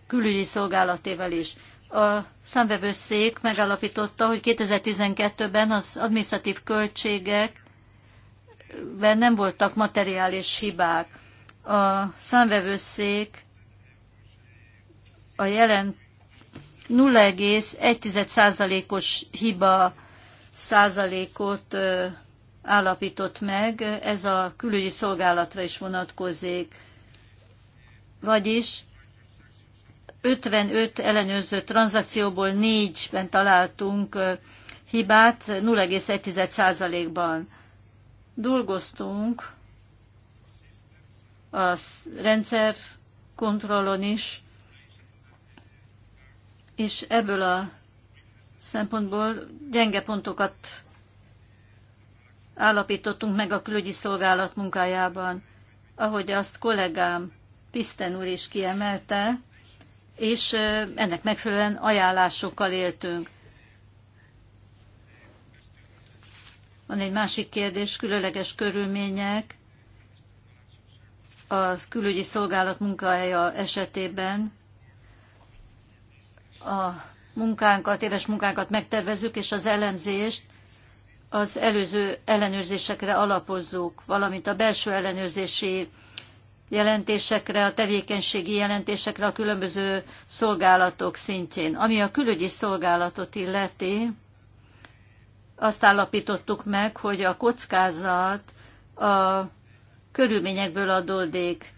külügyi szolgálatével is. A számvevőszék megállapította, hogy 2012-ben az adminisztratív költségekben nem voltak materiális hibák. A számvevőszék a jelent 0,1%-os hiba százalékot állapított meg, ez a külügyi szolgálatra is vonatkozik. Vagyis 55 ellenőrző tranzakcióból 4-ben találtunk hibát 0,1%-ban. Dolgoztunk a rendszer kontrollon is, és ebből a szempontból gyenge pontokat állapítottunk meg a külügyi szolgálat munkájában, ahogy azt kollégám Piszten úr is kiemelte, és ennek megfelelően ajánlásokkal éltünk. Van egy másik kérdés, különleges körülmények a külügyi szolgálat munkája esetében, a munkánkat, éves munkánkat megtervezzük, és az elemzést az előző ellenőrzésekre alapozzuk, valamint a belső ellenőrzési jelentésekre, a tevékenységi jelentésekre a különböző szolgálatok szintjén. Ami a külügyi szolgálatot illeti, azt állapítottuk meg, hogy a kockázat a körülményekből adódik.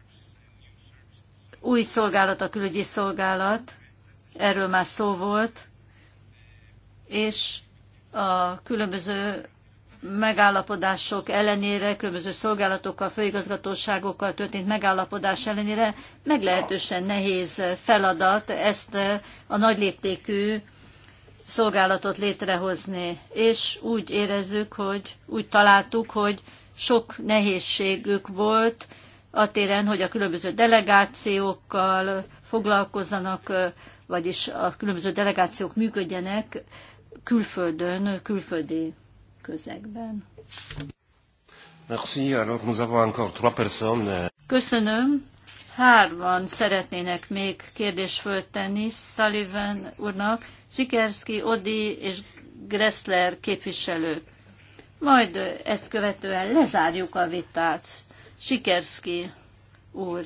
Új szolgálat a külügyi szolgálat, erről már szó volt, és a különböző megállapodások ellenére, különböző szolgálatokkal, főigazgatóságokkal történt megállapodás ellenére meglehetősen nehéz feladat ezt a nagyléptékű szolgálatot létrehozni. És úgy érezzük, hogy úgy találtuk, hogy sok nehézségük volt a téren, hogy a különböző delegációkkal, foglalkozzanak, vagyis a különböző delegációk működjenek külföldön, külföldi közegben. Köszönöm. Hárman szeretnének még kérdést föltenni Sullivan úrnak, Sikerski, Odi és Gressler képviselők. Majd ezt követően lezárjuk a vitát. Sikerski úr.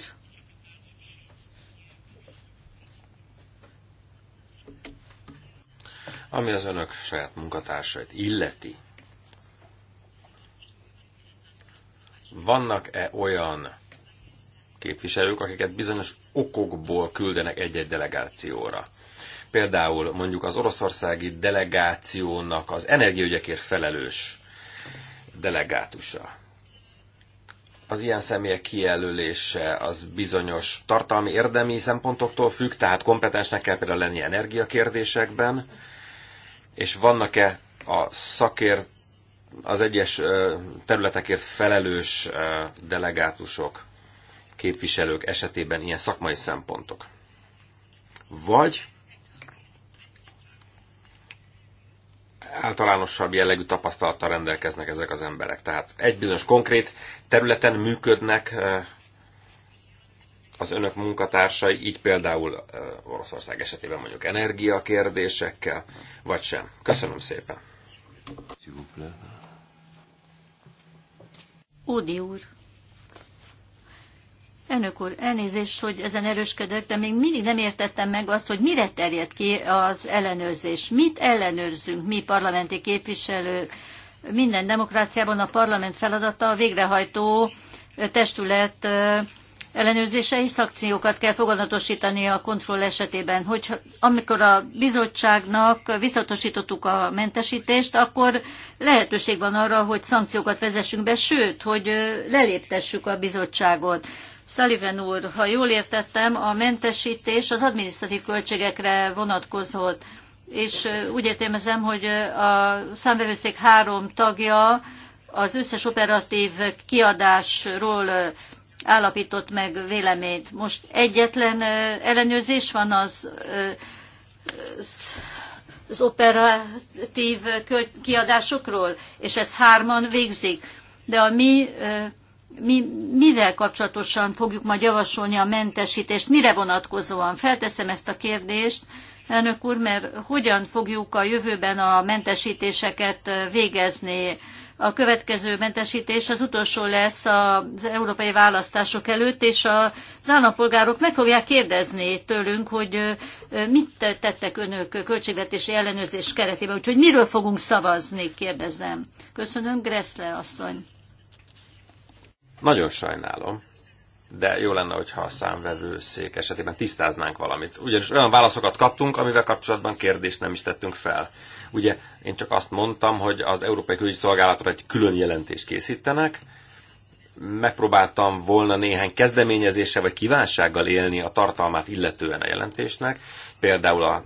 Ami az önök saját munkatársait illeti, vannak-e olyan képviselők, akiket bizonyos okokból küldenek egy-egy delegációra? Például mondjuk az oroszországi delegációnak az energiaügyekért felelős delegátusa az ilyen személyek kijelölése az bizonyos tartalmi érdemi szempontoktól függ, tehát kompetensnek kell például lenni energiakérdésekben, és vannak-e a szakért az egyes területekért felelős delegátusok, képviselők esetében ilyen szakmai szempontok. Vagy általánosabb jellegű tapasztalattal rendelkeznek ezek az emberek. Tehát egy bizonyos konkrét területen működnek az önök munkatársai, így például Oroszország esetében mondjuk energiakérdésekkel, vagy sem. Köszönöm szépen. Údi úr. Önök úr, elnézést, hogy ezen erősködök, de még mindig nem értettem meg azt, hogy mire terjed ki az ellenőrzés. Mit ellenőrzünk mi parlamenti képviselők? Minden demokráciában a parlament feladata a végrehajtó testület ellenőrzései és szakciókat kell foganatosítani a kontroll esetében. Hogy amikor a bizottságnak visszatosítottuk a mentesítést, akkor lehetőség van arra, hogy szankciókat vezessünk be, sőt, hogy leléptessük a bizottságot. Sullivan úr, ha jól értettem, a mentesítés az adminisztratív költségekre vonatkozott, és úgy értelmezem, hogy a számvevőszék három tagja az összes operatív kiadásról állapított meg véleményt. Most egyetlen ellenőrzés van az, az operatív kiadásokról, és ezt hárman végzik. De a mi, mi mivel kapcsolatosan fogjuk majd javasolni a mentesítést, mire vonatkozóan? Felteszem ezt a kérdést, elnök úr, mert hogyan fogjuk a jövőben a mentesítéseket végezni? a következő mentesítés az utolsó lesz az európai választások előtt, és az állampolgárok meg fogják kérdezni tőlünk, hogy mit tettek önök költségvetési ellenőrzés keretében, úgyhogy miről fogunk szavazni, kérdezem. Köszönöm, Gressler asszony. Nagyon sajnálom, de jó lenne, hogyha a számvevőszék esetében tisztáznánk valamit. Ugyanis olyan válaszokat kaptunk, amivel kapcsolatban kérdést nem is tettünk fel. Ugye én csak azt mondtam, hogy az Európai Külügyi Szolgálatra egy külön jelentést készítenek, megpróbáltam volna néhány kezdeményezéssel vagy kívánsággal élni a tartalmát illetően a jelentésnek, például a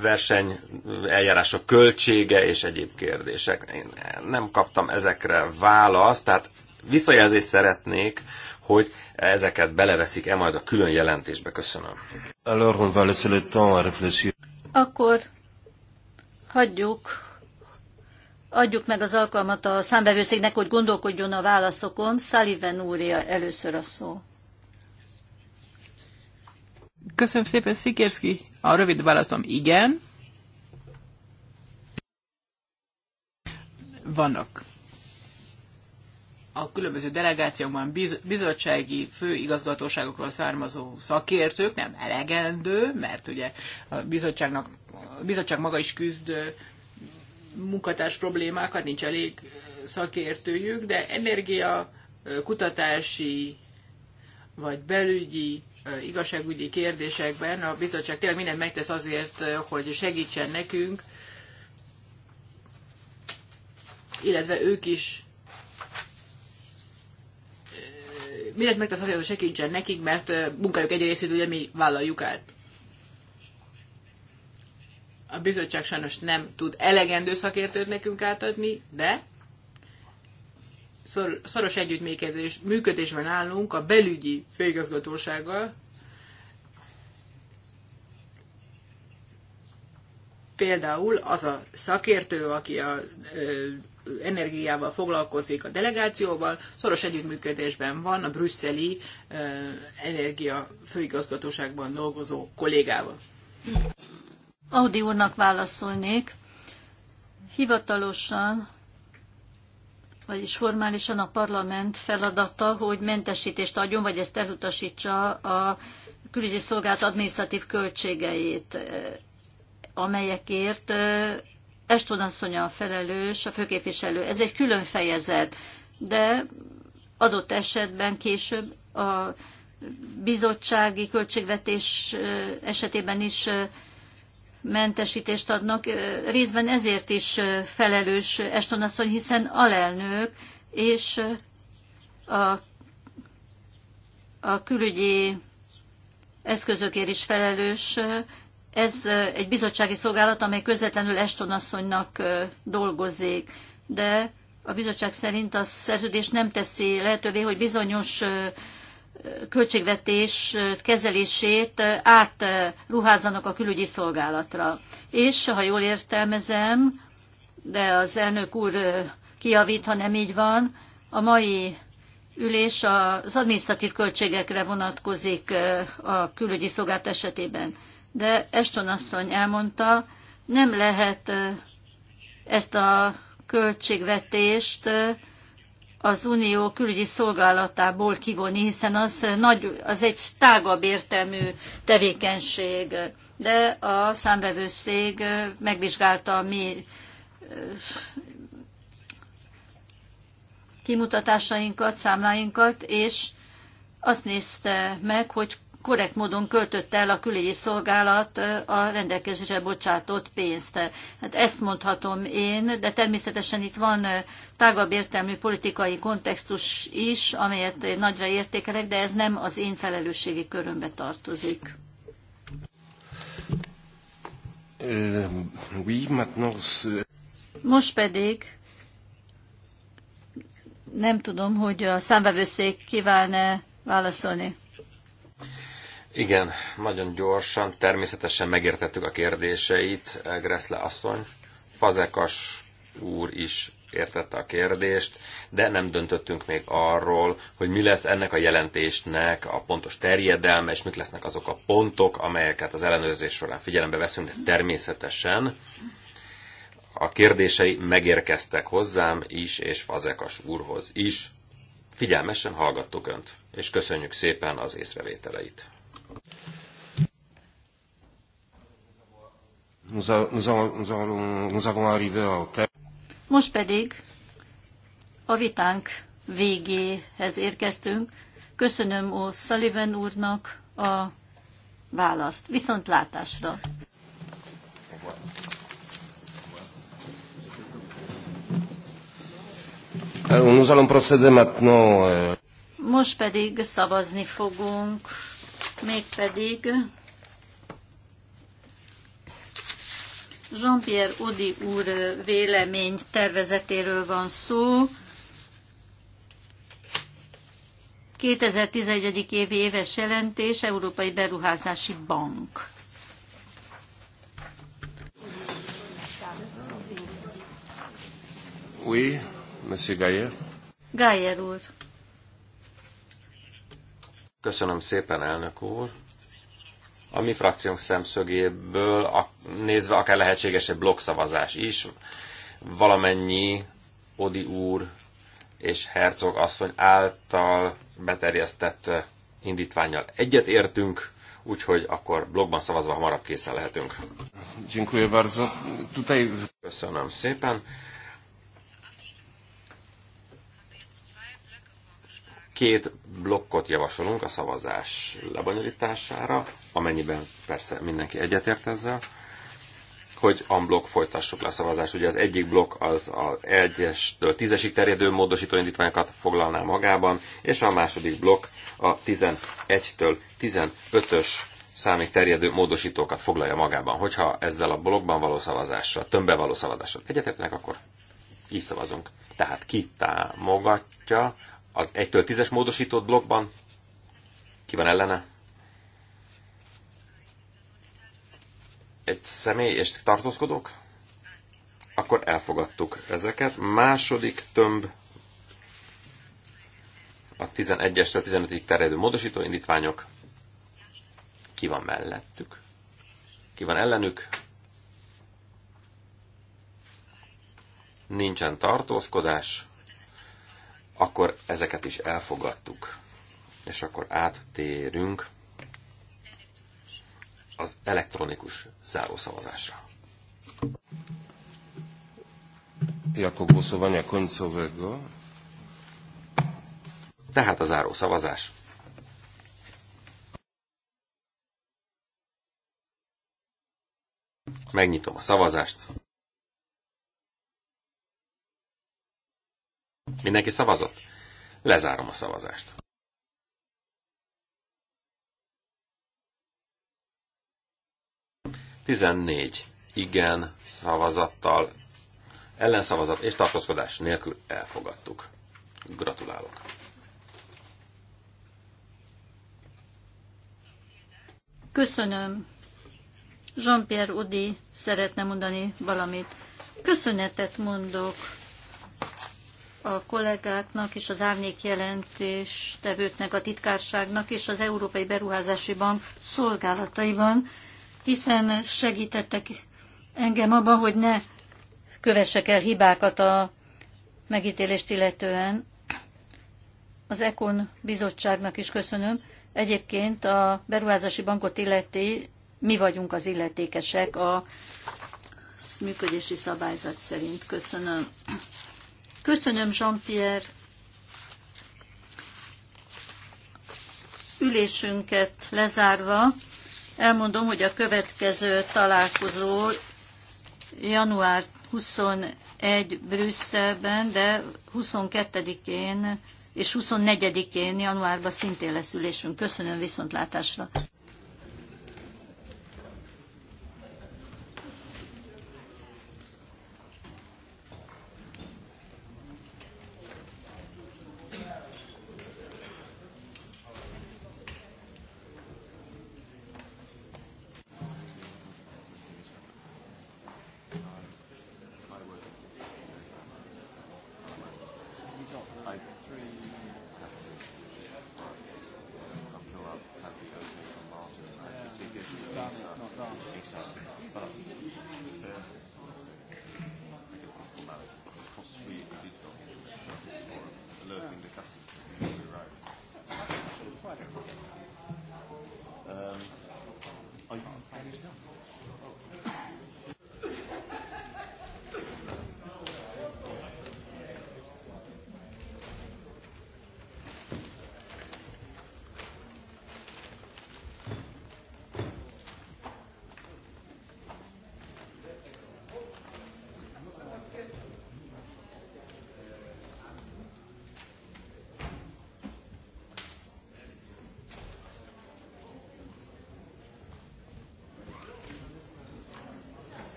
verseny eljárások költsége és egyéb kérdések. Én nem kaptam ezekre választ, tehát visszajelzést szeretnék, hogy ezeket beleveszik-e majd a külön jelentésbe. Köszönöm. Akkor hagyjuk, adjuk meg az alkalmat a számbevőszéknek, hogy gondolkodjon a válaszokon. Sullivan úrja először a szó. Köszönöm szépen, Szikérszki. A rövid válaszom igen. Vannak a különböző delegációkban biz, bizottsági főigazgatóságokról származó szakértők nem elegendő, mert ugye a, bizottságnak, a bizottság maga is küzd munkatárs problémákat, nincs elég szakértőjük, de energia, kutatási vagy belügyi, igazságügyi kérdésekben a bizottság tényleg mindent megtesz azért, hogy segítsen nekünk, illetve ők is mindent megtesz azért, hogy segítsen nekik, mert munkájuk egy részét ugye mi vállaljuk át. A bizottság sajnos nem tud elegendő szakértőt nekünk átadni, de szoros együttműködés, működésben állunk a belügyi főigazgatósággal. Például az a szakértő, aki a energiával foglalkozik a delegációval, szoros együttműködésben van a brüsszeli energia főigazgatóságban dolgozó kollégával. Audi úrnak válaszolnék. Hivatalosan, vagyis formálisan a parlament feladata, hogy mentesítést adjon, vagy ezt elutasítsa a külügyi szolgált adminisztratív költségeit amelyekért Eston asszonya a felelős, a főképviselő. Ez egy külön fejezet, de adott esetben később a bizottsági költségvetés esetében is mentesítést adnak. Részben ezért is felelős Eston asszony, hiszen alelnök és a, a külügyi eszközökért is felelős, ez egy bizottsági szolgálat, amely közvetlenül Eston asszonynak dolgozik, de a bizottság szerint a szerződés nem teszi lehetővé, hogy bizonyos költségvetés kezelését átruházzanak a külügyi szolgálatra. És, ha jól értelmezem, de az elnök úr kijavít, ha nem így van, a mai ülés az adminisztratív költségekre vonatkozik a külügyi szolgált esetében de Eston asszony elmondta, nem lehet ezt a költségvetést az unió külügyi szolgálatából kivonni, hiszen az, nagy, az egy tágabb értelmű tevékenység. De a számvevőszég megvizsgálta a mi kimutatásainkat, számláinkat, és azt nézte meg, hogy korrekt módon költötte el a külügyi szolgálat a rendelkezésre bocsátott pénzt. Hát ezt mondhatom én, de természetesen itt van tágabb értelmű politikai kontextus is, amelyet nagyra értékelek, de ez nem az én felelősségi körömbe tartozik. Euh, Most pedig nem tudom, hogy a számvevőszék kíván-e válaszolni. Igen, nagyon gyorsan, természetesen megértettük a kérdéseit, Greszle asszony. Fazekas úr is értette a kérdést, de nem döntöttünk még arról, hogy mi lesz ennek a jelentésnek a pontos terjedelme, és mik lesznek azok a pontok, amelyeket az ellenőrzés során figyelembe veszünk, de természetesen a kérdései megérkeztek hozzám is, és Fazekas úrhoz is. Figyelmesen hallgattuk Önt, és köszönjük szépen az észrevételeit. Nous, a, nous, a, nous, avons arrivé au... Most pedig a vitánk végéhez érkeztünk. Köszönöm Ó Sullivan úrnak a választ. Viszontlátásra! Nous allons procéder maintenant. Euh, Most pedig szavazni fogunk, mégpedig Jean-Pierre Odi úr vélemény tervezetéről van szó. 2011. évi éves jelentés Európai Beruházási Bank. Oui, Monsieur Gayer. Gayer úr. Köszönöm szépen, elnök úr a mi frakciónk szemszögéből a, nézve akár lehetséges egy blokkszavazás is. Valamennyi Odi úr és Herzog asszony által beterjesztett indítványjal egyet értünk, úgyhogy akkor blogban szavazva hamarabb készen lehetünk. Köszönöm szépen. Két blokkot javasolunk a szavazás lebonyolítására, amennyiben persze mindenki egyetért ezzel, hogy amblok folytassuk le a szavazást. Ugye az egyik blokk az a 1-től 10-esig terjedő módosító indítványokat foglalná magában, és a második blokk a 11-től 15-ös számig terjedő módosítókat foglalja magában. Hogyha ezzel a blokkban való szavazással, tömbben való szavazással egyetértenek, akkor így szavazunk. Tehát ki támogatja az 1-től 10-es módosított blokkban. Ki van ellene? Egy személy és tartózkodók? Akkor elfogadtuk ezeket. Második tömb a 11-estől 15-ig terjedő módosító indítványok. Ki van mellettük? Ki van ellenük? Nincsen tartózkodás akkor ezeket is elfogadtuk. És akkor áttérünk az elektronikus zárószavazásra. Jako głosowania końcowego. Tehát a zárószavazás. Megnyitom a szavazást. Mindenki szavazott? Lezárom a szavazást. Tizennégy igen szavazattal, ellenszavazat és tartózkodás nélkül elfogadtuk. Gratulálok! Köszönöm. Jean-Pierre Udi szeretne mondani valamit. Köszönetet mondok a kollégáknak és az árnyék jelentés tevőknek, a titkárságnak és az Európai Beruházási Bank szolgálataiban, hiszen segítettek engem abban, hogy ne kövessek el hibákat a megítélést illetően. Az econ bizottságnak is köszönöm. Egyébként a beruházási bankot illeti, mi vagyunk az illetékesek a működési szabályzat szerint. Köszönöm. Köszönöm, Jean-Pierre. Ülésünket lezárva elmondom, hogy a következő találkozó január 21 Brüsszelben, de 22-én és 24-én januárban szintén lesz ülésünk. Köszönöm viszontlátásra! Voilà.